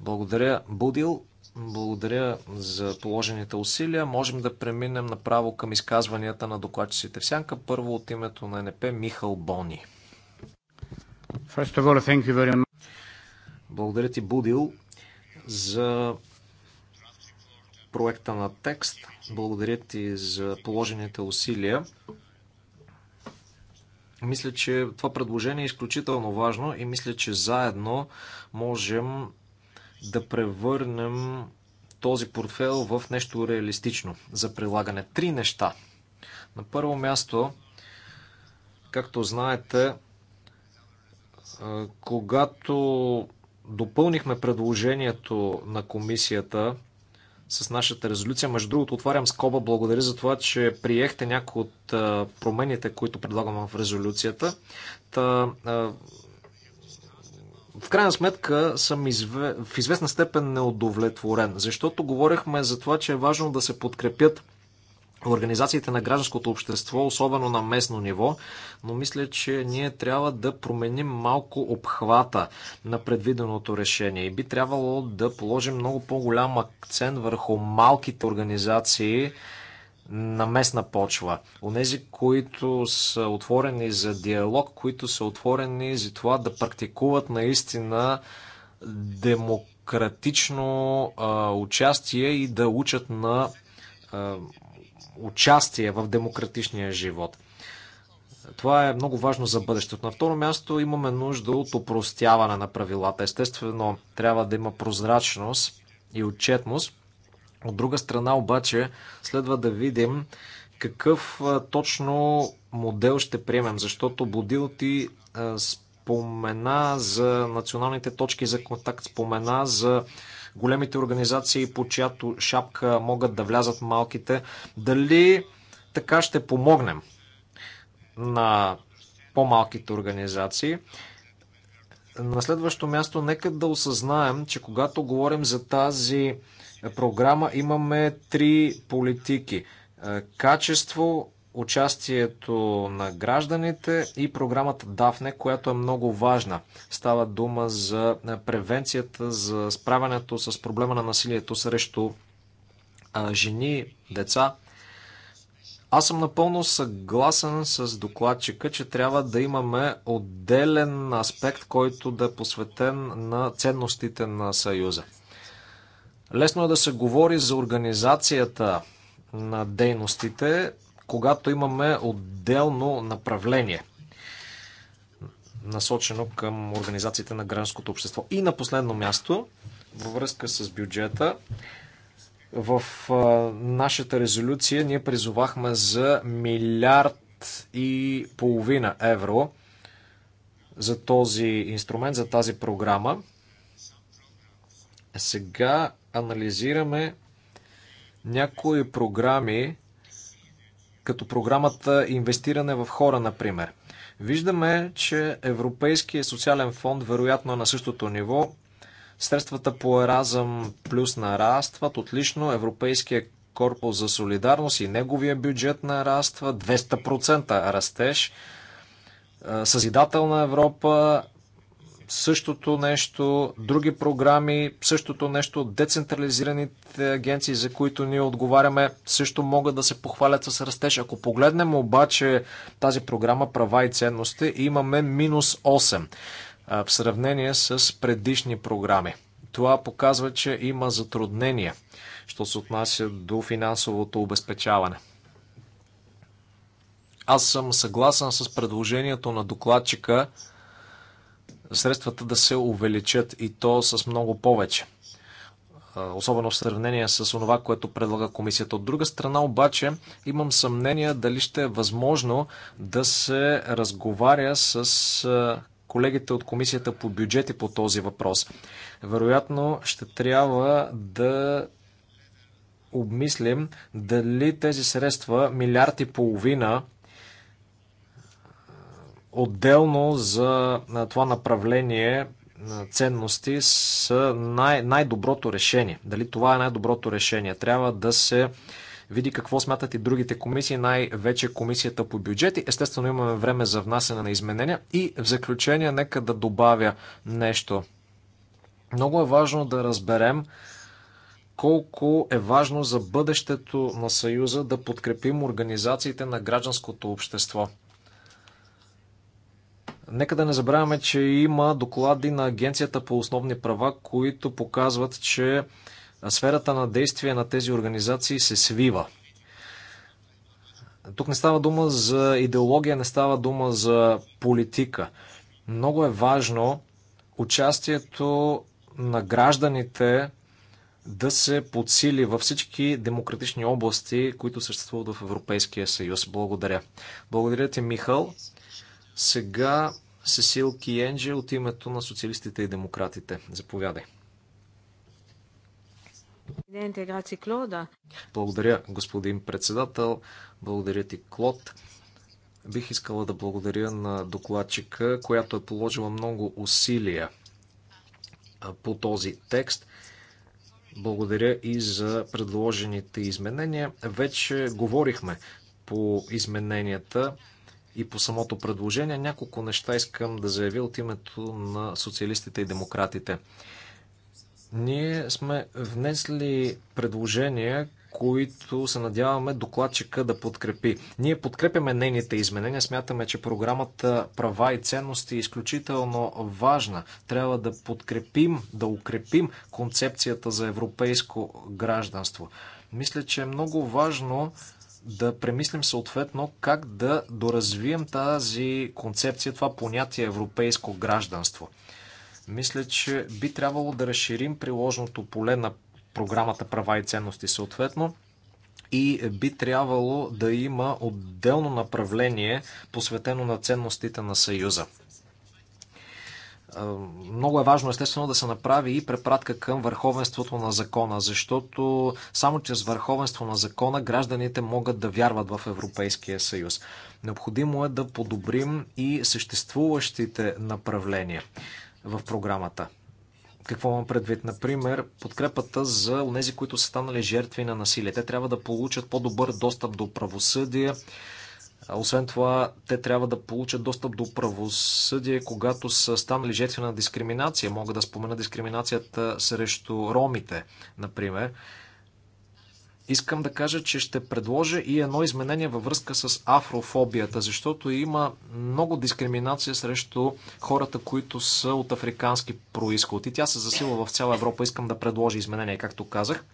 Благодаря, Будил. Благодаря за положените усилия. Можем да преминем направо към изказванията на докладчиците в сянка. Първо от името на НП Михал Бони. All, благодаря ти, Будил, за проекта на текст. Благодаря ти за положените усилия. Мисля, че това предложение е изключително важно и мисля, че заедно можем да превърнем този портфел в нещо реалистично за прилагане. Три неща. На първо място, както знаете, когато допълнихме предложението на комисията с нашата резолюция. Между другото, отварям скоба. Благодаря за това, че приехте някои от промените, които предлагам в резолюцията. Та, в крайна сметка съм изве... в известна степен неудовлетворен, защото говорихме за това, че е важно да се подкрепят организациите на гражданското общество, особено на местно ниво, но мисля, че ние трябва да променим малко обхвата на предвиденото решение и би трябвало да положим много по-голям акцент върху малките организации на местна почва. Онези, които са отворени за диалог, които са отворени за това да практикуват наистина демократично а, участие и да учат на участие в демократичния живот. Това е много важно за бъдещето. На второ място имаме нужда от упростяване на правилата. Естествено, трябва да има прозрачност и отчетност. От друга страна обаче следва да видим какъв точно модел ще приемем, защото бодилти ти спомена за националните точки за контакт, спомена за големите организации, по чиято шапка могат да влязат малките. Дали така ще помогнем на по-малките организации? На следващо място, нека да осъзнаем, че когато говорим за тази програма, имаме три политики. Е, качество, участието на гражданите и програмата DAFNE, която е много важна. Става дума за превенцията, за справянето с проблема на насилието срещу жени, деца. Аз съм напълно съгласен с докладчика, че трябва да имаме отделен аспект, който да е посветен на ценностите на Съюза. Лесно е да се говори за организацията на дейностите, когато имаме отделно направление, насочено към организациите на гражданското общество. И на последно място, във връзка с бюджета, в нашата резолюция ние призовахме за милиард и половина евро за този инструмент, за тази програма. Сега анализираме някои програми, като програмата Инвестиране в хора, например. Виждаме, че Европейския социален фонд вероятно е на същото ниво. Средствата по Еразъм плюс нарастват отлично. Европейския корпус за солидарност и неговия бюджет нараства 200% растеж. Е, Съзидателна Европа същото нещо, други програми, същото нещо, децентрализираните агенции, за които ние отговаряме, също могат да се похвалят с растеж. Ако погледнем обаче тази програма права и ценности, имаме минус 8 в сравнение с предишни програми. Това показва, че има затруднения, що се отнася до финансовото обезпечаване. Аз съм съгласен с предложението на докладчика, средствата да се увеличат и то с много повече. Особено в сравнение с това, което предлага комисията. От друга страна обаче имам съмнение дали ще е възможно да се разговаря с колегите от комисията по бюджети по този въпрос. Вероятно ще трябва да обмислим дали тези средства, милиарди и половина, отделно за това направление ценности с най- най-доброто решение. Дали това е най-доброто решение? Трябва да се види какво смятат и другите комисии, най-вече комисията по бюджети. Естествено имаме време за внасяне на изменения и в заключение нека да добавя нещо. Много е важно да разберем колко е важно за бъдещето на Съюза да подкрепим организациите на гражданското общество – Нека да не забравяме, че има доклади на Агенцията по основни права, които показват, че сферата на действие на тези организации се свива. Тук не става дума за идеология, не става дума за политика. Много е важно участието на гражданите да се подсили във всички демократични области, които съществуват в Европейския съюз. Благодаря. Благодаря ти, Михал. Сега Сесил Киенджи от името на социалистите и демократите. Заповядай. Благодаря, господин председател. Благодаря ти, Клод. Бих искала да благодаря на докладчика, която е положила много усилия по този текст. Благодаря и за предложените изменения. Вече говорихме по измененията и по самото предложение. Няколко неща искам да заявя от името на социалистите и демократите. Ние сме внесли предложения, които се надяваме докладчика да подкрепи. Ние подкрепяме нейните изменения, смятаме, че програмата Права и ценности е изключително важна. Трябва да подкрепим, да укрепим концепцията за европейско гражданство. Мисля, че е много важно да премислим съответно как да доразвием тази концепция, това понятие европейско гражданство. Мисля, че би трябвало да разширим приложното поле на програмата права и ценности съответно и би трябвало да има отделно направление, посветено на ценностите на Съюза много е важно, естествено, да се направи и препратка към върховенството на закона, защото само чрез върховенство на закона гражданите могат да вярват в Европейския съюз. Необходимо е да подобрим и съществуващите направления в програмата. Какво имам предвид? Например, подкрепата за тези, които са станали жертви на насилие. Те трябва да получат по-добър достъп до правосъдие, освен това, те трябва да получат достъп до правосъдие, когато са станали жертви на дискриминация. Мога да спомена дискриминацията срещу ромите, например. Искам да кажа, че ще предложа и едно изменение във връзка с афрофобията, защото има много дискриминация срещу хората, които са от африкански происход. И тя се засила в цяла Европа. Искам да предложа изменение, както казах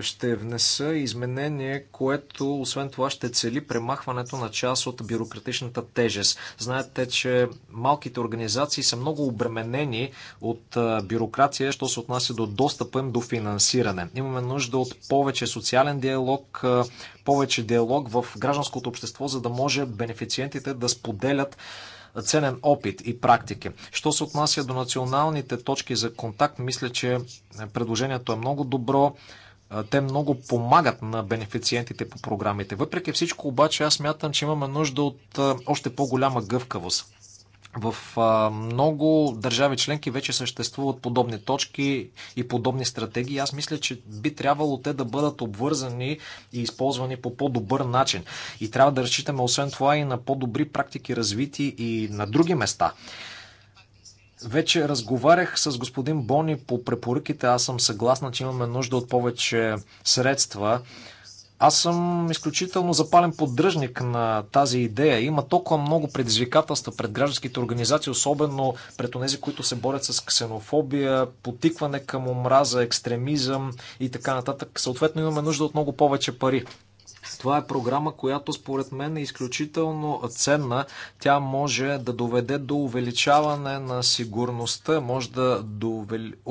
ще внеса изменение, което освен това ще цели премахването на част от бюрократичната тежест. Знаете, че малките организации са много обременени от бюрокрация, що се отнася до достъпа им до финансиране. Имаме нужда от повече социален диалог, повече диалог в гражданското общество, за да може бенефициентите да споделят ценен опит и практики. Що се отнася до националните точки за контакт, мисля, че предложението е много добро. Те много помагат на бенефициентите по програмите. Въпреки всичко, обаче, аз мятам, че имаме нужда от още по-голяма гъвкавост. В много държави членки вече съществуват подобни точки и подобни стратегии. Аз мисля, че би трябвало те да бъдат обвързани и използвани по по-добър начин. И трябва да разчитаме, освен това, и на по-добри практики развити и на други места. Вече разговарях с господин Бони по препоръките. Аз съм съгласна, че имаме нужда от повече средства. Аз съм изключително запален поддръжник на тази идея. Има толкова много предизвикателства пред гражданските организации, особено пред тези, които се борят с ксенофобия, потикване към омраза, екстремизъм и така нататък. Съответно имаме нужда от много повече пари. Това е програма, която според мен е изключително ценна. Тя може да доведе до увеличаване на сигурността, може да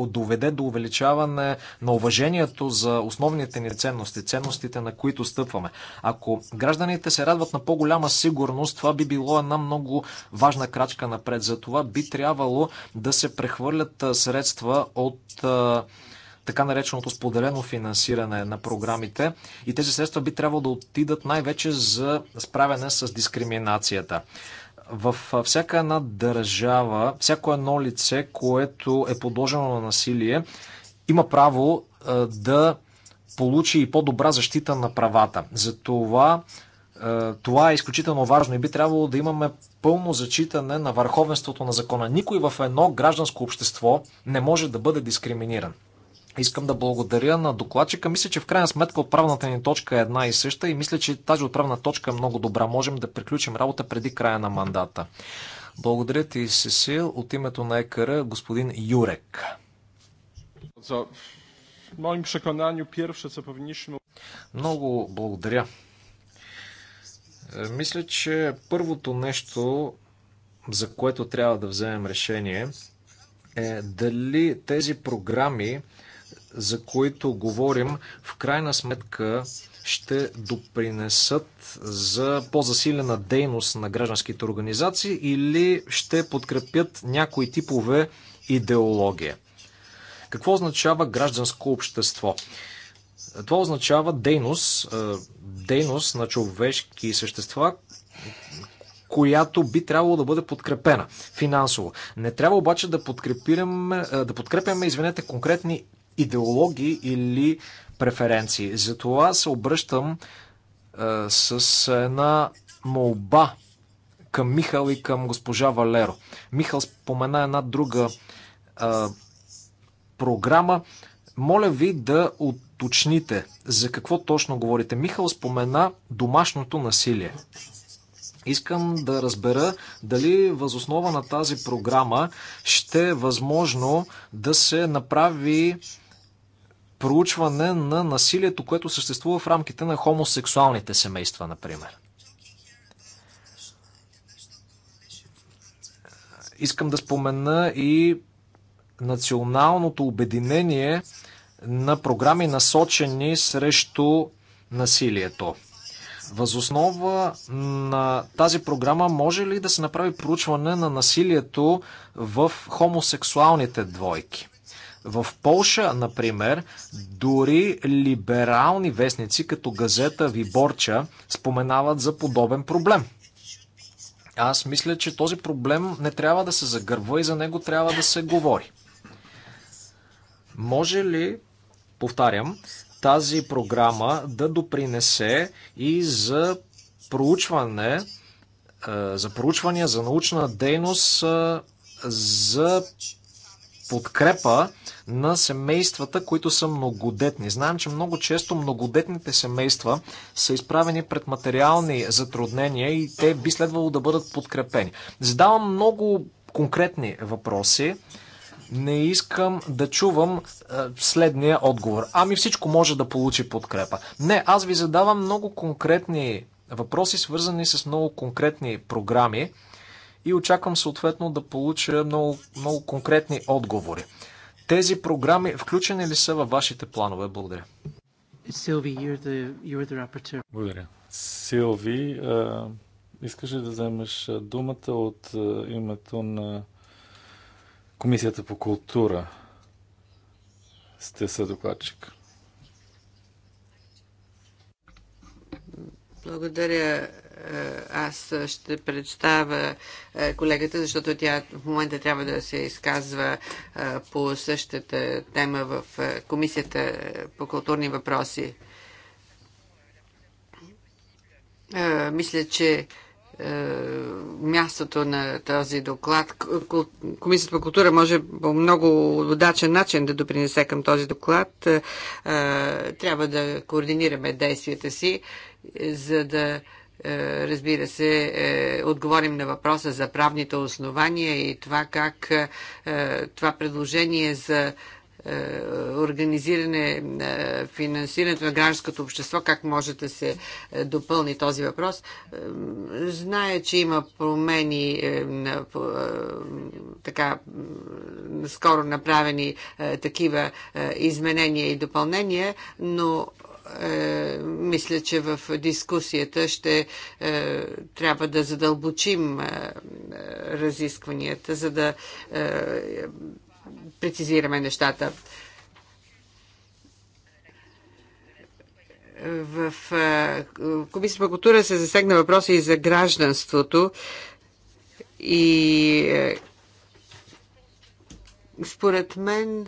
доведе до увеличаване на уважението за основните ни ценности, ценностите на които стъпваме. Ако гражданите се радват на по-голяма сигурност, това би било една много важна крачка напред. За това би трябвало да се прехвърлят средства от така нареченото споделено финансиране на програмите и тези средства би трябвало да отидат най-вече за справяне с дискриминацията. В всяка една държава, всяко едно лице, което е подложено на насилие, има право да получи и по-добра защита на правата. Затова това е изключително важно и би трябвало да имаме пълно зачитане на върховенството на закона. Никой в едно гражданско общество не може да бъде дискриминиран. Искам да благодаря на докладчика. Мисля, че в крайна сметка отправната ни точка е една и съща и мисля, че тази отправна точка е много добра. Можем да приключим работа преди края на мандата. Благодаря ти, Сесил. От името на ЕКР, господин Юрек. За моим се Много благодаря. Е, мисля, че първото нещо, за което трябва да вземем решение, е дали тези програми за които говорим, в крайна сметка ще допринесат за по-засилена дейност на гражданските организации или ще подкрепят някои типове идеология. Какво означава гражданско общество? Това означава дейност, е, дейност на човешки същества, която би трябвало да бъде подкрепена финансово. Не трябва обаче да подкрепяме, е, да подкрепяме извинете, конкретни идеологии или преференции. Затова се обръщам а, е, с една молба към Михал и към госпожа Валеро. Михал спомена една друга а, е, програма. Моля ви да уточните за какво точно говорите. Михал спомена домашното насилие. Искам да разбера дали възоснова на тази програма ще е възможно да се направи проучване на насилието, което съществува в рамките на хомосексуалните семейства, например. Искам да спомена и националното обединение на програми насочени срещу насилието. Възоснова на тази програма може ли да се направи проучване на насилието в хомосексуалните двойки? В Полша, например, дори либерални вестници, като газета Виборча, споменават за подобен проблем. Аз мисля, че този проблем не трябва да се загърва и за него трябва да се говори. Може ли, повтарям, тази програма да допринесе и за проучване, е, за проучвания, за научна дейност, е, за подкрепа на семействата, които са многодетни. Знаем, че много често многодетните семейства са изправени пред материални затруднения и те би следвало да бъдат подкрепени. Задавам много конкретни въпроси. Не искам да чувам е, следния отговор. Ами всичко може да получи подкрепа. Не, аз ви задавам много конкретни въпроси, свързани с много конкретни програми и очаквам съответно да получа много, много конкретни отговори. Тези програми включени ли са във вашите планове? Благодаря. Силви, you're the, you're the rapporteur. Благодаря. Силви, а, искаш ли да вземеш думата от а, името на Комисията по култура? Сте съдокладчик. Благодаря, е, аз ще представя е, колегата, защото тя в момента трябва да се изказва е, по същата тема в Комисията по културни въпроси. Мисля, че мястото на този доклад. Комисията по култура може по много удачен начин да допринесе към този доклад. Трябва да координираме действията си, за да е, разбира се, е, отговорим на въпроса за правните основания и това как е, това предложение за организиране на финансирането на гражданското общество, как може да се допълни този въпрос. Зная, че има промени така скоро направени такива изменения и допълнения, но е, мисля, че в дискусията ще е, трябва да задълбочим е, разискванията, за да е, прецизираме нещата. В е, Комисията по култура се засегна въпроса и за гражданството и е, според мен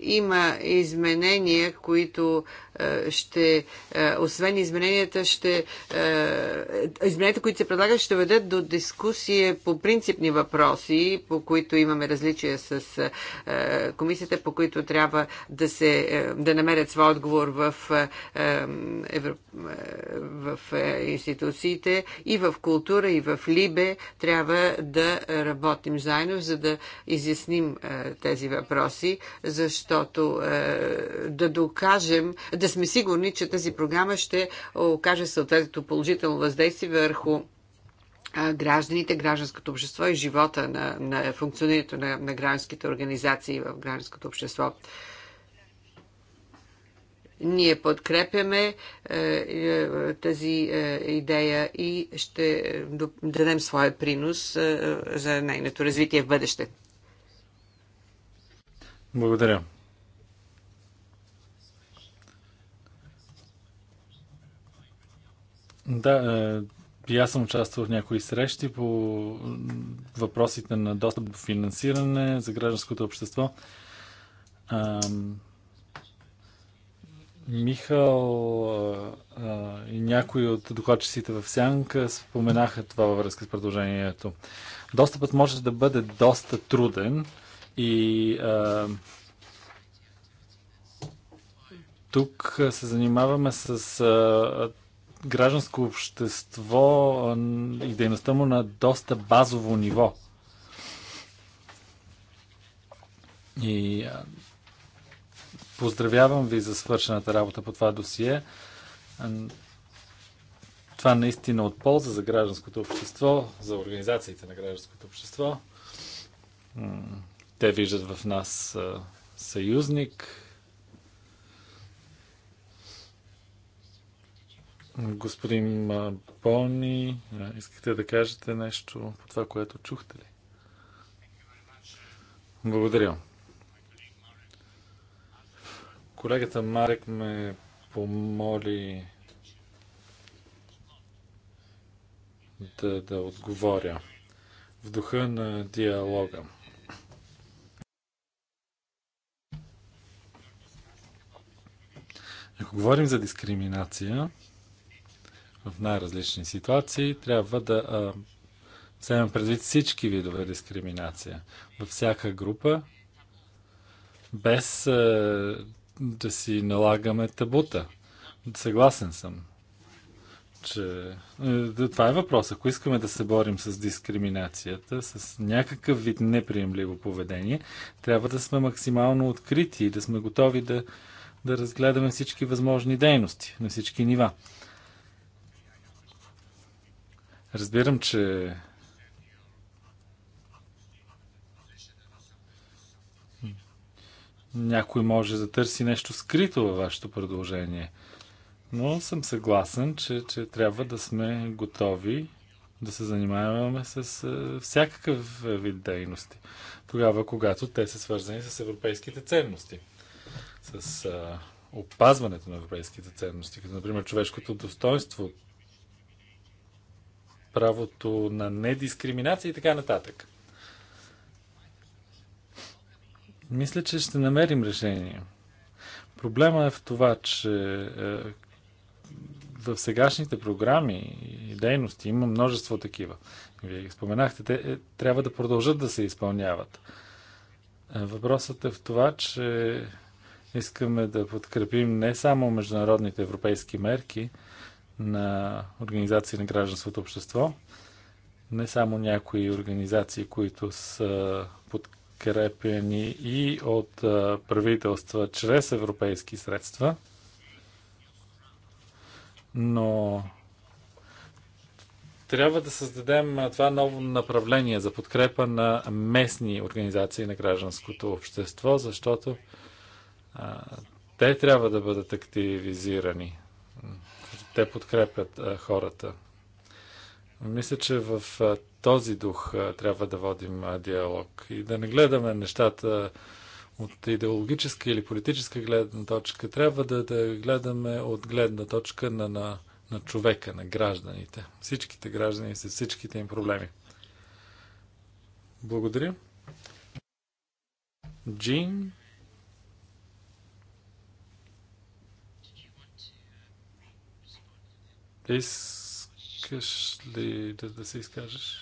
Има изменения, които е, ще, е, освен измененията, ще, е, измененията, които се предлагат, ще ведат до дискусия по принципни въпроси, по които имаме различия с комисията, по които трябва да, се, да намерят своя отговор в, в институциите и в култура, и в Либе. Трябва да работим заедно, за да изясним тези въпроси, защото защото е, да докажем, да сме сигурни, че тази програма ще окаже съответното положително въздействие върху гражданите, гражданското общество и живота на, на функционирането на, на гражданските организации в гражданското общество. Ние подкрепяме е, е тази е, идея и ще е, дадем своя принос е, за нейното развитие в бъдеще. Благодаря. Да, е, и аз съм участвал в някои срещи по въпросите на достъп до финансиране за гражданското общество. Михал е, е, и някои от докладчиците в Сянка споменаха това във връзка с предложението. Достъпът може да бъде доста труден и а, тук се занимаваме с а, гражданско общество и дейността му на доста базово ниво. И поздравявам ви за свършената работа по това досие. Това наистина от полза за гражданското общество, за организациите на гражданското общество. Те виждат в нас съюзник, Господин Бони, искате да кажете нещо по това, което чухте ли? Благодаря. Колегата Марек ме помоли да, да отговоря в духа на диалога. Ако говорим за дискриминация, в най-различни ситуации, трябва да вземем предвид всички видове дискриминация във всяка група, без а, да си налагаме табута. Съгласен съм, че е, това е въпрос. Ако искаме да се борим с дискриминацията, с някакъв вид неприемливо поведение, трябва да сме максимално открити и да сме готови да, да разгледаме всички възможни дейности на всички нива. Разбирам, че някой може да търси нещо скрито във вашето предложение. Но съм съгласен, че, че трябва да сме готови да се занимаваме с е, всякакъв вид дейности. Тогава, когато те са свързани с европейските ценности, с е, опазването на европейските ценности, като например човешкото достоинство, правото на недискриминация и така нататък. Мисля, че ще намерим решение. Проблема е в това, че е, в сегашните програми и дейности има множество такива. Вие ги споменахте, те е, трябва да продължат да се изпълняват. Е, въпросът е в това, че искаме да подкрепим не само международните европейски мерки, на организации на гражданското общество. Не само някои организации, които са подкрепени и от правителства чрез европейски средства, но трябва да създадем това ново направление за подкрепа на местни организации на гражданското общество, защото а, те трябва да бъдат активизирани те подкрепят а, хората. Мисля, че в а, този дух а, трябва да водим а, диалог и да не гледаме нещата от идеологическа или политическа гледна точка. Трябва да, да гледаме от гледна точка на, на, на човека, на гражданите. Всичките граждани с всичките им проблеми. Благодаря. Джин. Искаш ли да, да се изкажеш?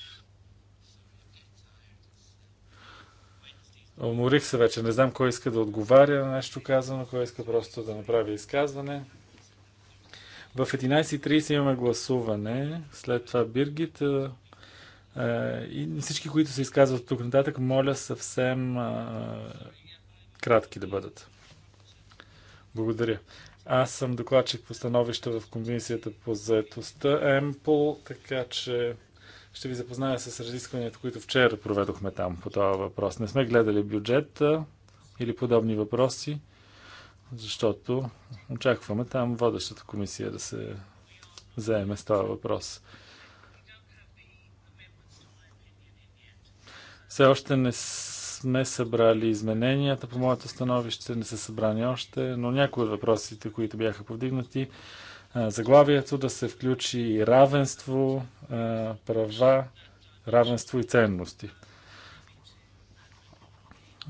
Уморих се вече. Не знам кой иска да отговаря на нещо казано, кой иска просто да направи изказване. В 11.30 имаме гласуване. След това Биргит. Е, и всички, които се изказват тук нататък, моля съвсем е, кратки да бъдат. Благодаря. Аз съм докладчик по становище в Комисията по заетостта ЕМПЛ, така че ще ви запозная с разискванията, които вчера проведохме там по това въпрос. Не сме гледали бюджета или подобни въпроси, защото очакваме там водещата комисия да се заеме с това въпрос. Все още не сме събрали измененията по моето становище, не са събрани още, но някои от въпросите, които бяха повдигнати, заглавието да се включи равенство, права, равенство и ценности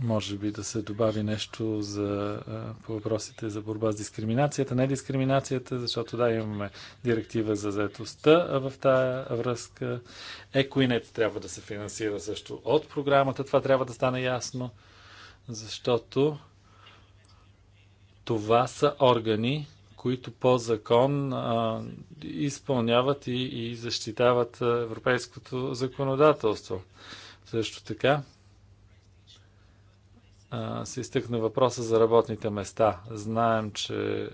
може би да се добави нещо за, по въпросите за борба с дискриминацията, не дискриминацията, защото да, имаме директива за заетостта в тая връзка. Екоинет трябва да се финансира също от програмата. Това трябва да стане ясно, защото това са органи, които по закон а, изпълняват и, и защитават европейското законодателство. Също така, се изтъкна въпроса за работните места. Знаем, че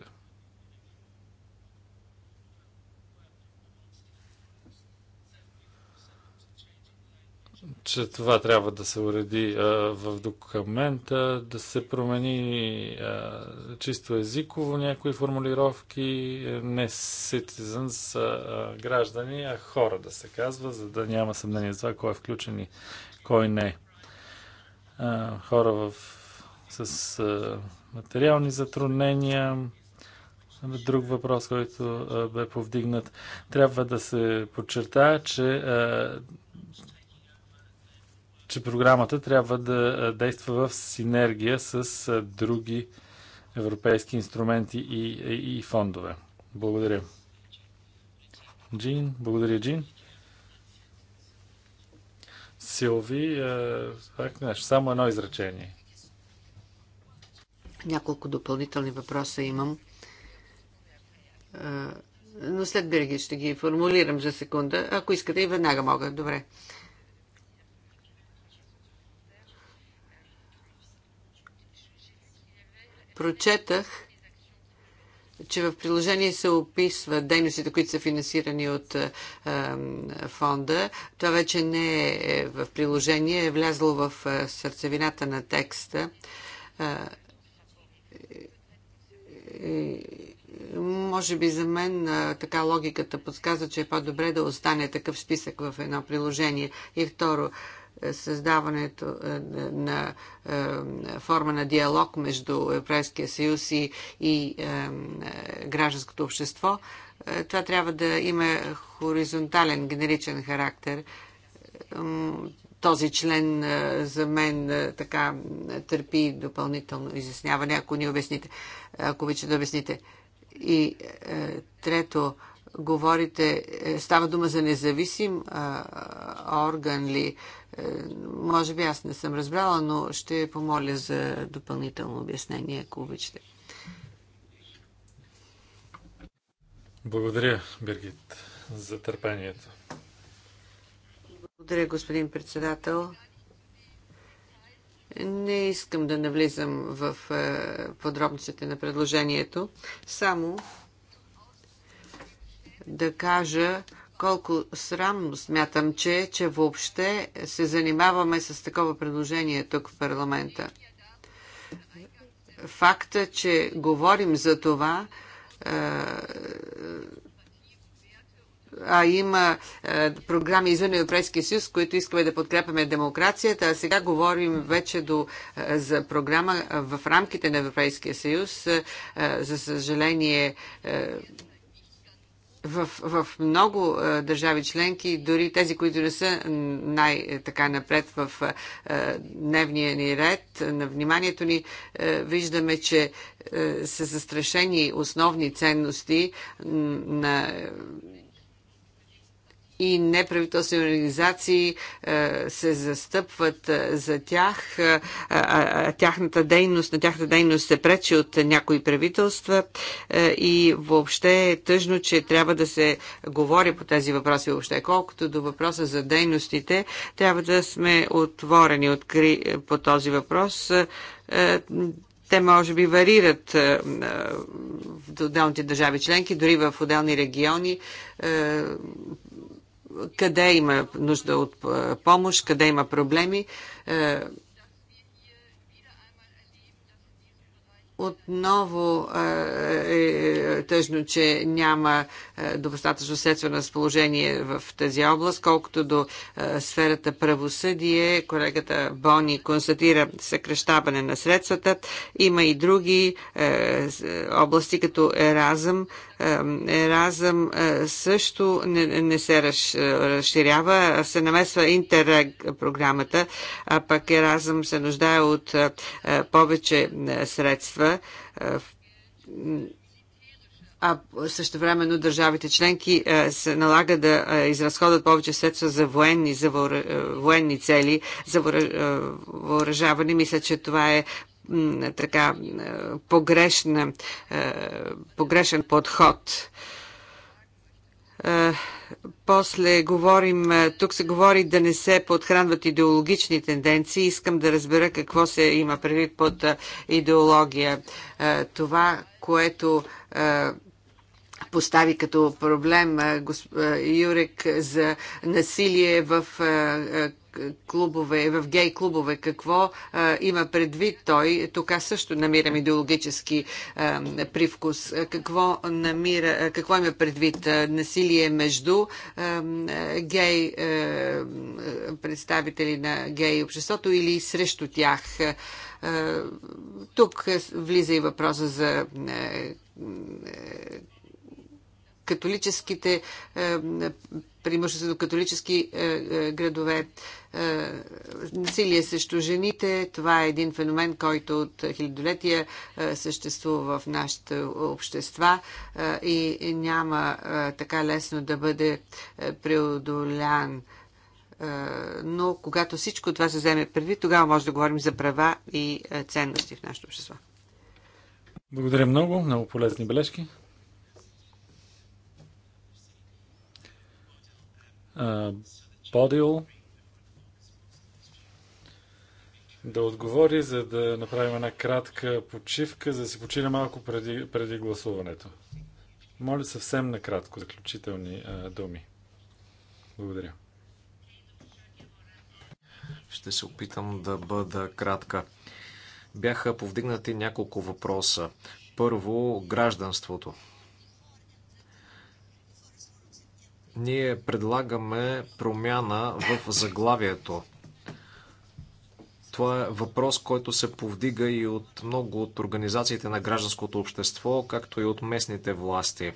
че това трябва да се уреди а, в документа, да се промени а, чисто езиково някои формулировки, е, не citizens, а, граждани, а хора да се казва, за да няма съмнение за това кой е включен и кой не. е хора в, с а, материални затруднения. Друг въпрос, който а, бе повдигнат. Трябва да се подчертая, че а, че програмата трябва да действа в синергия с други европейски инструменти и, и, и фондове. Благодаря. Джин, благодаря, Джин. Силви, е, е само едно изречение. Няколко допълнителни въпроса имам. Е, но след Биргит ще ги формулирам за секунда. Ако искате и веднага мога. Добре. Прочетах че в приложение се описва дейностите, които са финансирани от фонда. Това вече не е в приложение, е влязло в сърцевината на текста. може би за мен така логиката подсказва, че е по-добре да остане такъв списък в едно приложение. И второ, създаването е, на е, форма на диалог между Европейския съюз и, и е, гражданското общество. Това трябва да има хоризонтален, генеричен характер този член за мен така търпи допълнително изясняване, ако ни обясните, ако обичате да обясните. И трето, говорите, е, става дума за независим а, орган ли? Е, може би аз не съм разбрала, но ще помоля за допълнително обяснение, ако обичате. Благодаря, Бергит, за търпението. Благодаря, господин председател. Не искам да навлизам в е, подробностите на предложението, само да кажа колко срамно смятам, че, че въобще се занимаваме с такова предложение тук в парламента. Факта, че говорим за това, е, а има е, програми извън Европейския съюз, които искаме да подкрепяме демокрацията, а сега говорим вече до, е, за програма в рамките на Европейския съюз. за съжаление, в, в много а, е, държави членки, дори тези, които не са най-така е, напред в а, е, дневния ни ред, на вниманието ни, а, виждаме, че а, са застрашени основни ценности на и неправителствени организации е, се застъпват е, за тях, е, а тяхната дейност, на тяхната дейност се пречи от някои правителства и въобще е тъжно, че трябва да се говори по тези въпроси въобще. Колкото до въпроса за дейностите, трябва да сме отворени откри, по този въпрос те може би варират в отделните държави членки, дори в отделни региони къде има нужда от помощ, къде има проблеми. Отново е, е тъжно, че няма достатъчно средства на разположение в тази област, колкото до сферата правосъдие. Колегата Бони констатира съкрещаване на средствата. Има и други области, като еразъм, е, Еразъм е, също не, не се е, разширява, се намесва интер програмата, а пък Еразъм се нуждае от повече средства. А също времено държавите членки се налага да изразходят повече средства за военни, за военни цели, за въоръжаване. Мисля, че това е така погрешна, е, погрешен подход. Е, после говорим, е, тук се говори да не се подхранват идеологични тенденции. Искам да разбера какво се има предвид под идеология. Това, което постави като проблем Юрек за насилие в клубове, в гей клубове, какво а, има предвид той. Тук също намирам идеологически а, привкус. Какво, намира, какво има предвид а, насилие между а, гей а, представители на гей обществото или срещу тях? А, тук влиза и въпроса за католическите, е, преимуществено католически е, е, градове. Насилие срещу жените, това е един феномен, който от хилядолетия съществува в нашите общества и няма така лесно да бъде преодолян. Но когато всичко това се вземе предвид, тогава може да говорим за права и ценности в нашето общество. Благодаря много, много полезни бележки. Бодил да отговори, за да направим една кратка почивка, за да си почине малко преди, преди гласуването. Моля съвсем накратко заключителни а, думи. Благодаря. Ще се опитам да бъда кратка. Бяха повдигнати няколко въпроса. Първо, гражданството. Ние предлагаме промяна в заглавието. Това е въпрос, който се повдига и от много от организациите на гражданското общество, както и от местните власти.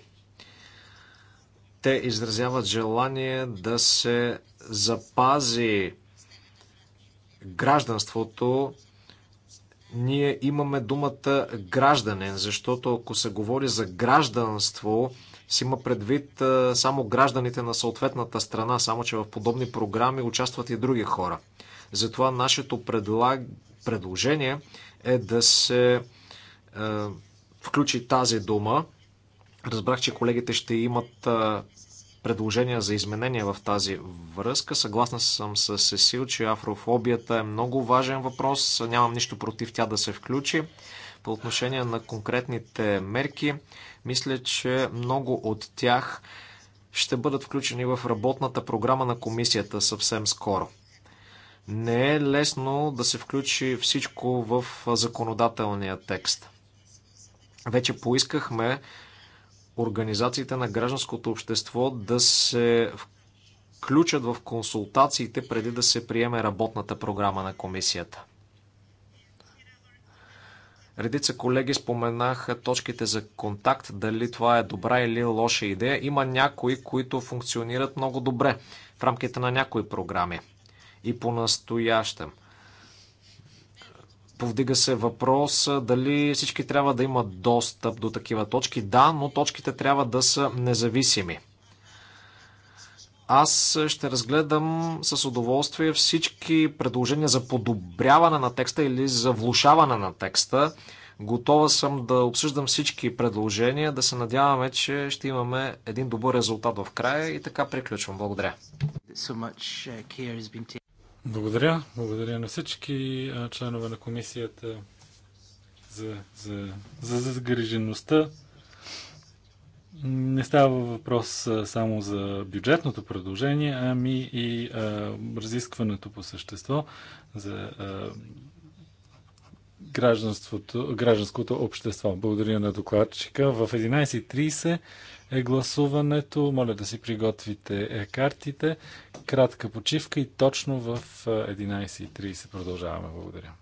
Те изразяват желание да се запази гражданството. Ние имаме думата гражданин, защото ако се говори за гражданство, си има предвид само гражданите на съответната страна, само че в подобни програми участват и други хора. Затова нашето предлаг... предложение е да се е, включи тази дума. Разбрах, че колегите ще имат е, предложения за изменения в тази връзка. Съгласна съм с Сесил, че афрофобията е много важен въпрос. Нямам нищо против тя да се включи. По отношение на конкретните мерки, мисля, че много от тях ще бъдат включени в работната програма на комисията съвсем скоро. Не е лесно да се включи всичко в законодателния текст. Вече поискахме организациите на гражданското общество да се включат в консултациите преди да се приеме работната програма на комисията. Редица колеги споменаха точките за контакт, дали това е добра или лоша идея. Има някои, които функционират много добре в рамките на някои програми и по-настоящем. Повдига се въпрос дали всички трябва да имат достъп до такива точки. Да, но точките трябва да са независими. Аз ще разгледам с удоволствие всички предложения за подобряване на текста или за влушаване на текста. Готова съм да обсъждам всички предложения, да се надяваме, че ще имаме един добър резултат в края и така приключвам. Благодаря. Uh, Благодаря. Благодаря на всички членове на комисията за, за, за загрижеността не става въпрос само за бюджетното предложение, ами и а, разискването по същество за а, гражданството, гражданското общество. Благодаря на докладчика. В 11.30 е гласуването. Моля да си приготвите е, картите. Кратка почивка и точно в 11.30 продължаваме. Благодаря.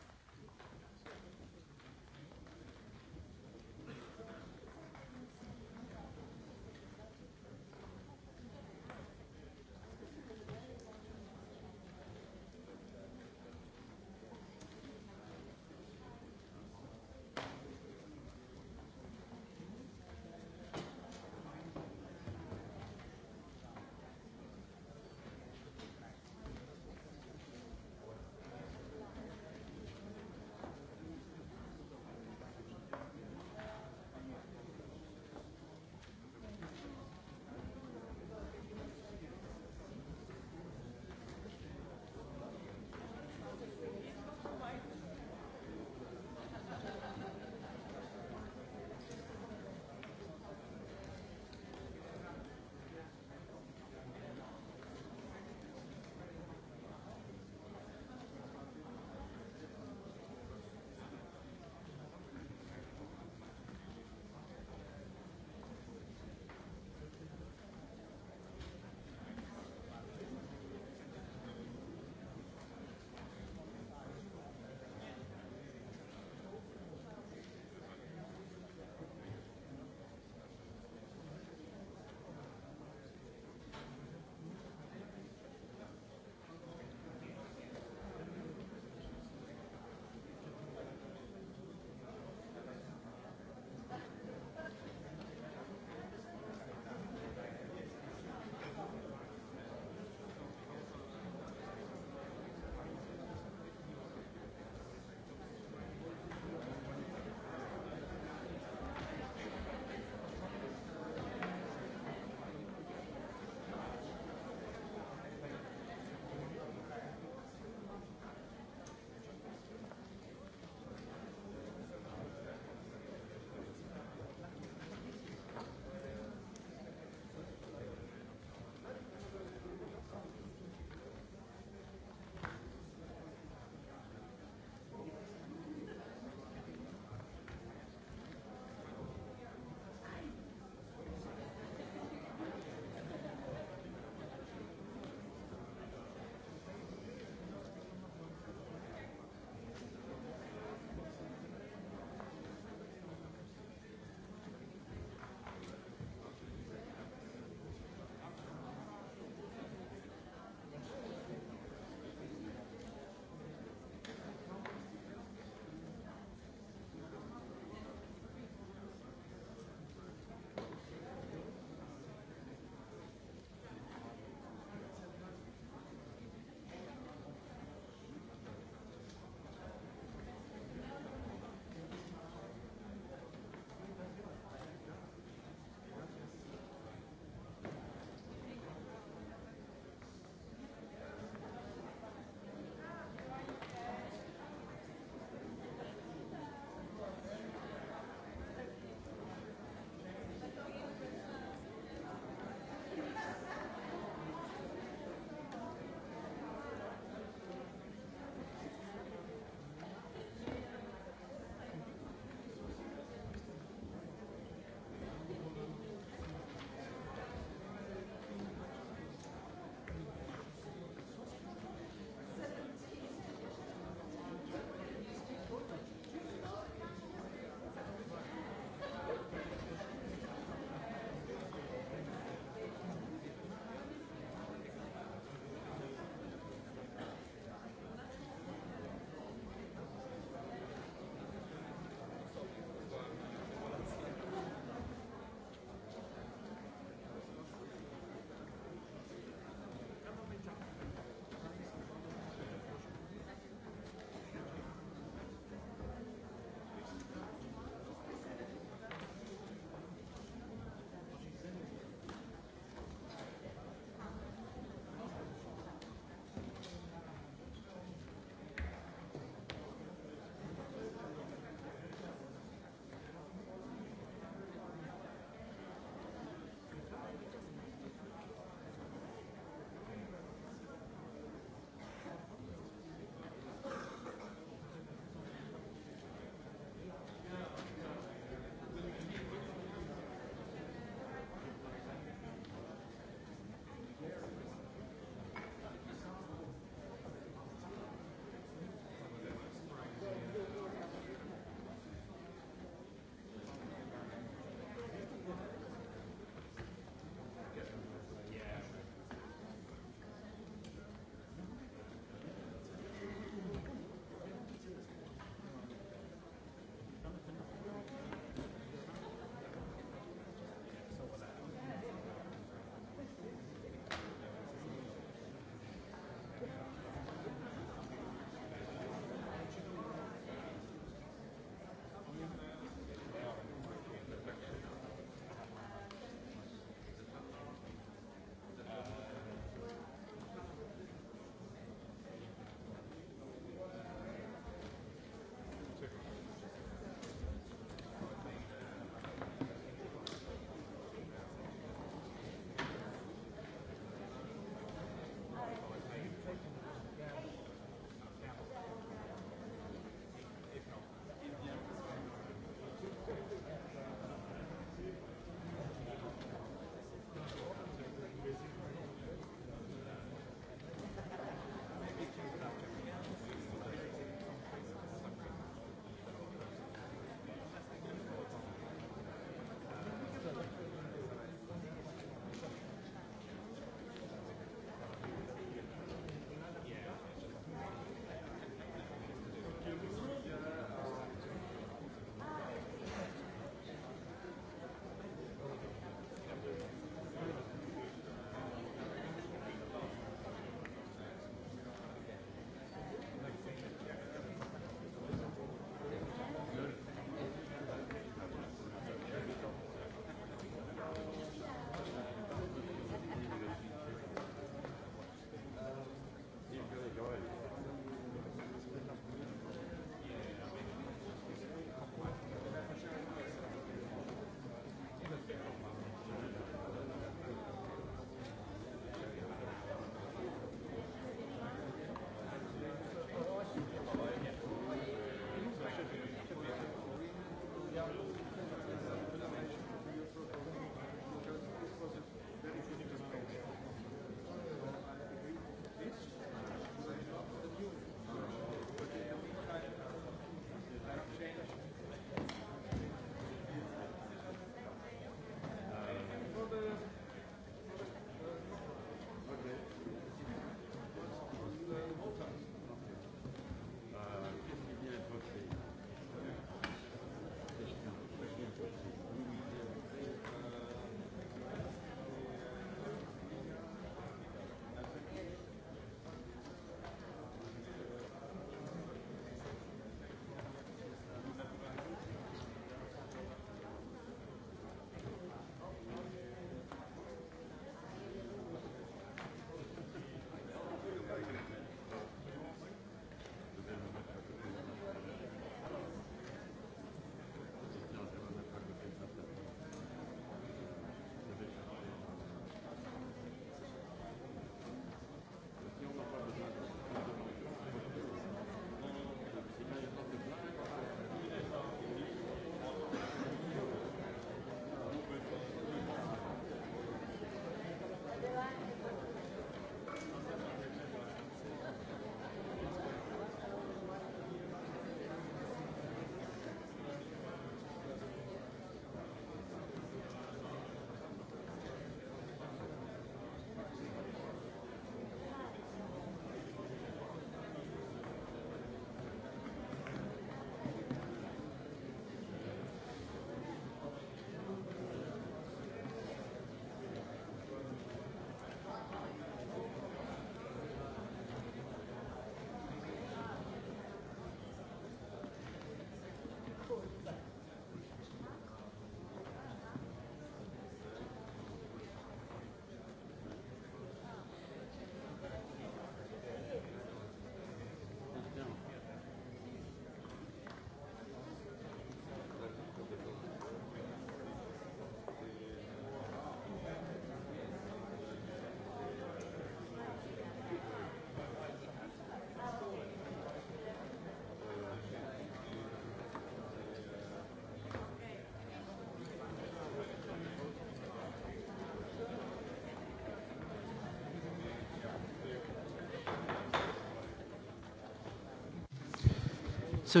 So,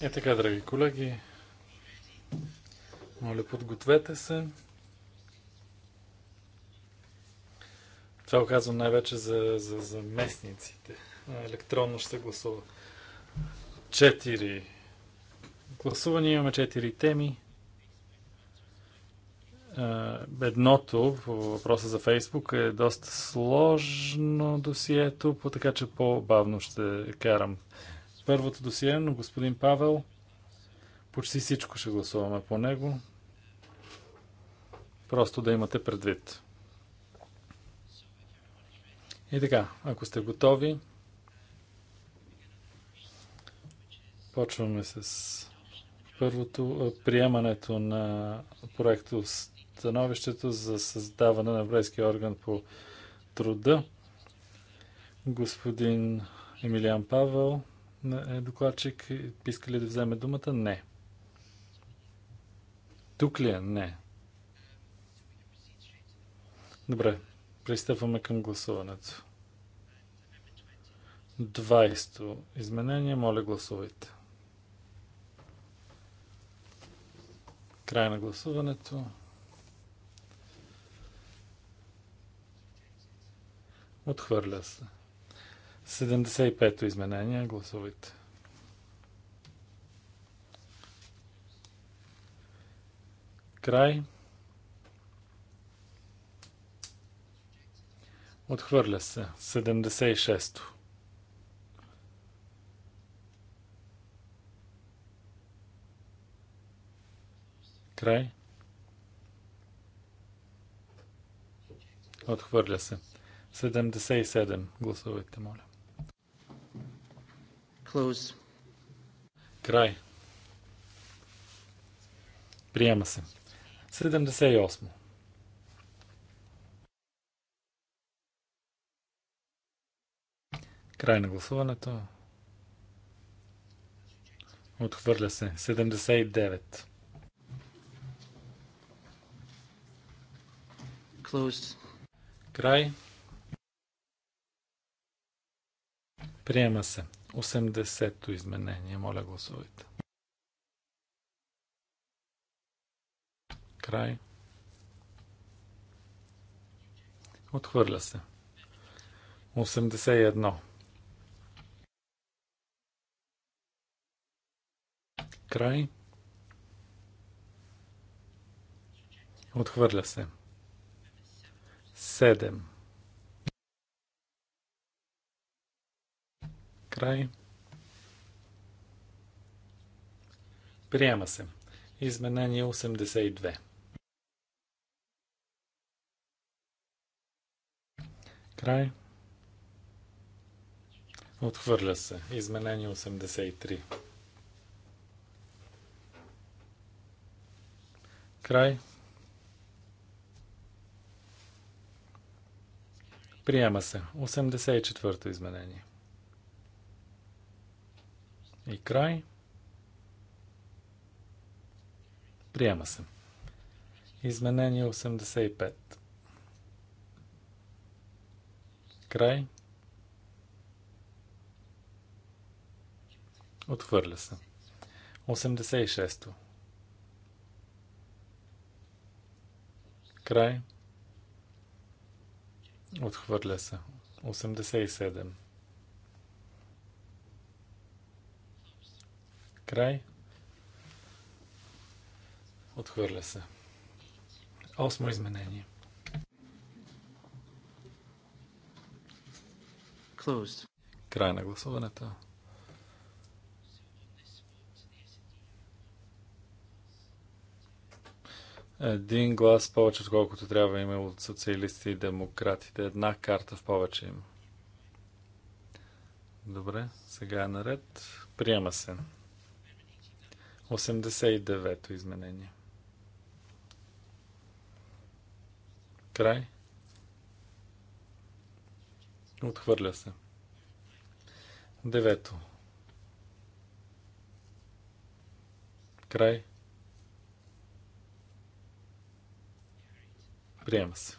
Е така, драги колеги, моля, подгответе се. Това казвам най-вече за, за, за местниците. Електронно ще гласува. Четири гласувания имаме четири теми. Едното по въпроса за Фейсбук е доста сложно досието, така че по-бавно ще карам първото досие, но господин Павел, почти всичко ще гласуваме по него. Просто да имате предвид. И така, ако сте готови, почваме с първото приемането на проекто становището за създаване на еврейски орган по труда. Господин Емилиан Павел е, докладчик иска ли да вземе думата? Не. Тук ли е? Не. Добре, пристъпваме към гласуването. 20 изменение, моля гласувайте. Край на гласуването. Отхвърля се. 75-то изменение. Гласувайте. Край. Отхвърля се. 76-то. Край. Отхвърля се. 77. Гласувайте, моля. Close. Край. Приема се. 78. Край на гласуването. Отхвърля се. 79. Closed. Край. Приема се. 80-то изменение. Моля, гласувайте. Край. Отхвърля се. 81. Край. Отхвърля се. 7. Край. Приема се. Изменение 82. Край. Отхвърля се. Изменение 83. Край. Приема се. 84-то изменение и край. Приема се. Изменение 85. Край. Отвърля се. 86-то. Край. Отхвърля се. 87. Край. Отхвърля се. Осмо изменение. Closed. Край на гласуването. Един глас повече, отколкото трябва има от социалисти и демократите. Една карта в повече има. Добре, сега е наред. Приема се. 89-то изменение. Край. Отхвърля се. Девето. Край. Приема се.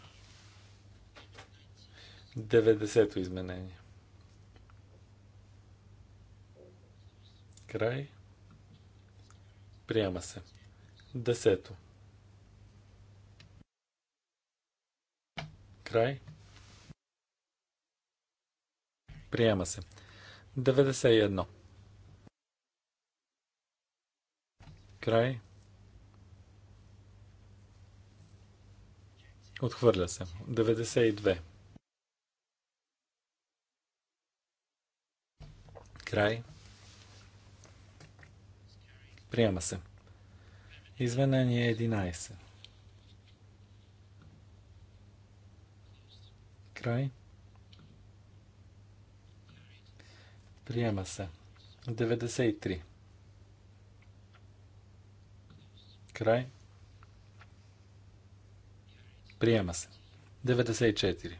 Деведесето изменение. Край. Приема се. Десето. Край. Приема се. 91. Край. Отхвърля се. 92. Край. Приема се. Извинение 11. Край. Приема се. 93. Край. Приема се. 94.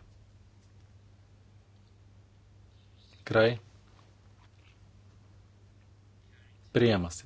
Край. Приема се.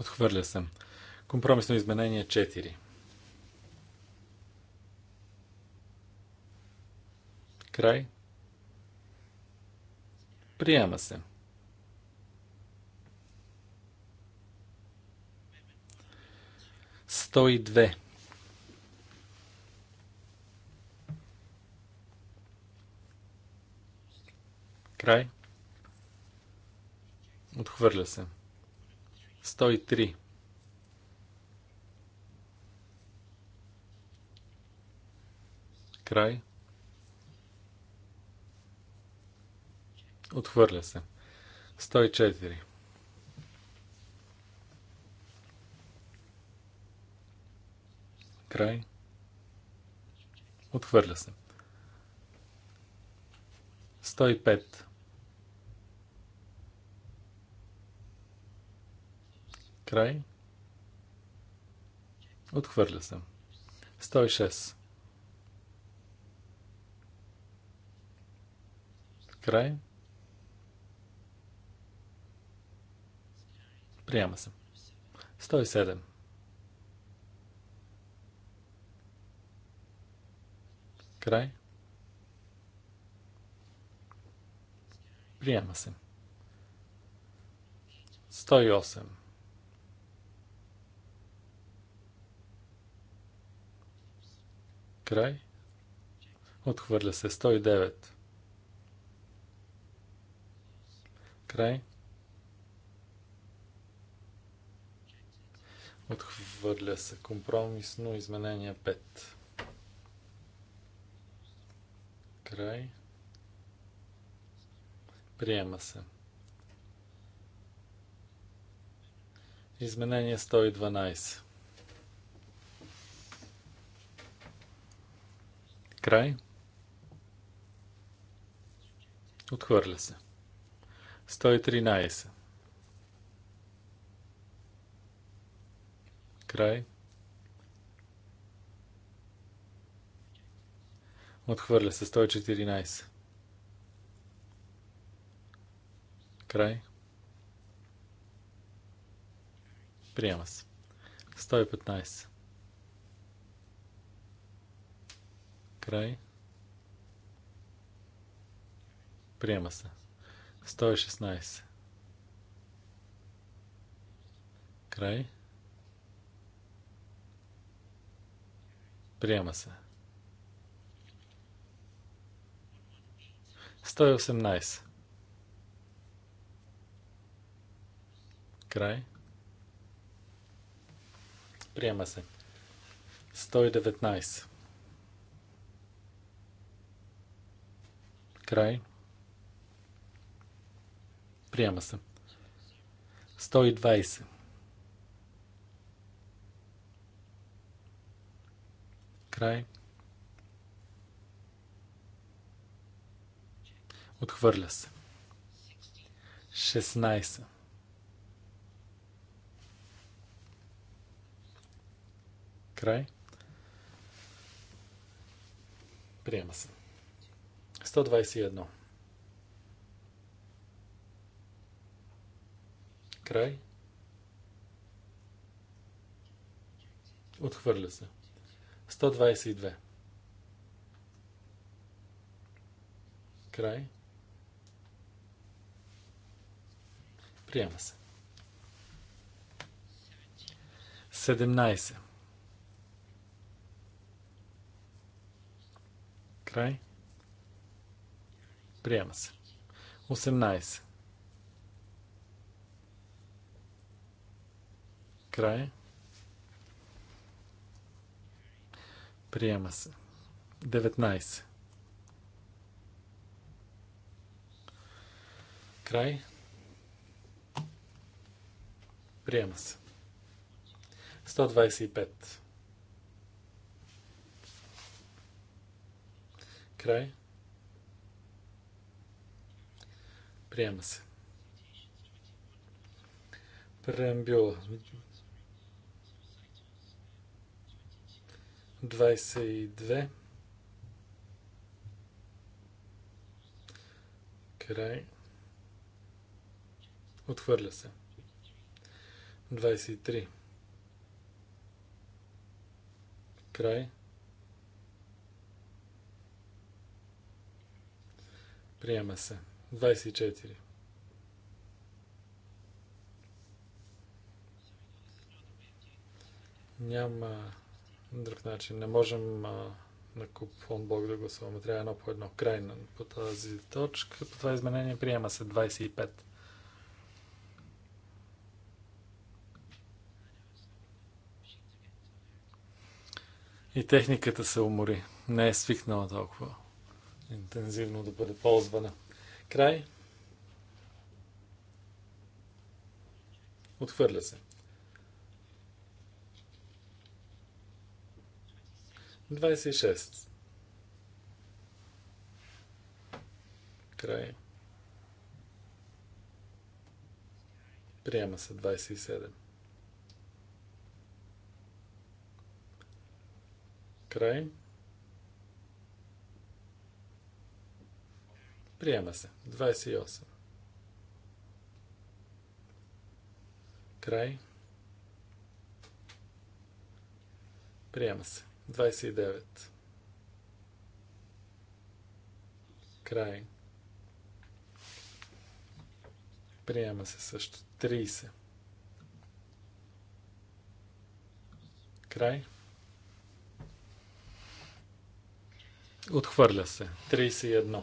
Отхвърля съм. Компромисно изменение 4. Край. Приема се. Сто и две. Край. Отхвърля се. 103. Край. Отхвърля се. 104. Край. Отхвърля се. 105. Край. Отхвърля се. 106. Край. Приема се. 107. Край. Приема се. 108. Край. Отхвърля се. 109. Край. Отхвърля се. Компромисно изменение 5. Край. Приема се. Изменение 112. Край. Отхвърля се. 113. Край. Отхвърля се. 114. Край. Приема се. 115. Край. Приема се. 116. Край. Приема се. 118. Край. Приема се. 119. Край. Приема се. 120. Край. Отхвърля се. 16. Край. Приема се. 121. Край. Отхвърля се. 122. Край. Приема се. 17. Край. Приема се. 18. Край. Приема се. 19. Край. Приема се. 125. Край. Okay. Приема се. Преамбюла. 22. Край. Отхвърля се. 23. Край. Приема се. 24. 24. Няма друг начин. Не можем а, на куп фон Бог да гласуваме. Трябва едно по едно. на, по тази точка. По това изменение приема се 25. И техниката се умори. Не е свикнала толкова интензивно да бъде ползвана. Край. Отхвърля се. 26. Край. Приема се 27. Край. Приема се. 28. Край. Приема се. 29. Край. Приема се също. 30. Край. Отхвърля се. 31.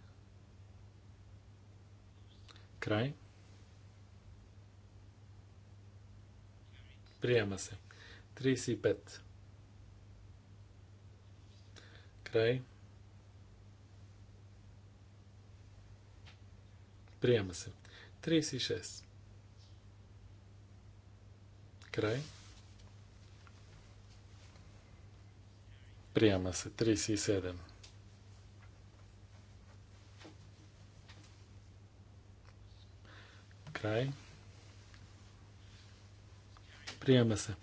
Край. Приема се. 35. Край. Приема се. 36. Край. Приема се. 37. Край. Приема се.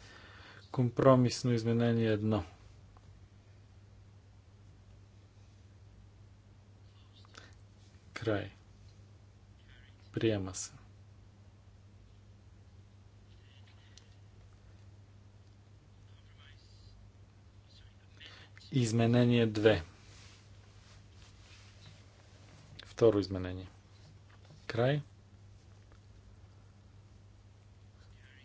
Компромисно изменение 1. Край. Приема се. Изменение 2. Второ изменение. Край.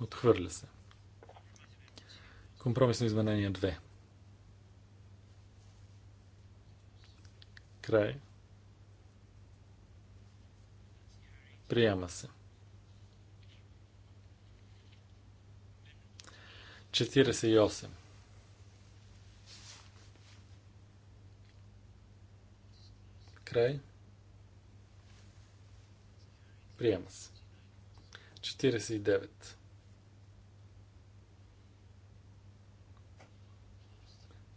Отхвърля се. Компромисно изменение 2. Край. Приема се. 48. Край. Приема се. 49.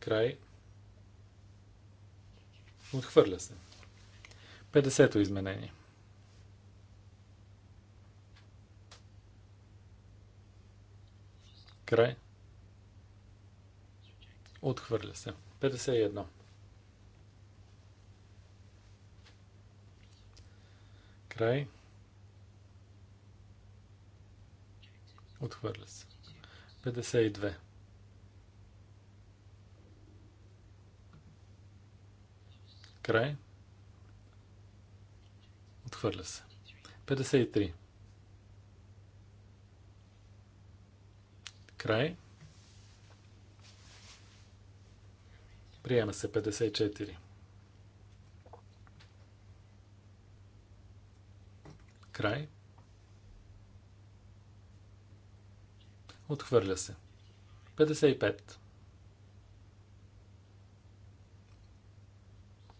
Край. Отхвърля се. 50-то изменение. Край. Отхвърля се. 51. Край. Отхвърля се. 52. Край. Отхвърля се. 53. Край. Приема се 54. Край. Отхвърля се. 55.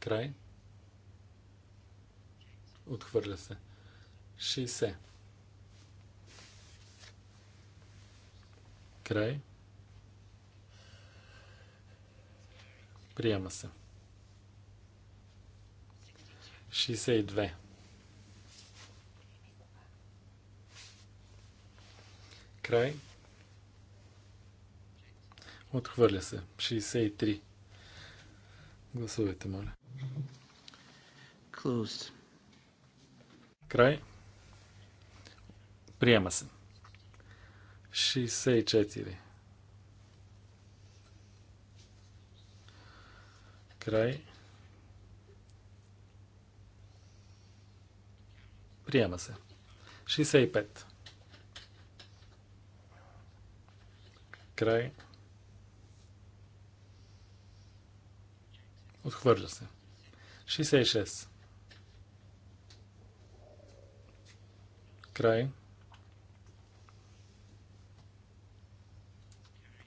Край. Отхвърля се. 60. Край. Приема се. 62. Край. Отхвърля се. 63. Гласувайте, моля. Closed. Край. Приема се. 64. Край. Приема се. 65. Край. Отхвърля се. 66. 66. Край.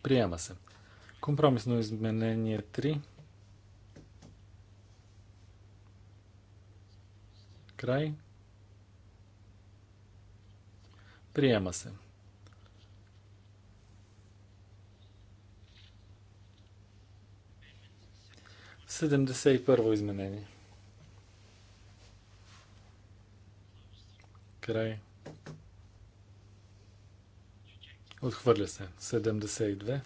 Приема се. Компромисно изменение 3. Край. Приема се. Седемдесет и първо изменение. Край. Отхвърля се. 72.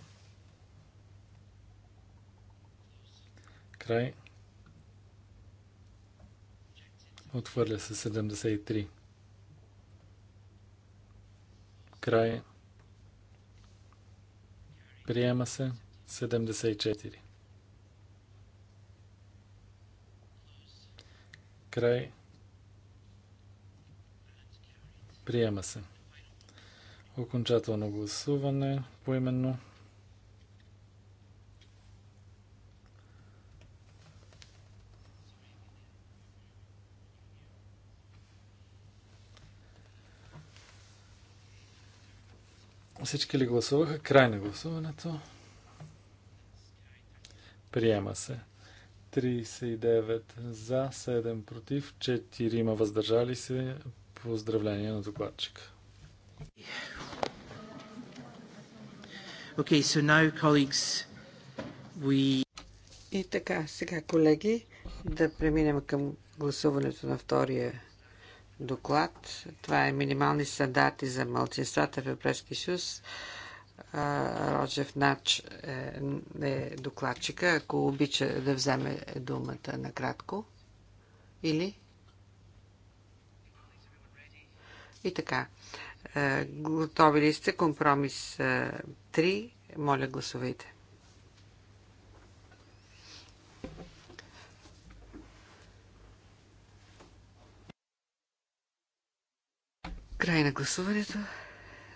Край. Отхвърля се. 73. Край. Приема се. 74. Край. Приема се. Окончателно гласуване поименно. Всички ли гласуваха? Край на гласуването. Приема се. 39 за, 7 против, 4 има въздържали се. Поздравление на докладчика. Okay, so now, colleagues, we... И така, сега, колеги, да преминем към гласуването на втория доклад. Това е минимални стандарти за мълцинствата в Европейски съюз. Роджев Нач е, е докладчика. Ако обича да вземе думата накратко. Или? И така. Е, готови ли сте? Компромис 3. Е, Моля, гласувайте. Край на гласуването.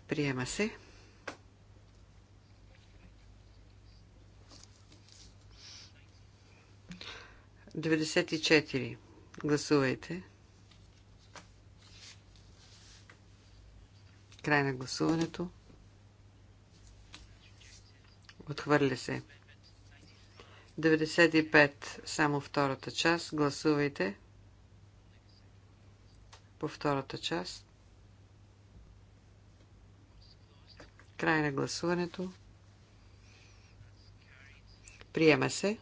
Приема се. Деведесет и четири. Гласувайте. Край на гласуването. Отхвърля се. 95, само втората част. Гласувайте по втората част. Край на гласуването. Приема се.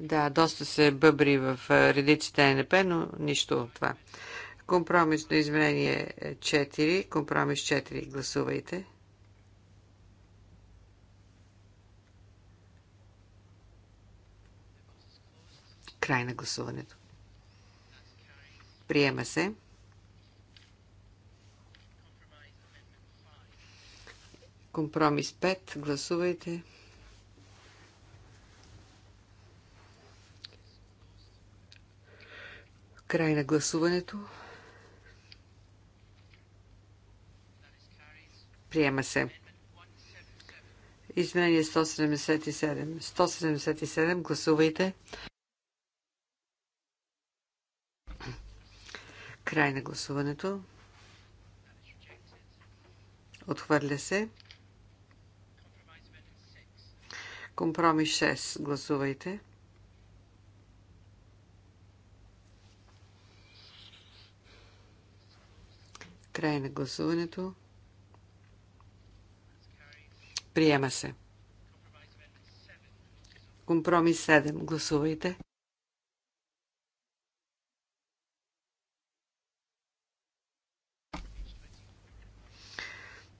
Да, доста се бъбри в редиците НП, но нищо от това. Компромисно изменение 4. Компромис 4. Гласувайте. Край на гласуването. Приема се. Компромис 5. Гласувайте. Край на гласуването. Приема се. Изменение 177. 177. Гласувайте. Край на гласуването. Отхвърля се. Компромис 6. Гласувайте. Край на гласуването. Приема се. Компромис 7. Гласувайте.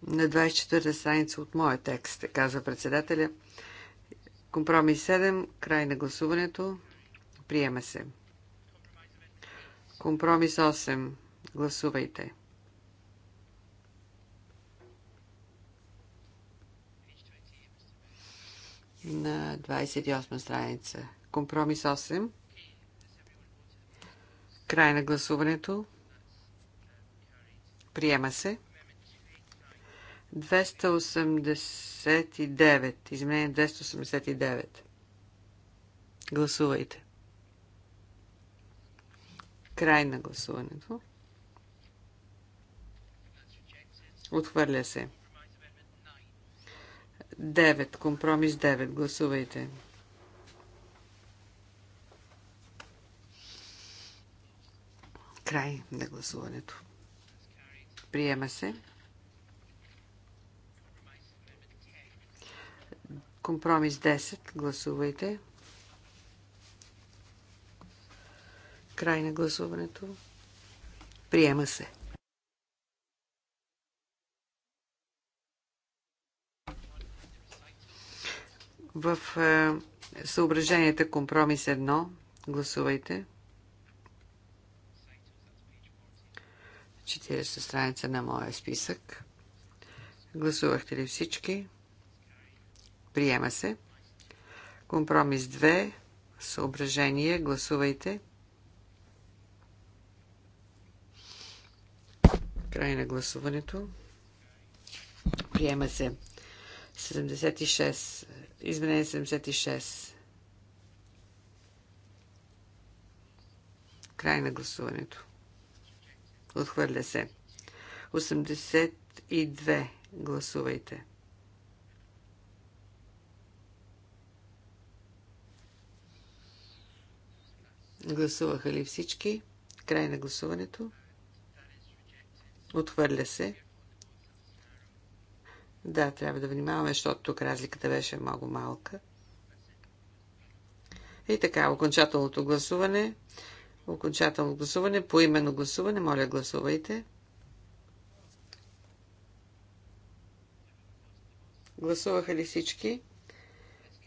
На 24-та страница от моя текст, казва председателя. Компромис 7. Край на гласуването. Приема се. Компромис 8. Гласувайте. на 28 страница. Компромис 8. Край на гласуването. Приема се. 289. Изменение 289. Гласувайте. Край на гласуването. Отхвърля се. 9. Компромис 9. Гласувайте. Край на гласуването. Приема се. Компромис 10. Гласувайте. Край на гласуването. Приема се. В е, съображенията компромис 1 гласувайте. 40 страница на моя списък. Гласувахте ли всички? Приема се. Компромис 2. Съображение. Гласувайте. Край на гласуването. Приема се. 76 Изменение 76. Край на гласуването. Отхвърля се. 82. Гласувайте. Гласуваха ли всички? Край на гласуването. Отхвърля се. Да, трябва да внимаваме, защото тук разликата беше много малка. И така, окончателното гласуване. Окончателно гласуване, по именно гласуване. Моля, гласувайте. Гласуваха ли всички?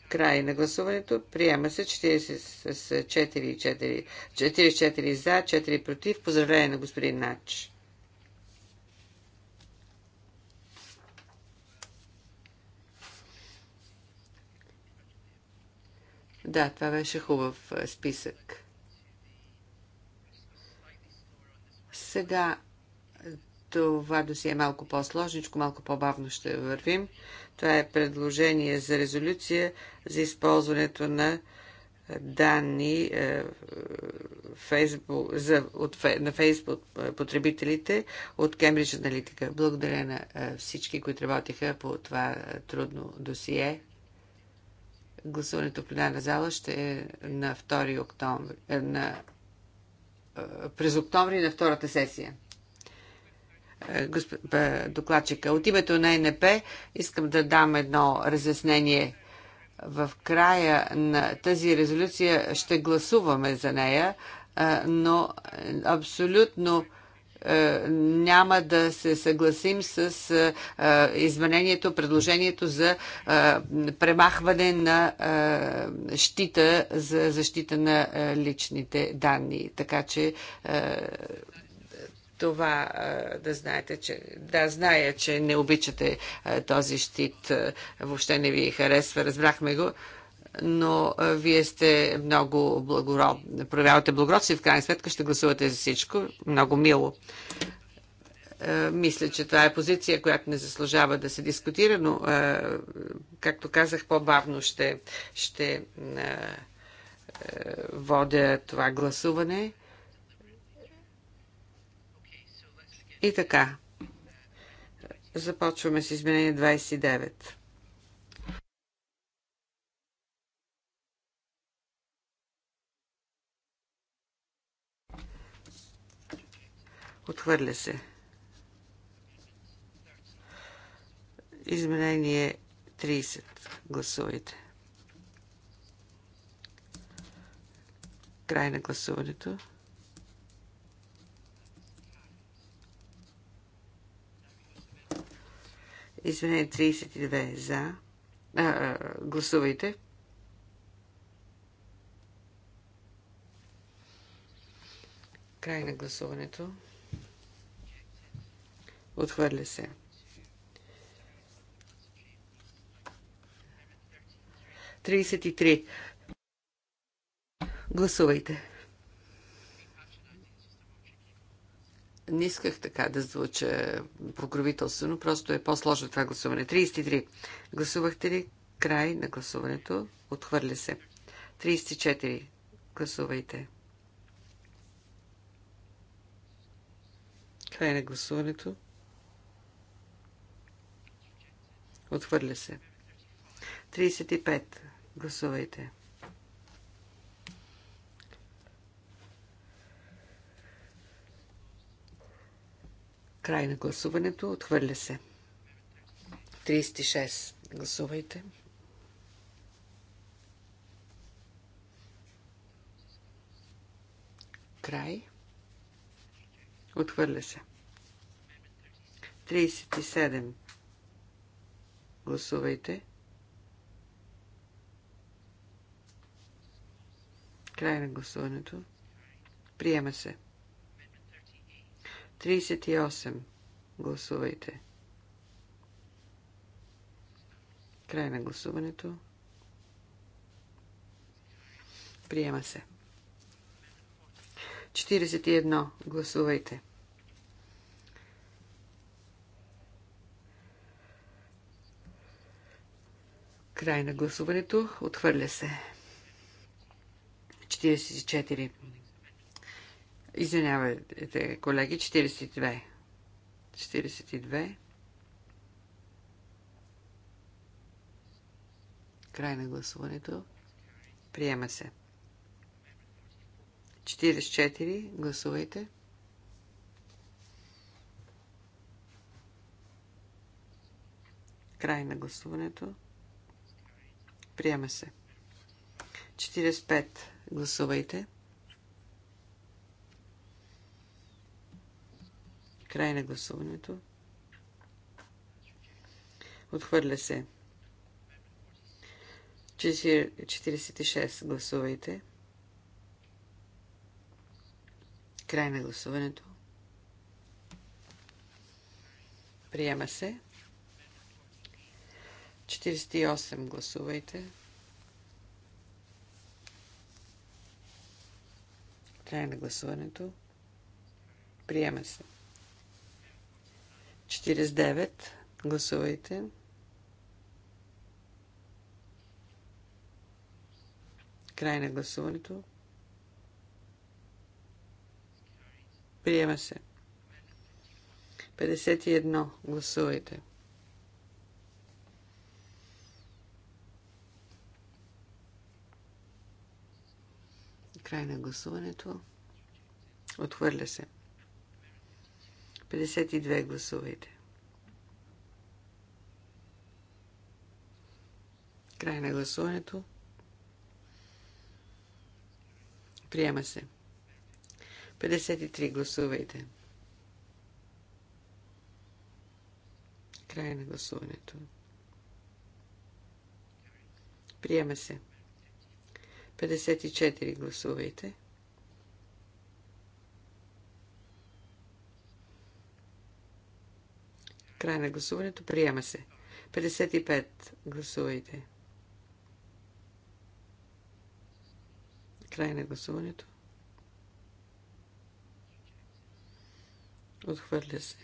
Край на гласуването. Приема се 4 с 4, 4, 44 за, 4 против. Поздравление на господин Нач. Да, това беше хубав списък. Сега това досие е малко по-сложничко, малко по-бавно ще вървим. Това е предложение за резолюция за използването на данни на Фейсбук потребителите от Кембридж Аналитика. Благодаря на всички, които работиха по това трудно досие. Гласуването в пленарна зала ще е на 2 октомври, е, на, е, през октомври на втората сесия. Е, госп... Докладчика, от името на НП искам да дам едно разяснение в края на тази резолюция ще гласуваме за нея, но абсолютно е, няма да се съгласим с е, е, изменението, предложението за премахване на щита за защита на личните данни. Така че това да знаете, че да зная, че не обичате този щит, въобще не ви харесва, разбрахме го но вие сте много благород. Проявявате благородство и в крайна сметка ще гласувате за всичко. Много мило. Мисля, че това е позиция, която не заслужава да се дискутира, но, както казах, по-бавно ще, ще водя това гласуване. И така. Започваме с изменение 29. Отхвърля се. Изменение 30. Гласувайте. Край на гласуването. Извинение 32 за. А, а, гласувайте. Край на гласуването. Отхвърля се. Тридесет и три. Гласувайте. Не исках така да звуча покровителствено, просто е по-сложно това гласуване. 33. Гласувахте ли край на гласуването? Отхвърля се. 34. Гласувайте. Край на гласуването. Отхвърля се. 35. Гласувайте. Край на гласуването. Отхвърля се. 36. Гласувайте. Край. Отхвърля се. 37. Гласувайте. Край на гласуването. Приема се. 38. Гласувайте. Край на гласуването. Приема се. 41. Гласувайте. Край на гласуването. Отхвърля се. 44. Извинявайте, колеги. 42. 42. Край на гласуването. Приема се. 44. Гласувайте. Край на гласуването. Приема се. 45. Гласувайте. Край на гласуването. Отхвърля се. 46. Гласувайте. Край на гласуването. Приема се. 48 гласувайте. Край на гласуването. Приема се. 49 гласувайте. Край на гласуването. Приема се. 51. Гласувайте. 51. Край на гласуването. Отхвърля се. 52 гласувайте. Край на гласуването. Приема се. 53 гласувайте. Край на гласуването. Приема се. 54 гласувайте. Край на гласуването. Приема се. 55 гласувайте. Край на гласуването. Отхвърля се.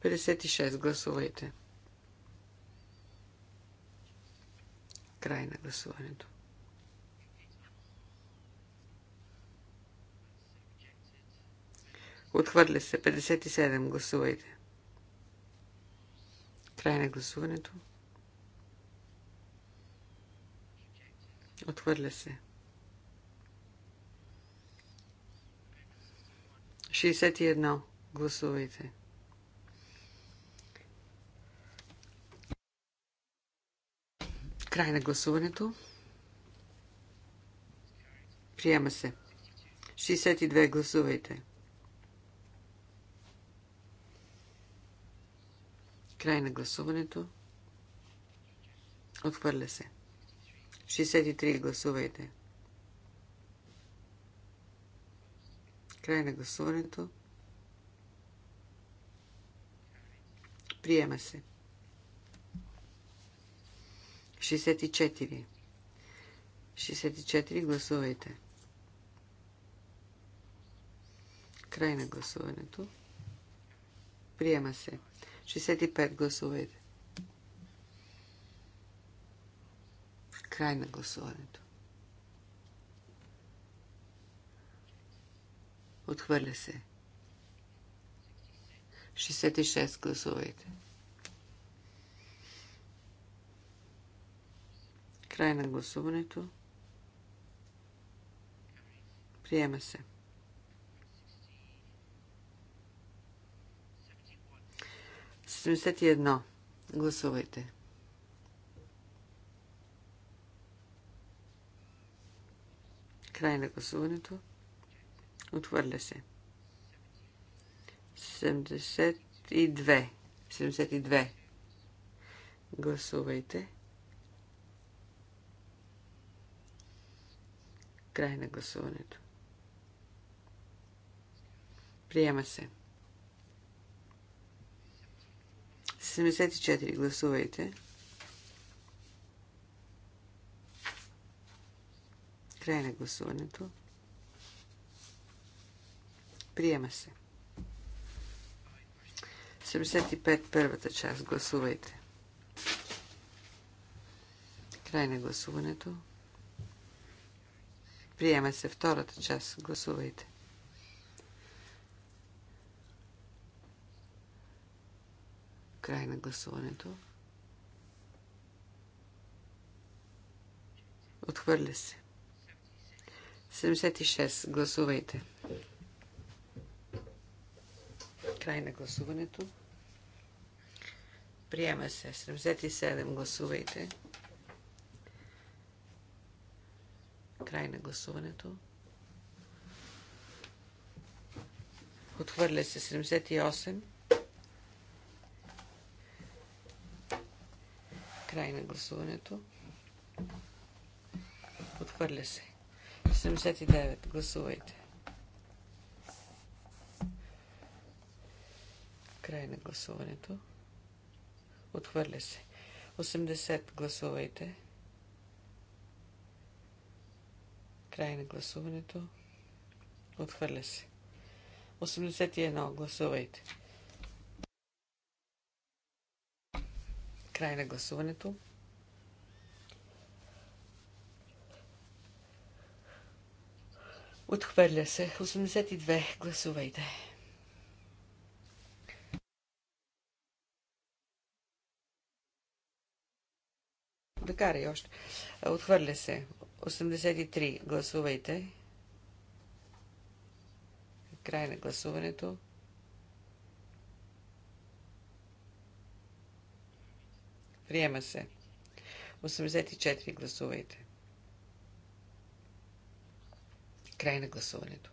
56 гласувайте. Край на гласуването. Отхвърля се. 57. Гласувайте. Край на гласуването. Отхвърля се. 61. Гласувайте. Край на гласуването. Приема се. 62. Гласувайте. Край на гласуването. Отхвърля се. 63 гласувайте. Край на гласуването. Приема се. 64. 64 гласувайте. Край на гласуването. Приема се. 65 гласовете. Край на гласуването. Отхвърля се. 66 гласовете. Край на гласуването. Приема се. 71. Гласувайте. Край на гласуването. Отвърля се. 72. 72. Гласувайте. Край на гласуването. Приема се. 74 гласувайте. Край на гласуването. Приема се. 75 първата част. Гласувайте. Край на гласуването. Приема се втората част. Гласувайте. Край на гласуването. Отхвърля се. 76. Гласувайте. Край на гласуването. Приема се. 77. Гласувайте. Край на гласуването. Отхвърля се. 78. Край на гласуването. Отхвърля се. 79. Гласувайте. Край на гласуването. Отхвърля се. 80. Гласувайте. Край на гласуването. Отхвърля се. 81. Гласувайте. Край на гласуването. Отхвърля се. 82. Гласувайте. карай още. Отхвърля се. 83. Гласувайте. Край на гласуването. Приема се. 84. Гласувайте. Край на гласуването.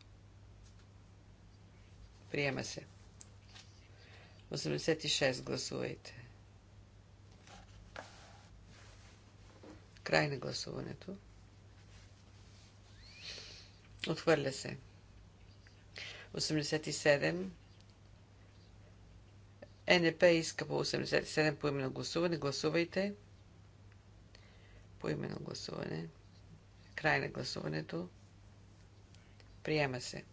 Приема се. 86. Гласувайте. Край на гласуването. Отхвърля се. 87. НП иска по 87 по именно гласуване. Гласувайте. По именно гласуване. Край на гласуването. Приема се.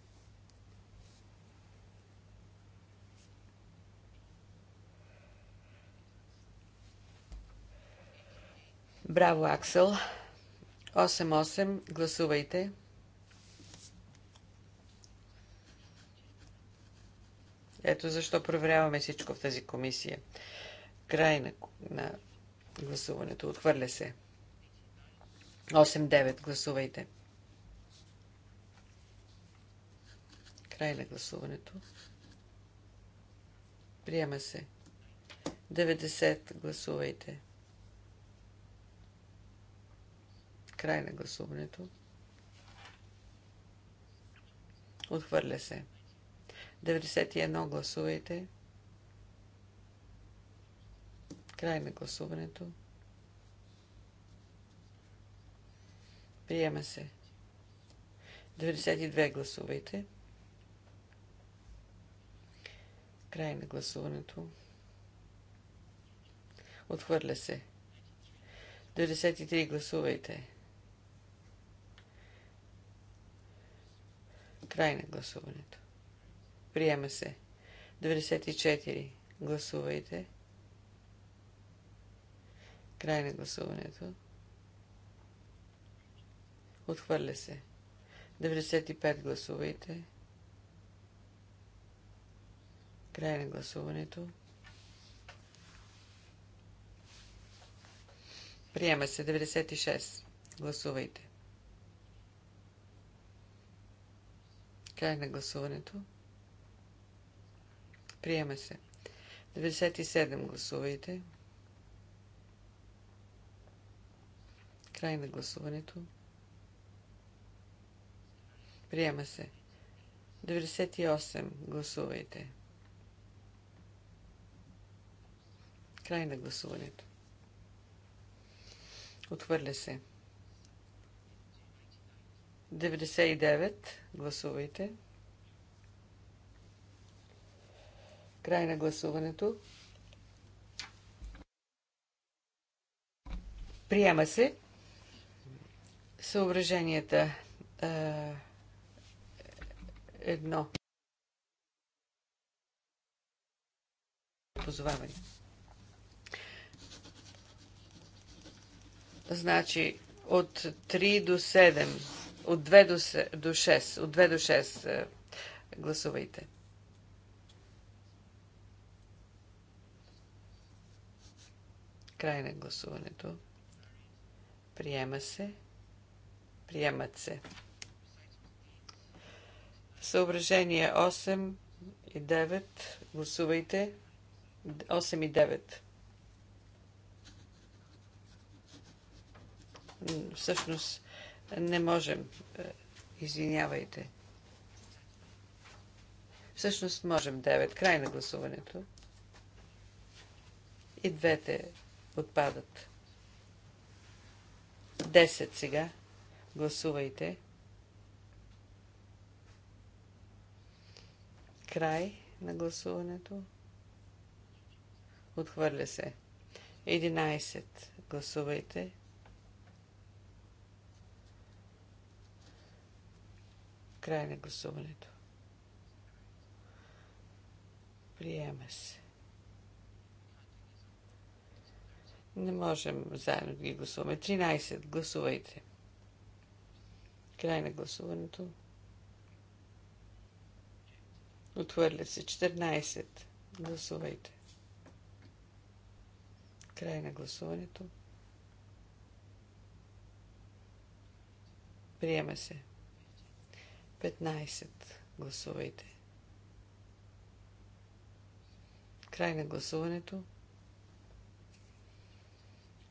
Браво, Аксел. 8-8. Гласувайте. Ето защо проверяваме всичко в тази комисия. Край на, на гласуването. Отхвърля се. 8-9. Гласувайте. Край на гласуването. Приема се. 90. Гласувайте. Край на гласуването. Отхвърля се. 91. 91 гласувайте. Край на гласуването. Приема се. 92 гласувайте. Край на гласуването. Отхвърля се. 93 гласувайте. Край на гласуването. Приема се. 94. Гласувайте. Край на гласуването. Отхвърля се. 95. Гласувайте. Край на гласуването. Приема се 96. Гласувайте. Край на гласуването. Приема се. 97 гласувайте. Край на гласуването. Приема се. 98 гласувайте. Край на гласуването. Отвърля се. 99 гласувайте. Край на гласуването. Приема се. Съображенията е, едно. Позоваване. Значи от 3 до 7, от 2 до 6, от 2 до 6 гласувайте. Край на гласуването. Приема се. Приемат се. Съображение 8 и 9. Гласувайте. 8 и 9. Всъщност не можем. Е, извинявайте. Всъщност можем 9. Край на гласуването. И двете Отпадат. 10 сега. Гласувайте. Край на гласуването. Отхвърля се. 11. Гласувайте. Край на гласуването. Приема се. Не можем заедно да ги гласуваме. 13. Гласувайте. Край на гласуването. Отвърля се. 14. Гласувайте. Край на гласуването. Приема се. 15. Гласувайте. Край на гласуването.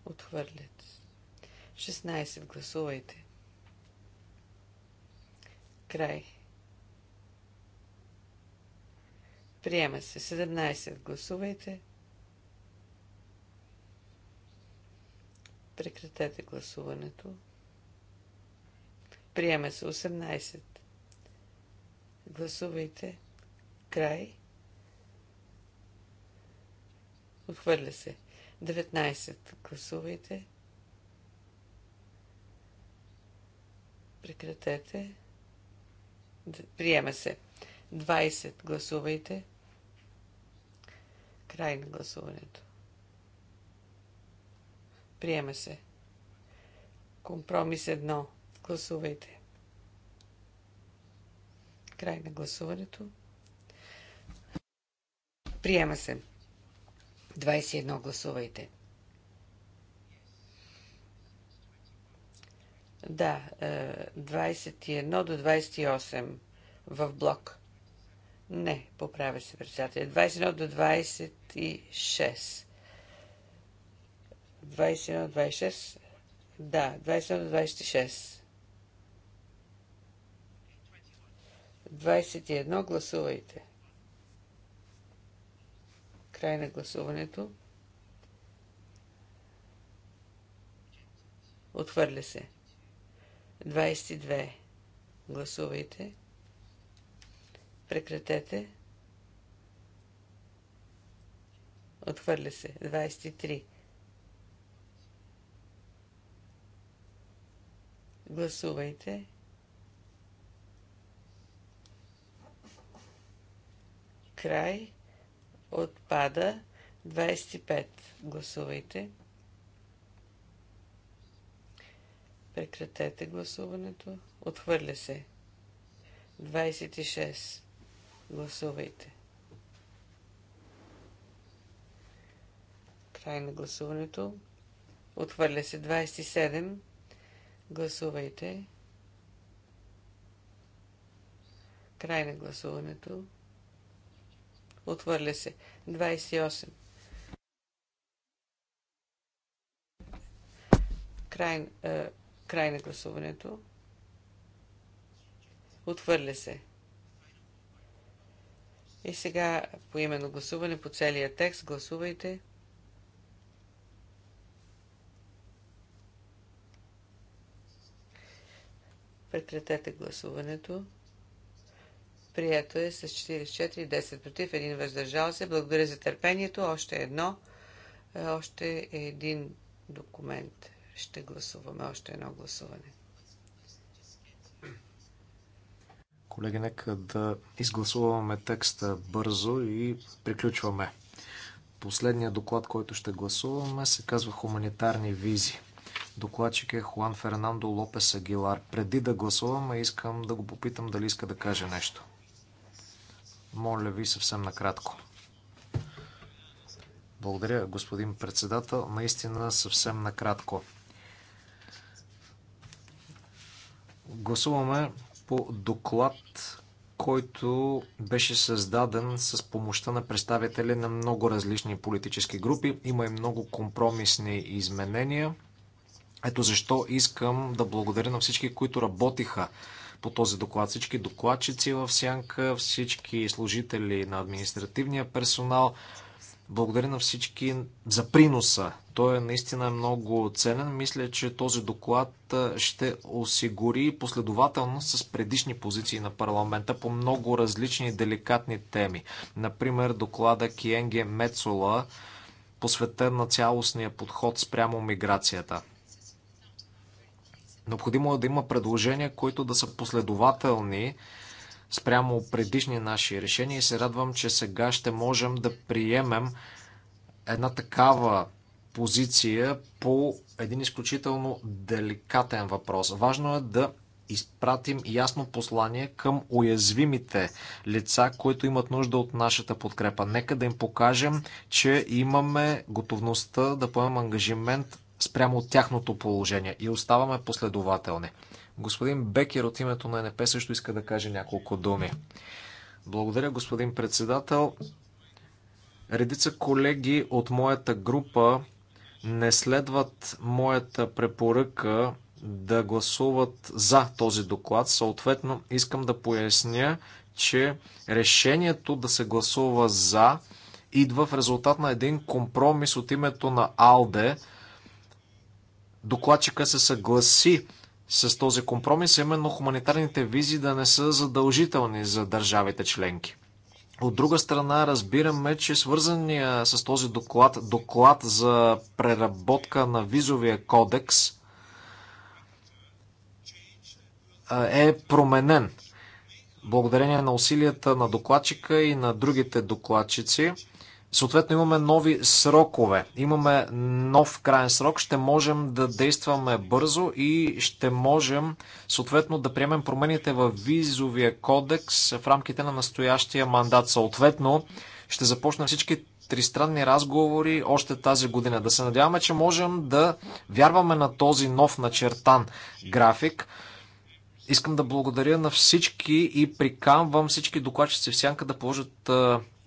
Отхвърлят се. 16. Гласувайте. Край. Приема се. 17. Гласувайте. Прекратете гласуването. Приема се. 18. Гласувайте. Край. Отхвърля се. 19. 19. Гласувайте. Прекратете. Приема се. 20. Гласувайте. Край на гласуването. Приема се. Компромис 1. Гласувайте. Край на гласуването. Приема се. 21 гласувайте. Да, 21 е, до 28 в блок. Не, поправя се председателя. 21 до 26. 21 до 26. Да, 21 до 26. 21 гласувайте. Край на гласуването. Отхвърля се. 22. Гласувайте. Прекратете. Отхвърля се. 23. Гласувайте. Край отпада. 25. Гласувайте. Прекратете гласуването. Отхвърля се. 26. Гласувайте. Край на гласуването. Отхвърля се. 27. Гласувайте. Край на гласуването. Отвърля се. 28. Край, е, край на гласуването. Отвърля се. И сега по именно гласуване по целия текст. Гласувайте. Прекратете гласуването. Прието е с 44, 10 против, един въздържал се. Благодаря за търпението. Още едно, е, още един документ. Ще гласуваме още едно гласуване. Колеги, нека да изгласуваме текста бързо и приключваме. Последният доклад, който ще гласуваме, се казва Хуманитарни визи. Докладчик е Хуан Фернандо Лопес Агилар. Преди да гласуваме, искам да го попитам дали иска да каже нещо. Моля ви съвсем накратко. Благодаря, господин председател. Наистина съвсем накратко. Гласуваме по доклад, който беше създаден с помощта на представители на много различни политически групи. Има и много компромисни изменения. Ето защо искам да благодаря на всички, които работиха по този доклад. Всички докладчици в Сянка, всички служители на административния персонал. Благодаря на всички за приноса. Той е наистина много ценен. Мисля, че този доклад ще осигури последователност с предишни позиции на парламента по много различни деликатни теми. Например, доклада Киенге Мецола, посветен на цялостния подход спрямо миграцията. Необходимо е да има предложения, които да са последователни спрямо предишни наши решения и се радвам, че сега ще можем да приемем една такава позиция по един изключително деликатен въпрос. Важно е да изпратим ясно послание към уязвимите лица, които имат нужда от нашата подкрепа. Нека да им покажем, че имаме готовността да поемем ангажимент спрямо от тяхното положение и оставаме последователни. Господин Бекер от името на НП също иска да каже няколко думи. Благодаря, господин председател. Редица колеги от моята група не следват моята препоръка да гласуват за този доклад. Съответно, искам да поясня, че решението да се гласува за идва в резултат на един компромис от името на АЛДЕ, докладчика се съгласи с този компромис, именно хуманитарните визи да не са задължителни за държавите членки. От друга страна, разбираме, че свързания с този доклад, доклад за преработка на визовия кодекс е променен благодарение на усилията на докладчика и на другите докладчици. Съответно имаме нови срокове, имаме нов крайен срок, ще можем да действаме бързо и ще можем съответно да приемем промените в визовия кодекс в рамките на настоящия мандат. Съответно ще започнем всички тристранни разговори още тази година. Да се надяваме, че можем да вярваме на този нов начертан график. Искам да благодаря на всички и приканвам всички докладчици в сянка да положат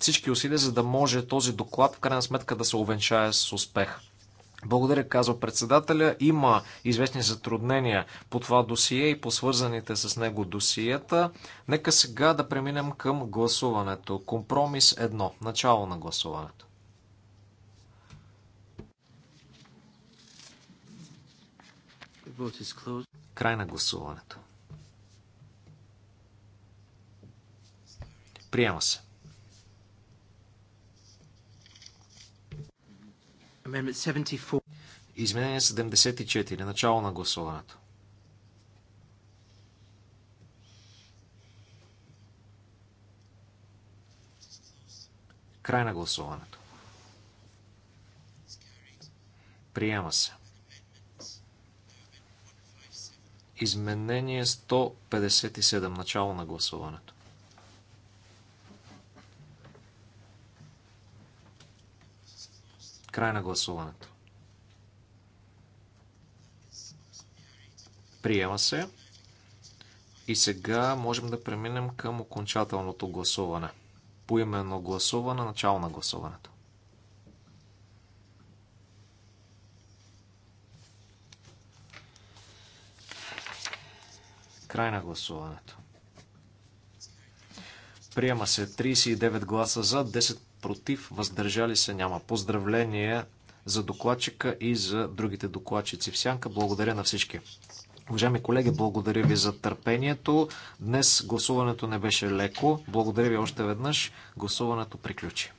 всички усилия, за да може този доклад в крайна сметка да се увенчае с успех. Благодаря, казва председателя. Има известни затруднения по това досие и по свързаните с него досиета. Нека сега да преминем към гласуването. Компромис 1. Начало на гласуването. Край на гласуването. Приема се. Изменение 74. Начало на гласуването. Край на гласуването. Приема се. Изменение 157. Начало на гласуването. Край на гласуването. Приема се. И сега можем да преминем към окончателното гласуване. Поименно гласуване, начало на гласуването. Край на гласуването. Приема се 39 гласа за, 10 против, въздържали се няма. Поздравления за докладчика и за другите докладчици в Сянка. Благодаря на всички. Уважаеми колеги, благодаря ви за търпението. Днес гласуването не беше леко. Благодаря ви още веднъж. Гласуването приключи.